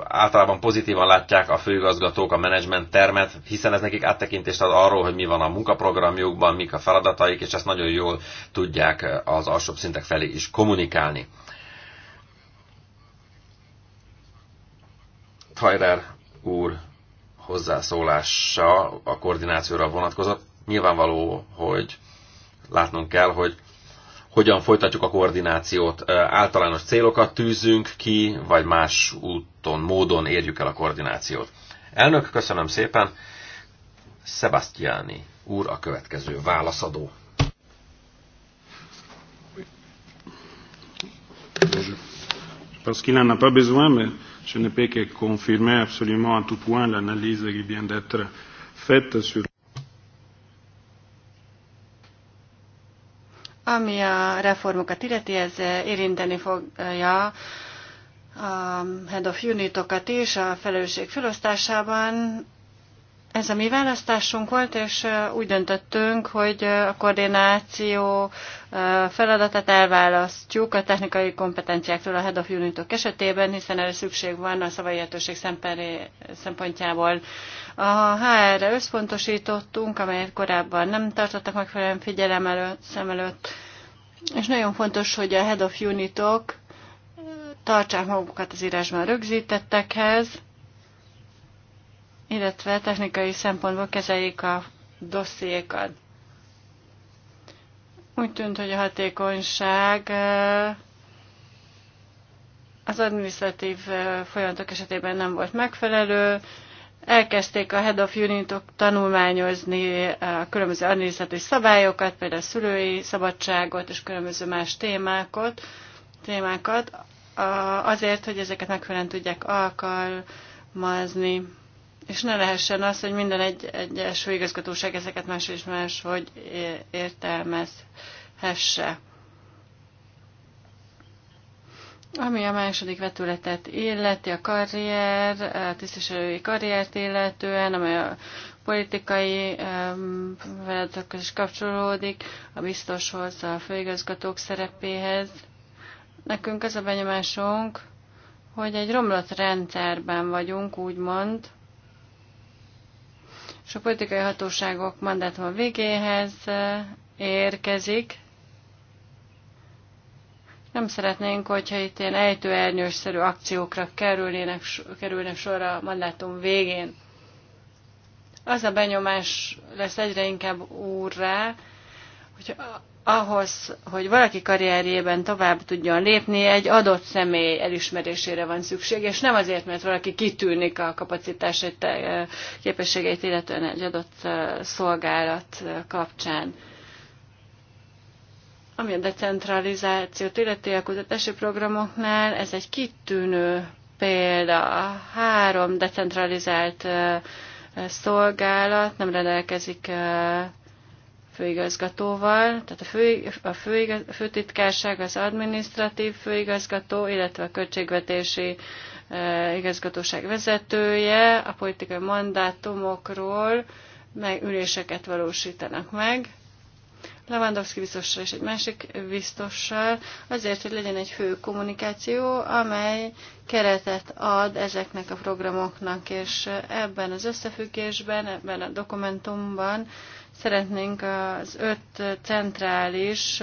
általában pozitívan látják a főigazgatók a menedzsment termet, hiszen ez nekik áttekintést ad arról, hogy mi van a munkaprogramjukban, mik a feladataik, és ezt nagyon jól tudják az alsóbb szintek felé is kommunikálni. Tajrer úr hozzászólása a koordinációra vonatkozott. Nyilvánvaló, hogy látnunk kell, hogy hogyan folytatjuk a koordinációt, általános célokat tűzünk ki, vagy más úton, módon érjük el a koordinációt. Elnök, köszönöm szépen. Sebastiani úr a következő válaszadó. Parce qu'il n'en a pas besoin, mais je ne peux que confirmer absolument tout point l'analyse qui vient d'être faite sur Ami a reformokat illeti, ez érinteni fogja a head of unitokat is a felelősség felosztásában. Ez a mi választásunk volt, és úgy döntöttünk, hogy a koordináció feladatát elválasztjuk a technikai kompetenciáktól a head of unitok esetében, hiszen erre szükség van a szavaihetőség szempontjából. A HR-re összpontosítottunk, amelyet korábban nem tartottak megfelelően figyelem előtt, szem előtt, és nagyon fontos, hogy a head of unitok -ok tartsák magukat az írásban rögzítettekhez, illetve technikai szempontból kezeljék a dossziékat. Úgy tűnt, hogy a hatékonyság az adminisztratív folyamatok esetében nem volt megfelelő, elkezdték a Head of Unit-ok tanulmányozni a eh, különböző adminisztratív szabályokat, például szülői szabadságot és különböző más témákat, témákat azért, hogy ezeket megfelelően tudják alkalmazni, és ne lehessen az, hogy minden egy, egyes főigazgatóság ezeket más és más, hogy értelmezhesse. Ami a második vetületet illeti, a karrier, a tisztviselői karriert illetően, amely a politikai feladatokhoz is kapcsolódik, a biztoshoz, a főigazgatók szerepéhez. Nekünk az a benyomásunk, hogy egy romlott rendszerben vagyunk, úgymond, és a politikai hatóságok a végéhez eh, érkezik, nem szeretnénk, hogyha itt ilyen ejtőernyősszerű akciókra kerülnének, kerülnek sor a mandátum végén. Az a benyomás lesz egyre inkább úrrá, hogy ahhoz, hogy valaki karrierjében tovább tudjon lépni, egy adott személy elismerésére van szükség, és nem azért, mert valaki kitűnik a kapacitásait, képességeit, illetően egy adott szolgálat kapcsán. Ami a decentralizációt illeti a kutatási programoknál, ez egy kitűnő példa. Három decentralizált szolgálat nem rendelkezik főigazgatóval, tehát a, fő, a, fő, a főtitkárság, az administratív főigazgató, illetve a költségvetési e, igazgatóság vezetője a politikai mandátumokról meg üléseket valósítanak meg. Lewandowski biztossal és egy másik biztossal, azért, hogy legyen egy fő kommunikáció, amely keretet ad ezeknek a programoknak, és ebben az összefüggésben, ebben a dokumentumban szeretnénk az öt centrális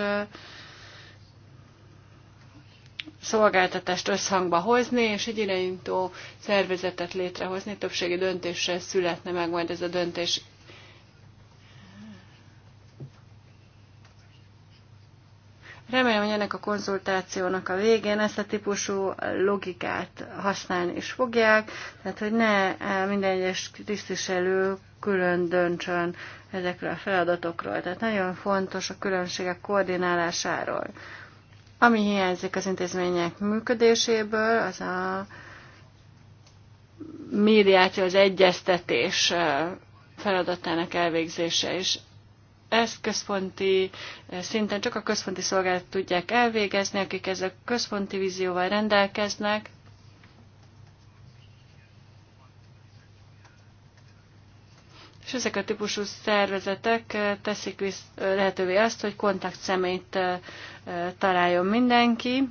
szolgáltatást összhangba hozni, és egy irányító szervezetet létrehozni, többségi döntéssel születne meg majd ez a döntés Remélem, hogy ennek a konzultációnak a végén ezt a típusú logikát használni is fogják, tehát hogy ne eh, minden egyes tisztviselő külön döntsön ezekről a feladatokról. Tehát nagyon fontos a különbségek koordinálásáról. Ami hiányzik az intézmények működéséből, az a médiáció, az egyeztetés eh, feladatának elvégzése is ezt központi eh, szinten csak a központi szolgálat tudják elvégezni, akik ezzel a központi vízióval rendelkeznek. És ezek a típusú szervezetek eh, teszik eh, lehetővé azt, hogy kontakt szemét találjon mindenki.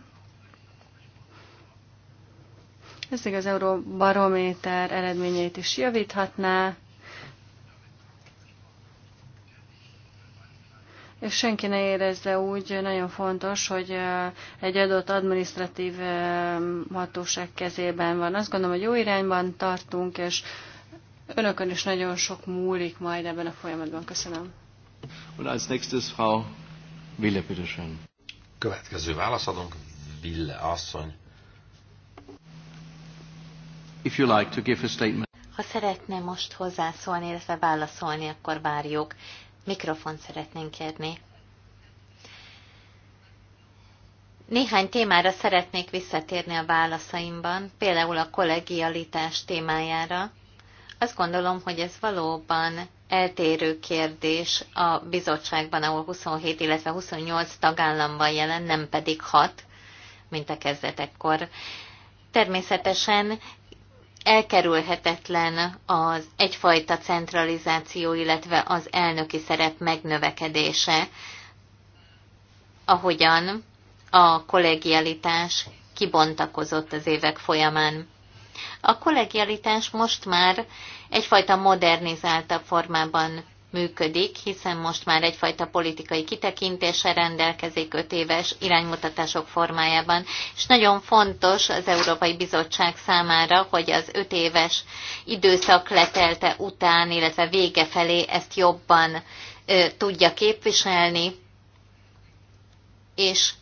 Ez még az Euróbarométer eredményeit is javíthatná. és senki ne érezze úgy, nagyon fontos, hogy egy adott administratív hatóság kezében van. Azt gondolom, hogy jó irányban tartunk, és önökön is nagyon sok múlik majd ebben a folyamatban. Köszönöm. Und als nächstes Frau Wille, bitte schön. Következő válaszadónk, Wille asszony. If you like to give a statement. Ha szeretne most hozzászólni, illetve válaszolni, akkor várjuk. Mikrofon szeretnénk kérni. Néhány témára szeretnék visszatérni a válaszaimban, például a kollegialitás témájára. Azt gondolom, hogy ez valóban eltérő kérdés a bizottságban, ahol 27, illetve 28 tagállamban jelen, nem pedig 6, mint a kezdetekkor. Természetesen elkerülhetetlen az egyfajta centralizáció, illetve az elnöki szerep megnövekedése, ahogyan a kollegialitás kibontakozott az évek folyamán. A kollegialitás most már egyfajta modernizáltabb formában működik, hiszen most már egyfajta politikai kitekintése rendelkezik öt éves iránymutatások formájában, és nagyon fontos az Európai Bizottság számára, hogy az öt éves időszak letelte után, illetve vége felé ezt jobban ö, tudja képviselni, és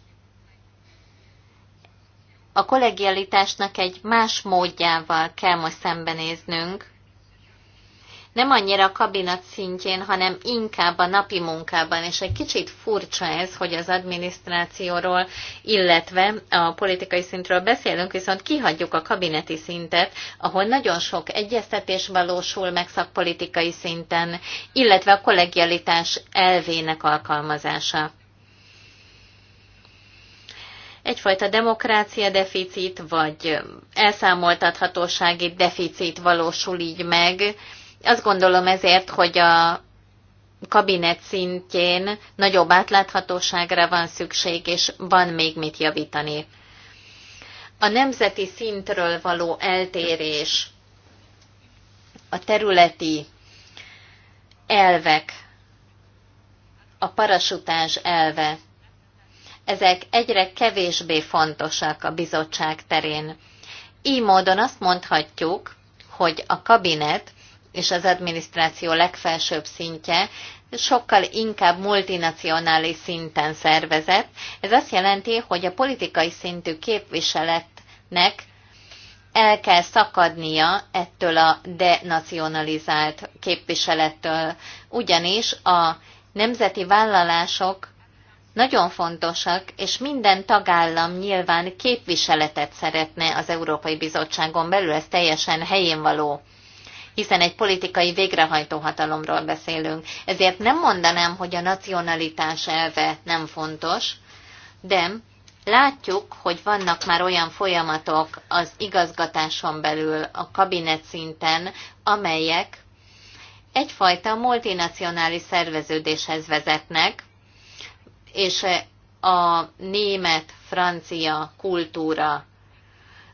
a kollegialitásnak egy más módjával kell most szembenéznünk, nem annyira a kabinat szintjén, hanem inkább a napi munkában, és egy kicsit furcsa ez, hogy az adminisztrációról, illetve a politikai szintről beszélünk, viszont kihagyjuk a kabineti szintet, ahol nagyon sok egyeztetés valósul meg szakpolitikai szinten, illetve a kollegialitás elvének alkalmazása egyfajta demokrácia deficit, vagy elszámoltathatósági deficit valósul így meg, azt gondolom ezért, hogy a kabinet szintjén nagyobb átláthatóságra van szükség, és van még mit javítani. A nemzeti szintről való eltérés, a területi elvek, a parasutás elve, ezek egyre kevésbé fontosak a bizottság terén. Így módon azt mondhatjuk, hogy a kabinet és az adminisztráció legfelsőbb szintje sokkal inkább multinacionális szinten szervezett. Ez azt jelenti, hogy a politikai szintű képviseletnek el kell szakadnia ettől a denacionalizált képviselettől, ugyanis a nemzeti vállalások nagyon fontosak, és minden tagállam nyilván képviseletet szeretne az Európai Bizottságon belül, ez teljesen helyén való hiszen egy politikai végrehajtó hatalomról beszélünk. Ezért nem mondanám, hogy a nacionalitás elve nem fontos, de látjuk, hogy vannak már olyan folyamatok az igazgatáson belül, a kabinet szinten, amelyek egyfajta multinacionális szerveződéshez vezetnek, és a német-francia kultúra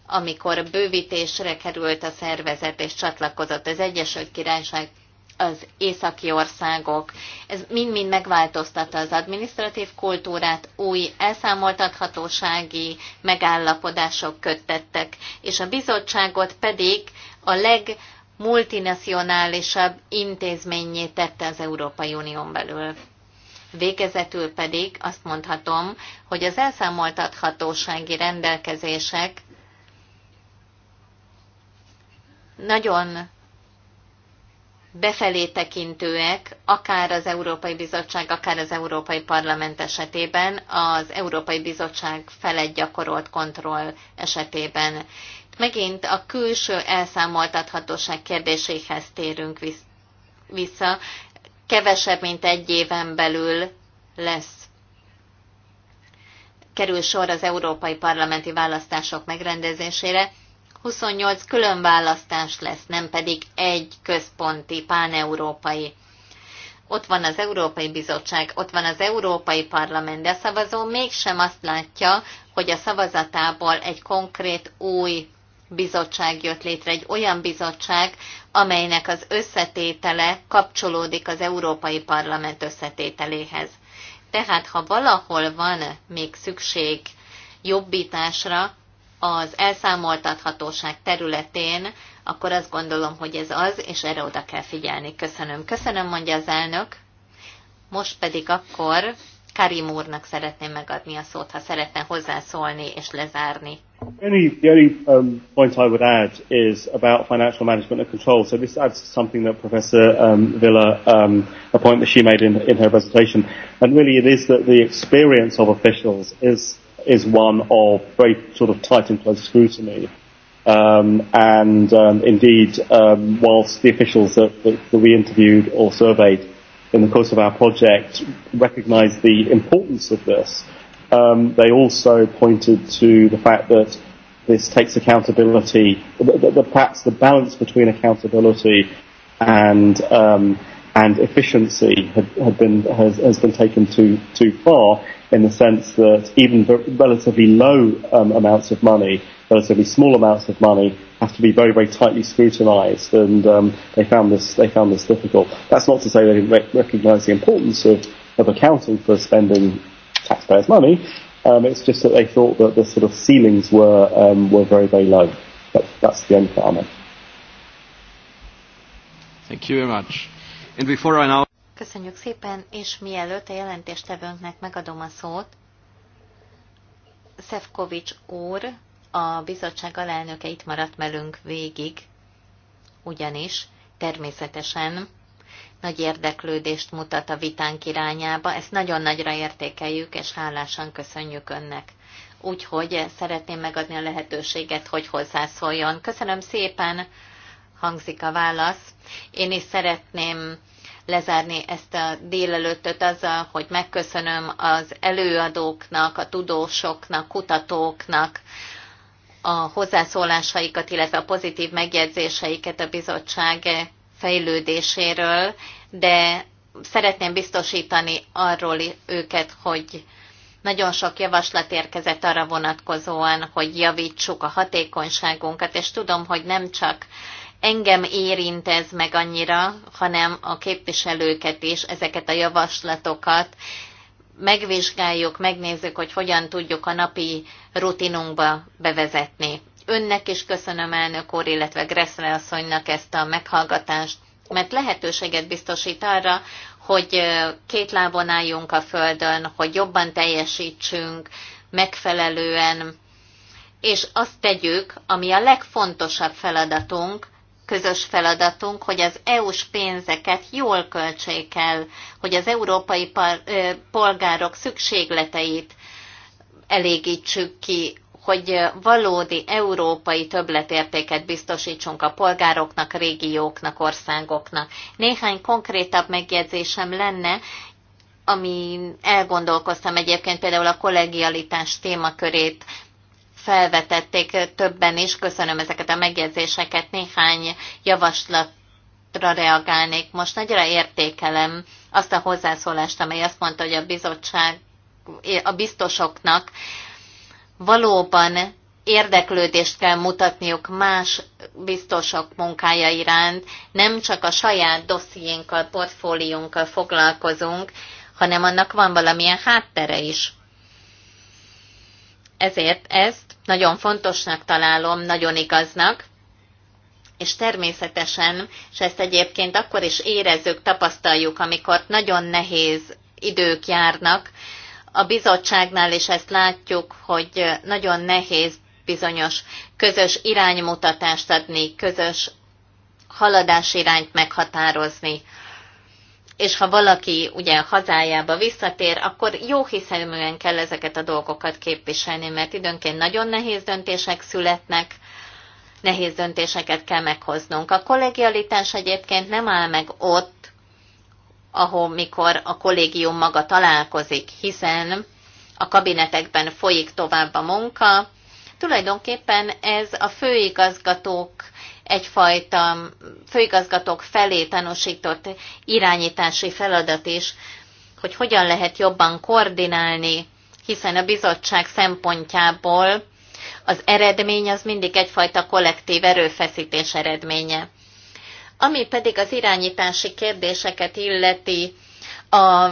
amikor bővítésre került a szervezet és csatlakozott az Egyesült Királyság az északi országok. Ez mind-mind megváltoztatta az administratív kultúrát, új elszámoltathatósági megállapodások köttettek, és a bizottságot pedig a legmultinacionálisabb intézményé tette az Európai Unión belül. Végezetül pedig azt mondhatom, hogy az elszámoltathatósági rendelkezések nagyon befelé tekintőek, akár az Európai Bizottság, akár az Európai Parlament esetében, az Európai Bizottság felett gyakorolt kontroll esetében. Megint a külső elszámoltathatóság kérdéséhez térünk vissza. Kevesebb, mint egy éven belül lesz kerül sor az európai parlamenti választások megrendezésére. 28 külön választás lesz, nem pedig egy központi, páneurópai. Ott van az Európai Bizottság, ott van az Európai Parlament, de a szavazó mégsem azt látja, hogy a szavazatából egy konkrét új bizottság jött létre, egy olyan bizottság, amelynek az összetétele kapcsolódik az Európai Parlament összetételéhez. Tehát, ha valahol van még szükség jobbításra, az elszámoltathatóság területén, akkor azt gondolom, hogy ez az, és erre oda kell figyelni. Köszönöm. Köszönöm, mondja az elnök. Most pedig akkor Karim úrnak szeretném megadni a szót, ha szeretne hozzászólni és lezárni. The only, the only um, point I would add is about financial management and control. So this adds to something that Professor um, Villa, um, a point that she made in, in her presentation. And really it is that the experience of officials is is one of very sort of tight and close scrutiny. Um, and um, indeed, um, whilst the officials that, that, that we interviewed or surveyed in the course of our project recognised the importance of this, um, they also pointed to the fact that this takes accountability, that, that, that perhaps the balance between accountability and um, and efficiency had, had been has, has been taken too too far, in the sense that even relatively low um, amounts of money, relatively small amounts of money, have to be very, very tightly scrutinised, and um, they found this they found this difficult. That's not to say they didn't re- recognise the importance of, of accounting for spending taxpayers' money. Um, it's just that they thought that the sort of ceilings were um, were very, very low. But that's the end comment. Thank you very much. And before I now Köszönjük szépen, és mielőtt a jelentéstevőnknek megadom a szót, Szefkovics úr, a bizottság alelnöke itt maradt velünk végig, ugyanis természetesen nagy érdeklődést mutat a vitánk irányába, ezt nagyon nagyra értékeljük, és hálásan köszönjük önnek. Úgyhogy szeretném megadni a lehetőséget, hogy hozzászóljon. Köszönöm szépen, hangzik a válasz. Én is szeretném lezárni ezt a délelőttöt azzal, hogy megköszönöm az előadóknak, a tudósoknak, kutatóknak a hozzászólásaikat, illetve a pozitív megjegyzéseiket a bizottság fejlődéséről, de szeretném biztosítani arról őket, hogy nagyon sok javaslat érkezett arra vonatkozóan, hogy javítsuk a hatékonyságunkat, és tudom, hogy nem csak engem érint ez meg annyira, hanem a képviselőket is, ezeket a javaslatokat megvizsgáljuk, megnézzük, hogy hogyan tudjuk a napi rutinunkba bevezetni. Önnek is köszönöm, elnök úr, illetve Gressle asszonynak ezt a meghallgatást, mert lehetőséget biztosít arra, hogy két lábon álljunk a földön, hogy jobban teljesítsünk, megfelelően, és azt tegyük, ami a legfontosabb feladatunk, közös feladatunk, hogy az EU-s pénzeket jól költsék el, hogy az európai polgárok szükségleteit elégítsük ki, hogy valódi európai többletértéket biztosítsunk a polgároknak, régióknak, országoknak. Néhány konkrétabb megjegyzésem lenne, ami elgondolkoztam egyébként például a kollegialitás témakörét felvetették többen is. Köszönöm ezeket a megjegyzéseket. Néhány javaslatra reagálnék. Most nagyra értékelem azt a hozzászólást, amely azt mondta, hogy a bizottság, a biztosoknak valóban érdeklődést kell mutatniuk más biztosok munkája iránt, nem csak a saját dossziénkkal, portfóliónkkal foglalkozunk, hanem annak van valamilyen háttere is. Ezért ezt nagyon fontosnak találom, nagyon igaznak, és természetesen, és ezt egyébként akkor is érezzük, tapasztaljuk, amikor nagyon nehéz idők járnak, a bizottságnál is ezt látjuk, hogy nagyon nehéz bizonyos közös iránymutatást adni, közös irányt meghatározni és ha valaki ugye hazájába visszatér, akkor jó hiszeműen kell ezeket a dolgokat képviselni, mert időnként nagyon nehéz döntések születnek, nehéz döntéseket kell meghoznunk. A kollegialitás egyébként nem áll meg ott, ahol mikor a kollégium maga találkozik, hiszen a kabinetekben folyik tovább a munka. Tulajdonképpen ez a főigazgatók egyfajta főigazgatók felé tanúsított irányítási feladat is, hogy hogyan lehet jobban koordinálni, hiszen a bizottság szempontjából az eredmény az mindig egyfajta kollektív erőfeszítés eredménye. Ami pedig az irányítási kérdéseket illeti, a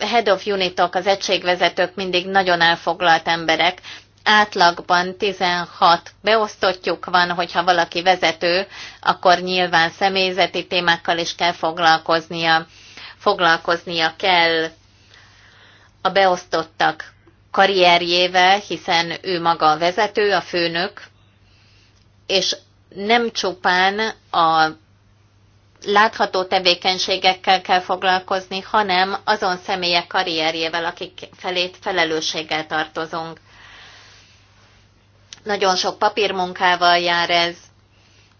head of unitok, az egységvezetők mindig nagyon elfoglalt emberek, átlagban 16 beosztottjuk van, hogyha valaki vezető, akkor nyilván személyzeti témákkal is kell foglalkoznia, foglalkoznia kell a beosztottak karrierjével, hiszen ő maga a vezető, a főnök, és nem csupán a látható tevékenységekkel kell foglalkozni, hanem azon személyek karrierjével, akik felét felelősséggel tartozunk. Nagyon sok papírmunkával jár ez,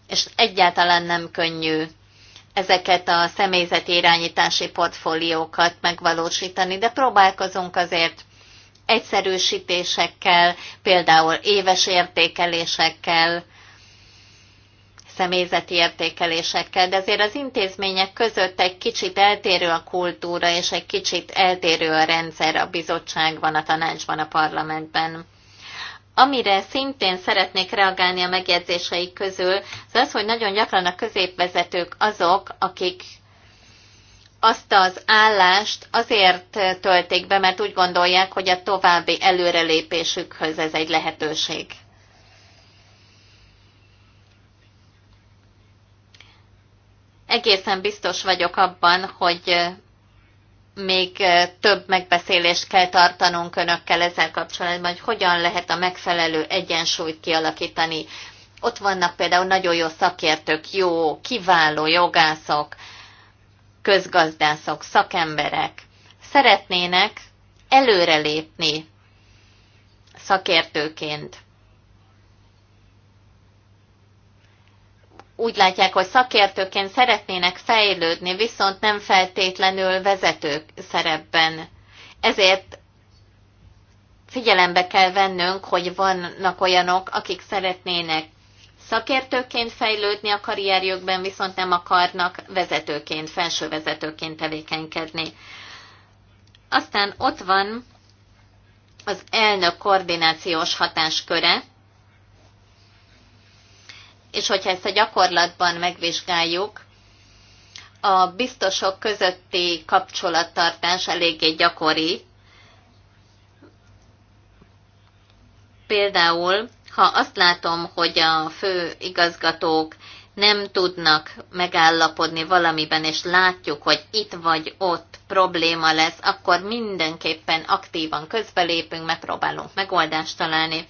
és egyáltalán nem könnyű ezeket a személyzeti irányítási portfóliókat megvalósítani, de próbálkozunk azért egyszerűsítésekkel, például éves értékelésekkel, személyzeti értékelésekkel, de azért az intézmények között egy kicsit eltérő a kultúra, és egy kicsit eltérő a rendszer a bizottságban, a tanácsban, a parlamentben. Amire szintén szeretnék reagálni a megjegyzéseik közül, az az, hogy nagyon gyakran a középvezetők azok, akik azt az állást azért töltik be, mert úgy gondolják, hogy a további előrelépésükhöz ez egy lehetőség. Egészen biztos vagyok abban, hogy még eh, több megbeszélést kell tartanunk önökkel ezzel kapcsolatban, hogy hogyan lehet a megfelelő egyensúlyt kialakítani. Ott vannak például nagyon jó szakértők, jó, kiváló jogászok, közgazdászok, szakemberek. Szeretnének előrelépni szakértőként. úgy látják, hogy szakértőként szeretnének fejlődni, viszont nem feltétlenül vezetők szerepben. Ezért figyelembe kell vennünk, hogy vannak olyanok, akik szeretnének szakértőként fejlődni a karrierjükben, viszont nem akarnak vezetőként, felső vezetőként tevékenykedni. Aztán ott van az elnök koordinációs hatásköre, és hogyha ezt a gyakorlatban megvizsgáljuk, a biztosok közötti kapcsolattartás eléggé gyakori. Például, ha azt látom, hogy a fő igazgatók nem tudnak megállapodni valamiben, és látjuk, hogy itt vagy ott probléma lesz, akkor mindenképpen aktívan közbelépünk, megpróbálunk megoldást találni.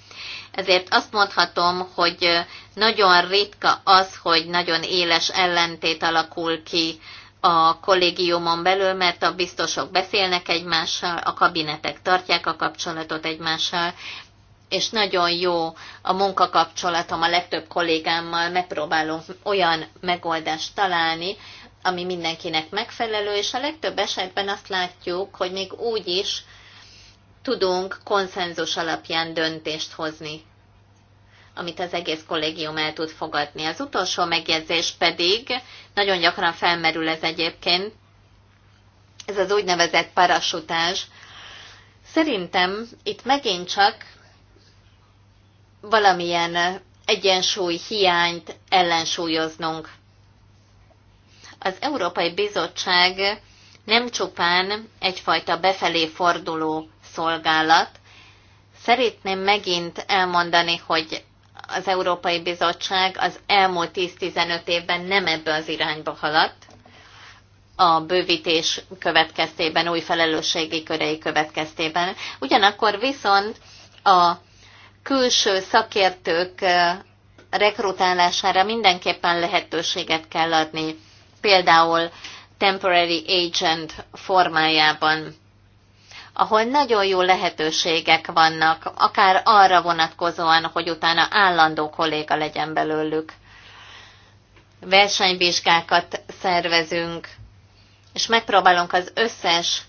Ezért azt mondhatom, hogy nagyon ritka az, hogy nagyon éles ellentét alakul ki a kollégiumon belül, mert a biztosok beszélnek egymással, a kabinetek tartják a kapcsolatot egymással, és nagyon jó a munkakapcsolatom a legtöbb kollégámmal, megpróbálunk olyan megoldást találni, ami mindenkinek megfelelő, és a legtöbb esetben azt látjuk, hogy még úgy is tudunk konszenzus alapján döntést hozni, amit az egész kollégium el tud fogadni. Az utolsó megjegyzés pedig, nagyon gyakran felmerül ez egyébként, ez az úgynevezett parasutás. Szerintem itt megint csak valamilyen egyensúly hiányt ellensúlyoznunk az Európai Bizottság nem csupán egyfajta befelé forduló szolgálat. Szeretném megint elmondani, hogy az Európai Bizottság az elmúlt 10-15 évben nem ebbe az irányba haladt. A bővítés következtében, új felelősségi körei következtében. Ugyanakkor viszont a külső szakértők eh, rekrutálására mindenképpen lehetőséget kell adni például temporary agent formájában, ahol nagyon jó lehetőségek vannak, akár arra vonatkozóan, hogy utána állandó kolléga legyen belőlük. Versenyvizsgákat szervezünk, és megpróbálunk az összes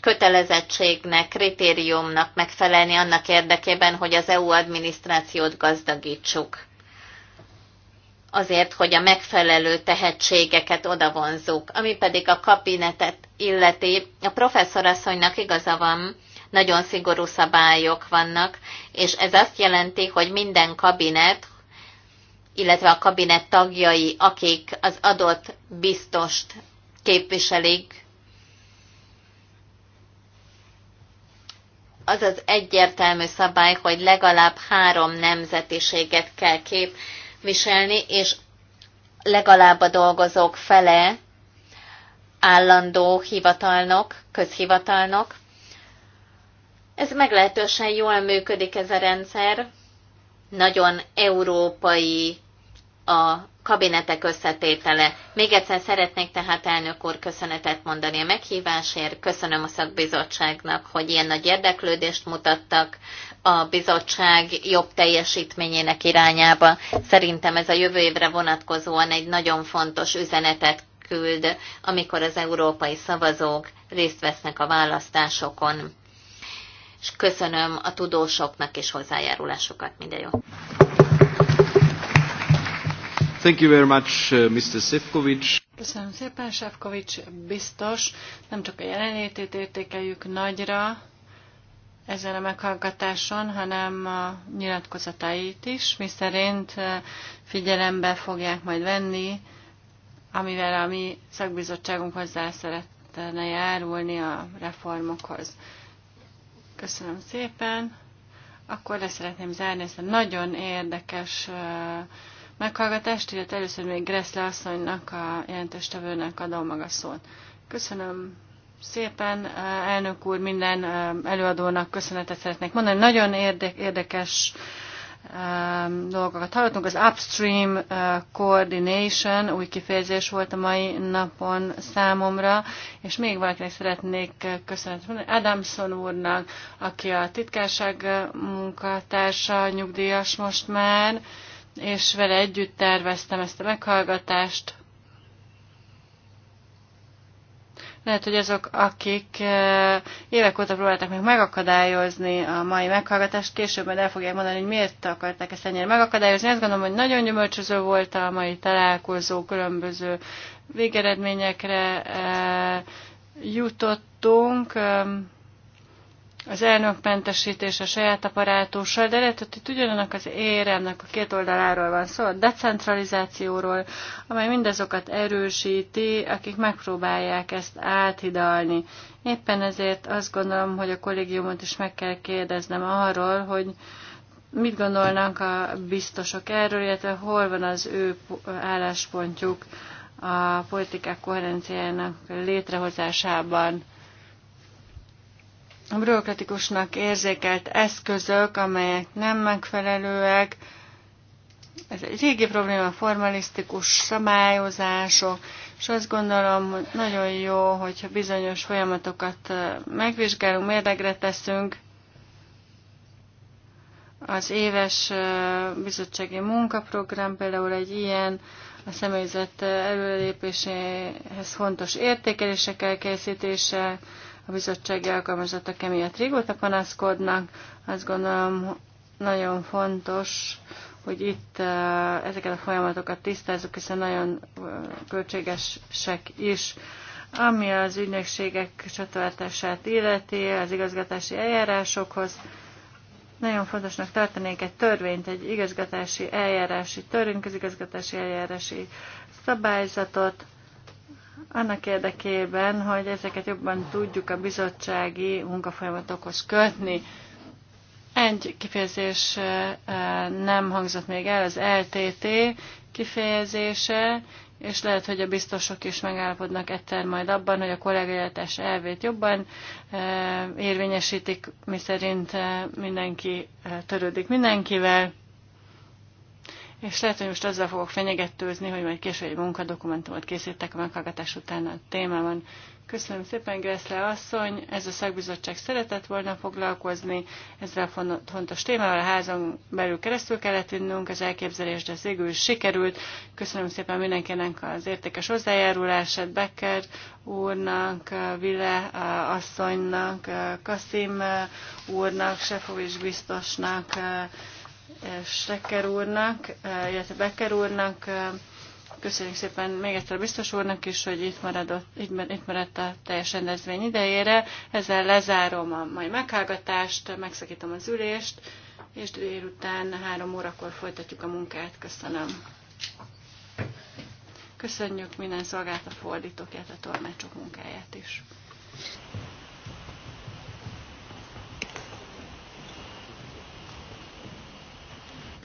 kötelezettségnek, kritériumnak megfelelni annak érdekében, hogy az EU adminisztrációt gazdagítsuk azért, hogy a megfelelő tehetségeket odavonzuk. Ami pedig a kabinetet illeti, a professzorasszonynak igaza van, nagyon szigorú szabályok vannak, és ez azt jelenti, hogy minden kabinet, illetve a kabinet tagjai, akik az adott biztost képviselik, az az egyértelmű szabály, hogy legalább három nemzetiséget kell képviselni, viselni, és legalább a dolgozók fele állandó hivatalnok, közhivatalnok. Ez meglehetősen jól működik ez a rendszer, nagyon európai a kabinetek összetétele. Még egyszer szeretnék tehát elnök úr köszönetet mondani a meghívásért, köszönöm a szakbizottságnak, hogy ilyen nagy érdeklődést mutattak a bizottság jobb teljesítményének irányába. Szerintem ez a jövő évre vonatkozóan egy nagyon fontos üzenetet küld, amikor az európai szavazók részt vesznek a választásokon. És köszönöm a tudósoknak és hozzájárulásokat. Minden jó! Thank you very much, uh, Mr. Sefcovic. Köszönöm szépen, Sefcovic biztos. Nem csak a jelenlétét értékeljük nagyra, ezen a meghallgatáson, hanem a nyilatkozatait is, miszerint figyelembe fogják majd venni, amivel a mi szakbizottságunk hozzá szeretne járulni a reformokhoz. Köszönöm szépen. Akkor le szeretném zárni ezt a nagyon érdekes meghallgatást, illetve először még Gressle asszonynak, a jelentéstevőnek adom maga szót. Köszönöm szépen, eh, elnök úr, minden eh, előadónak köszönetet szeretnék mondani. Nagyon érdekes eh, dolgokat hallottunk. Az upstream coordination új kifejezés volt a mai napon számomra, és még valakinek szeretnék köszönetet mondani. Adamson úrnak, aki a titkárság munkatársa, nyugdíjas most már, és vele együtt terveztem ezt a meghallgatást. Lehet, hogy azok, akik évek óta próbáltak meg megakadályozni a mai meghallgatást, később majd el fogják mondani, hogy miért akarták ezt ennyire megakadályozni. Azt gondolom, hogy nagyon gyümölcsöző volt a mai találkozó, különböző végeredményekre jutottunk az mentesítés a saját aparátussal, de lehet, hogy itt ugyanannak az éremnek a két oldaláról van szó, a decentralizációról, amely mindazokat erősíti, akik megpróbálják ezt áthidalni. Éppen ezért azt gondolom, hogy a kollégiumot is meg kell kérdeznem arról, hogy mit gondolnak a biztosok erről, illetve hol van az ő álláspontjuk a politikák koherenciájának létrehozásában bürokratikusnak érzékelt eszközök, amelyek nem megfelelőek, ez egy régi probléma, formalisztikus szabályozások, és azt gondolom, hogy nagyon jó, hogyha bizonyos folyamatokat megvizsgálunk, mérlegre teszünk. Az éves bizottsági munkaprogram például egy ilyen, a személyzet előrelépéséhez fontos értékelések elkészítése, a bizottsági alkalmazottak emiatt régóta panaszkodnak. Azt gondolom nagyon fontos, hogy itt eh, ezeket a folyamatokat tisztázzuk, hiszen nagyon eh, költségesek is. Ami az ügynökségek csatortását illeti, az igazgatási eljárásokhoz, nagyon fontosnak tartanék egy törvényt, egy igazgatási eljárási törvény, közigazgatási eljárási szabályzatot, annak érdekében, hogy ezeket jobban tudjuk a bizottsági munkafolyamatokhoz kötni. Egy kifejezés nem hangzott még el, az LTT kifejezése, és lehet, hogy a biztosok is megállapodnak egyszer majd abban, hogy a kollégajátás elvét jobban érvényesítik, miszerint mindenki törődik mindenkivel. És lehet, hogy most azzal fogok fenyegetőzni, hogy majd később egy munkadokumentumot készítek a meghallgatás után a témában. Köszönöm szépen, Greszle asszony, ez a szakbizottság szeretett volna foglalkozni, ezzel fontos témával a házon belül keresztül kellett vinnünk az elképzelés, de ez végül sikerült. Köszönöm szépen mindenkinek az értékes hozzájárulását, Becker úrnak, Vile asszonynak, Kasim úrnak, Sefovics biztosnak, Stecker úrnak, illetve Becker úrnak. Köszönjük szépen még egyszer biztos úrnak is, hogy itt, maradott, itt maradt a teljes rendezvény idejére. Ezzel lezárom a mai meghallgatást, megszakítom az ülést, és délután három órakor folytatjuk a munkát. Köszönöm. Köszönjük minden szolgált a fordítók, a tolmácsok munkáját is.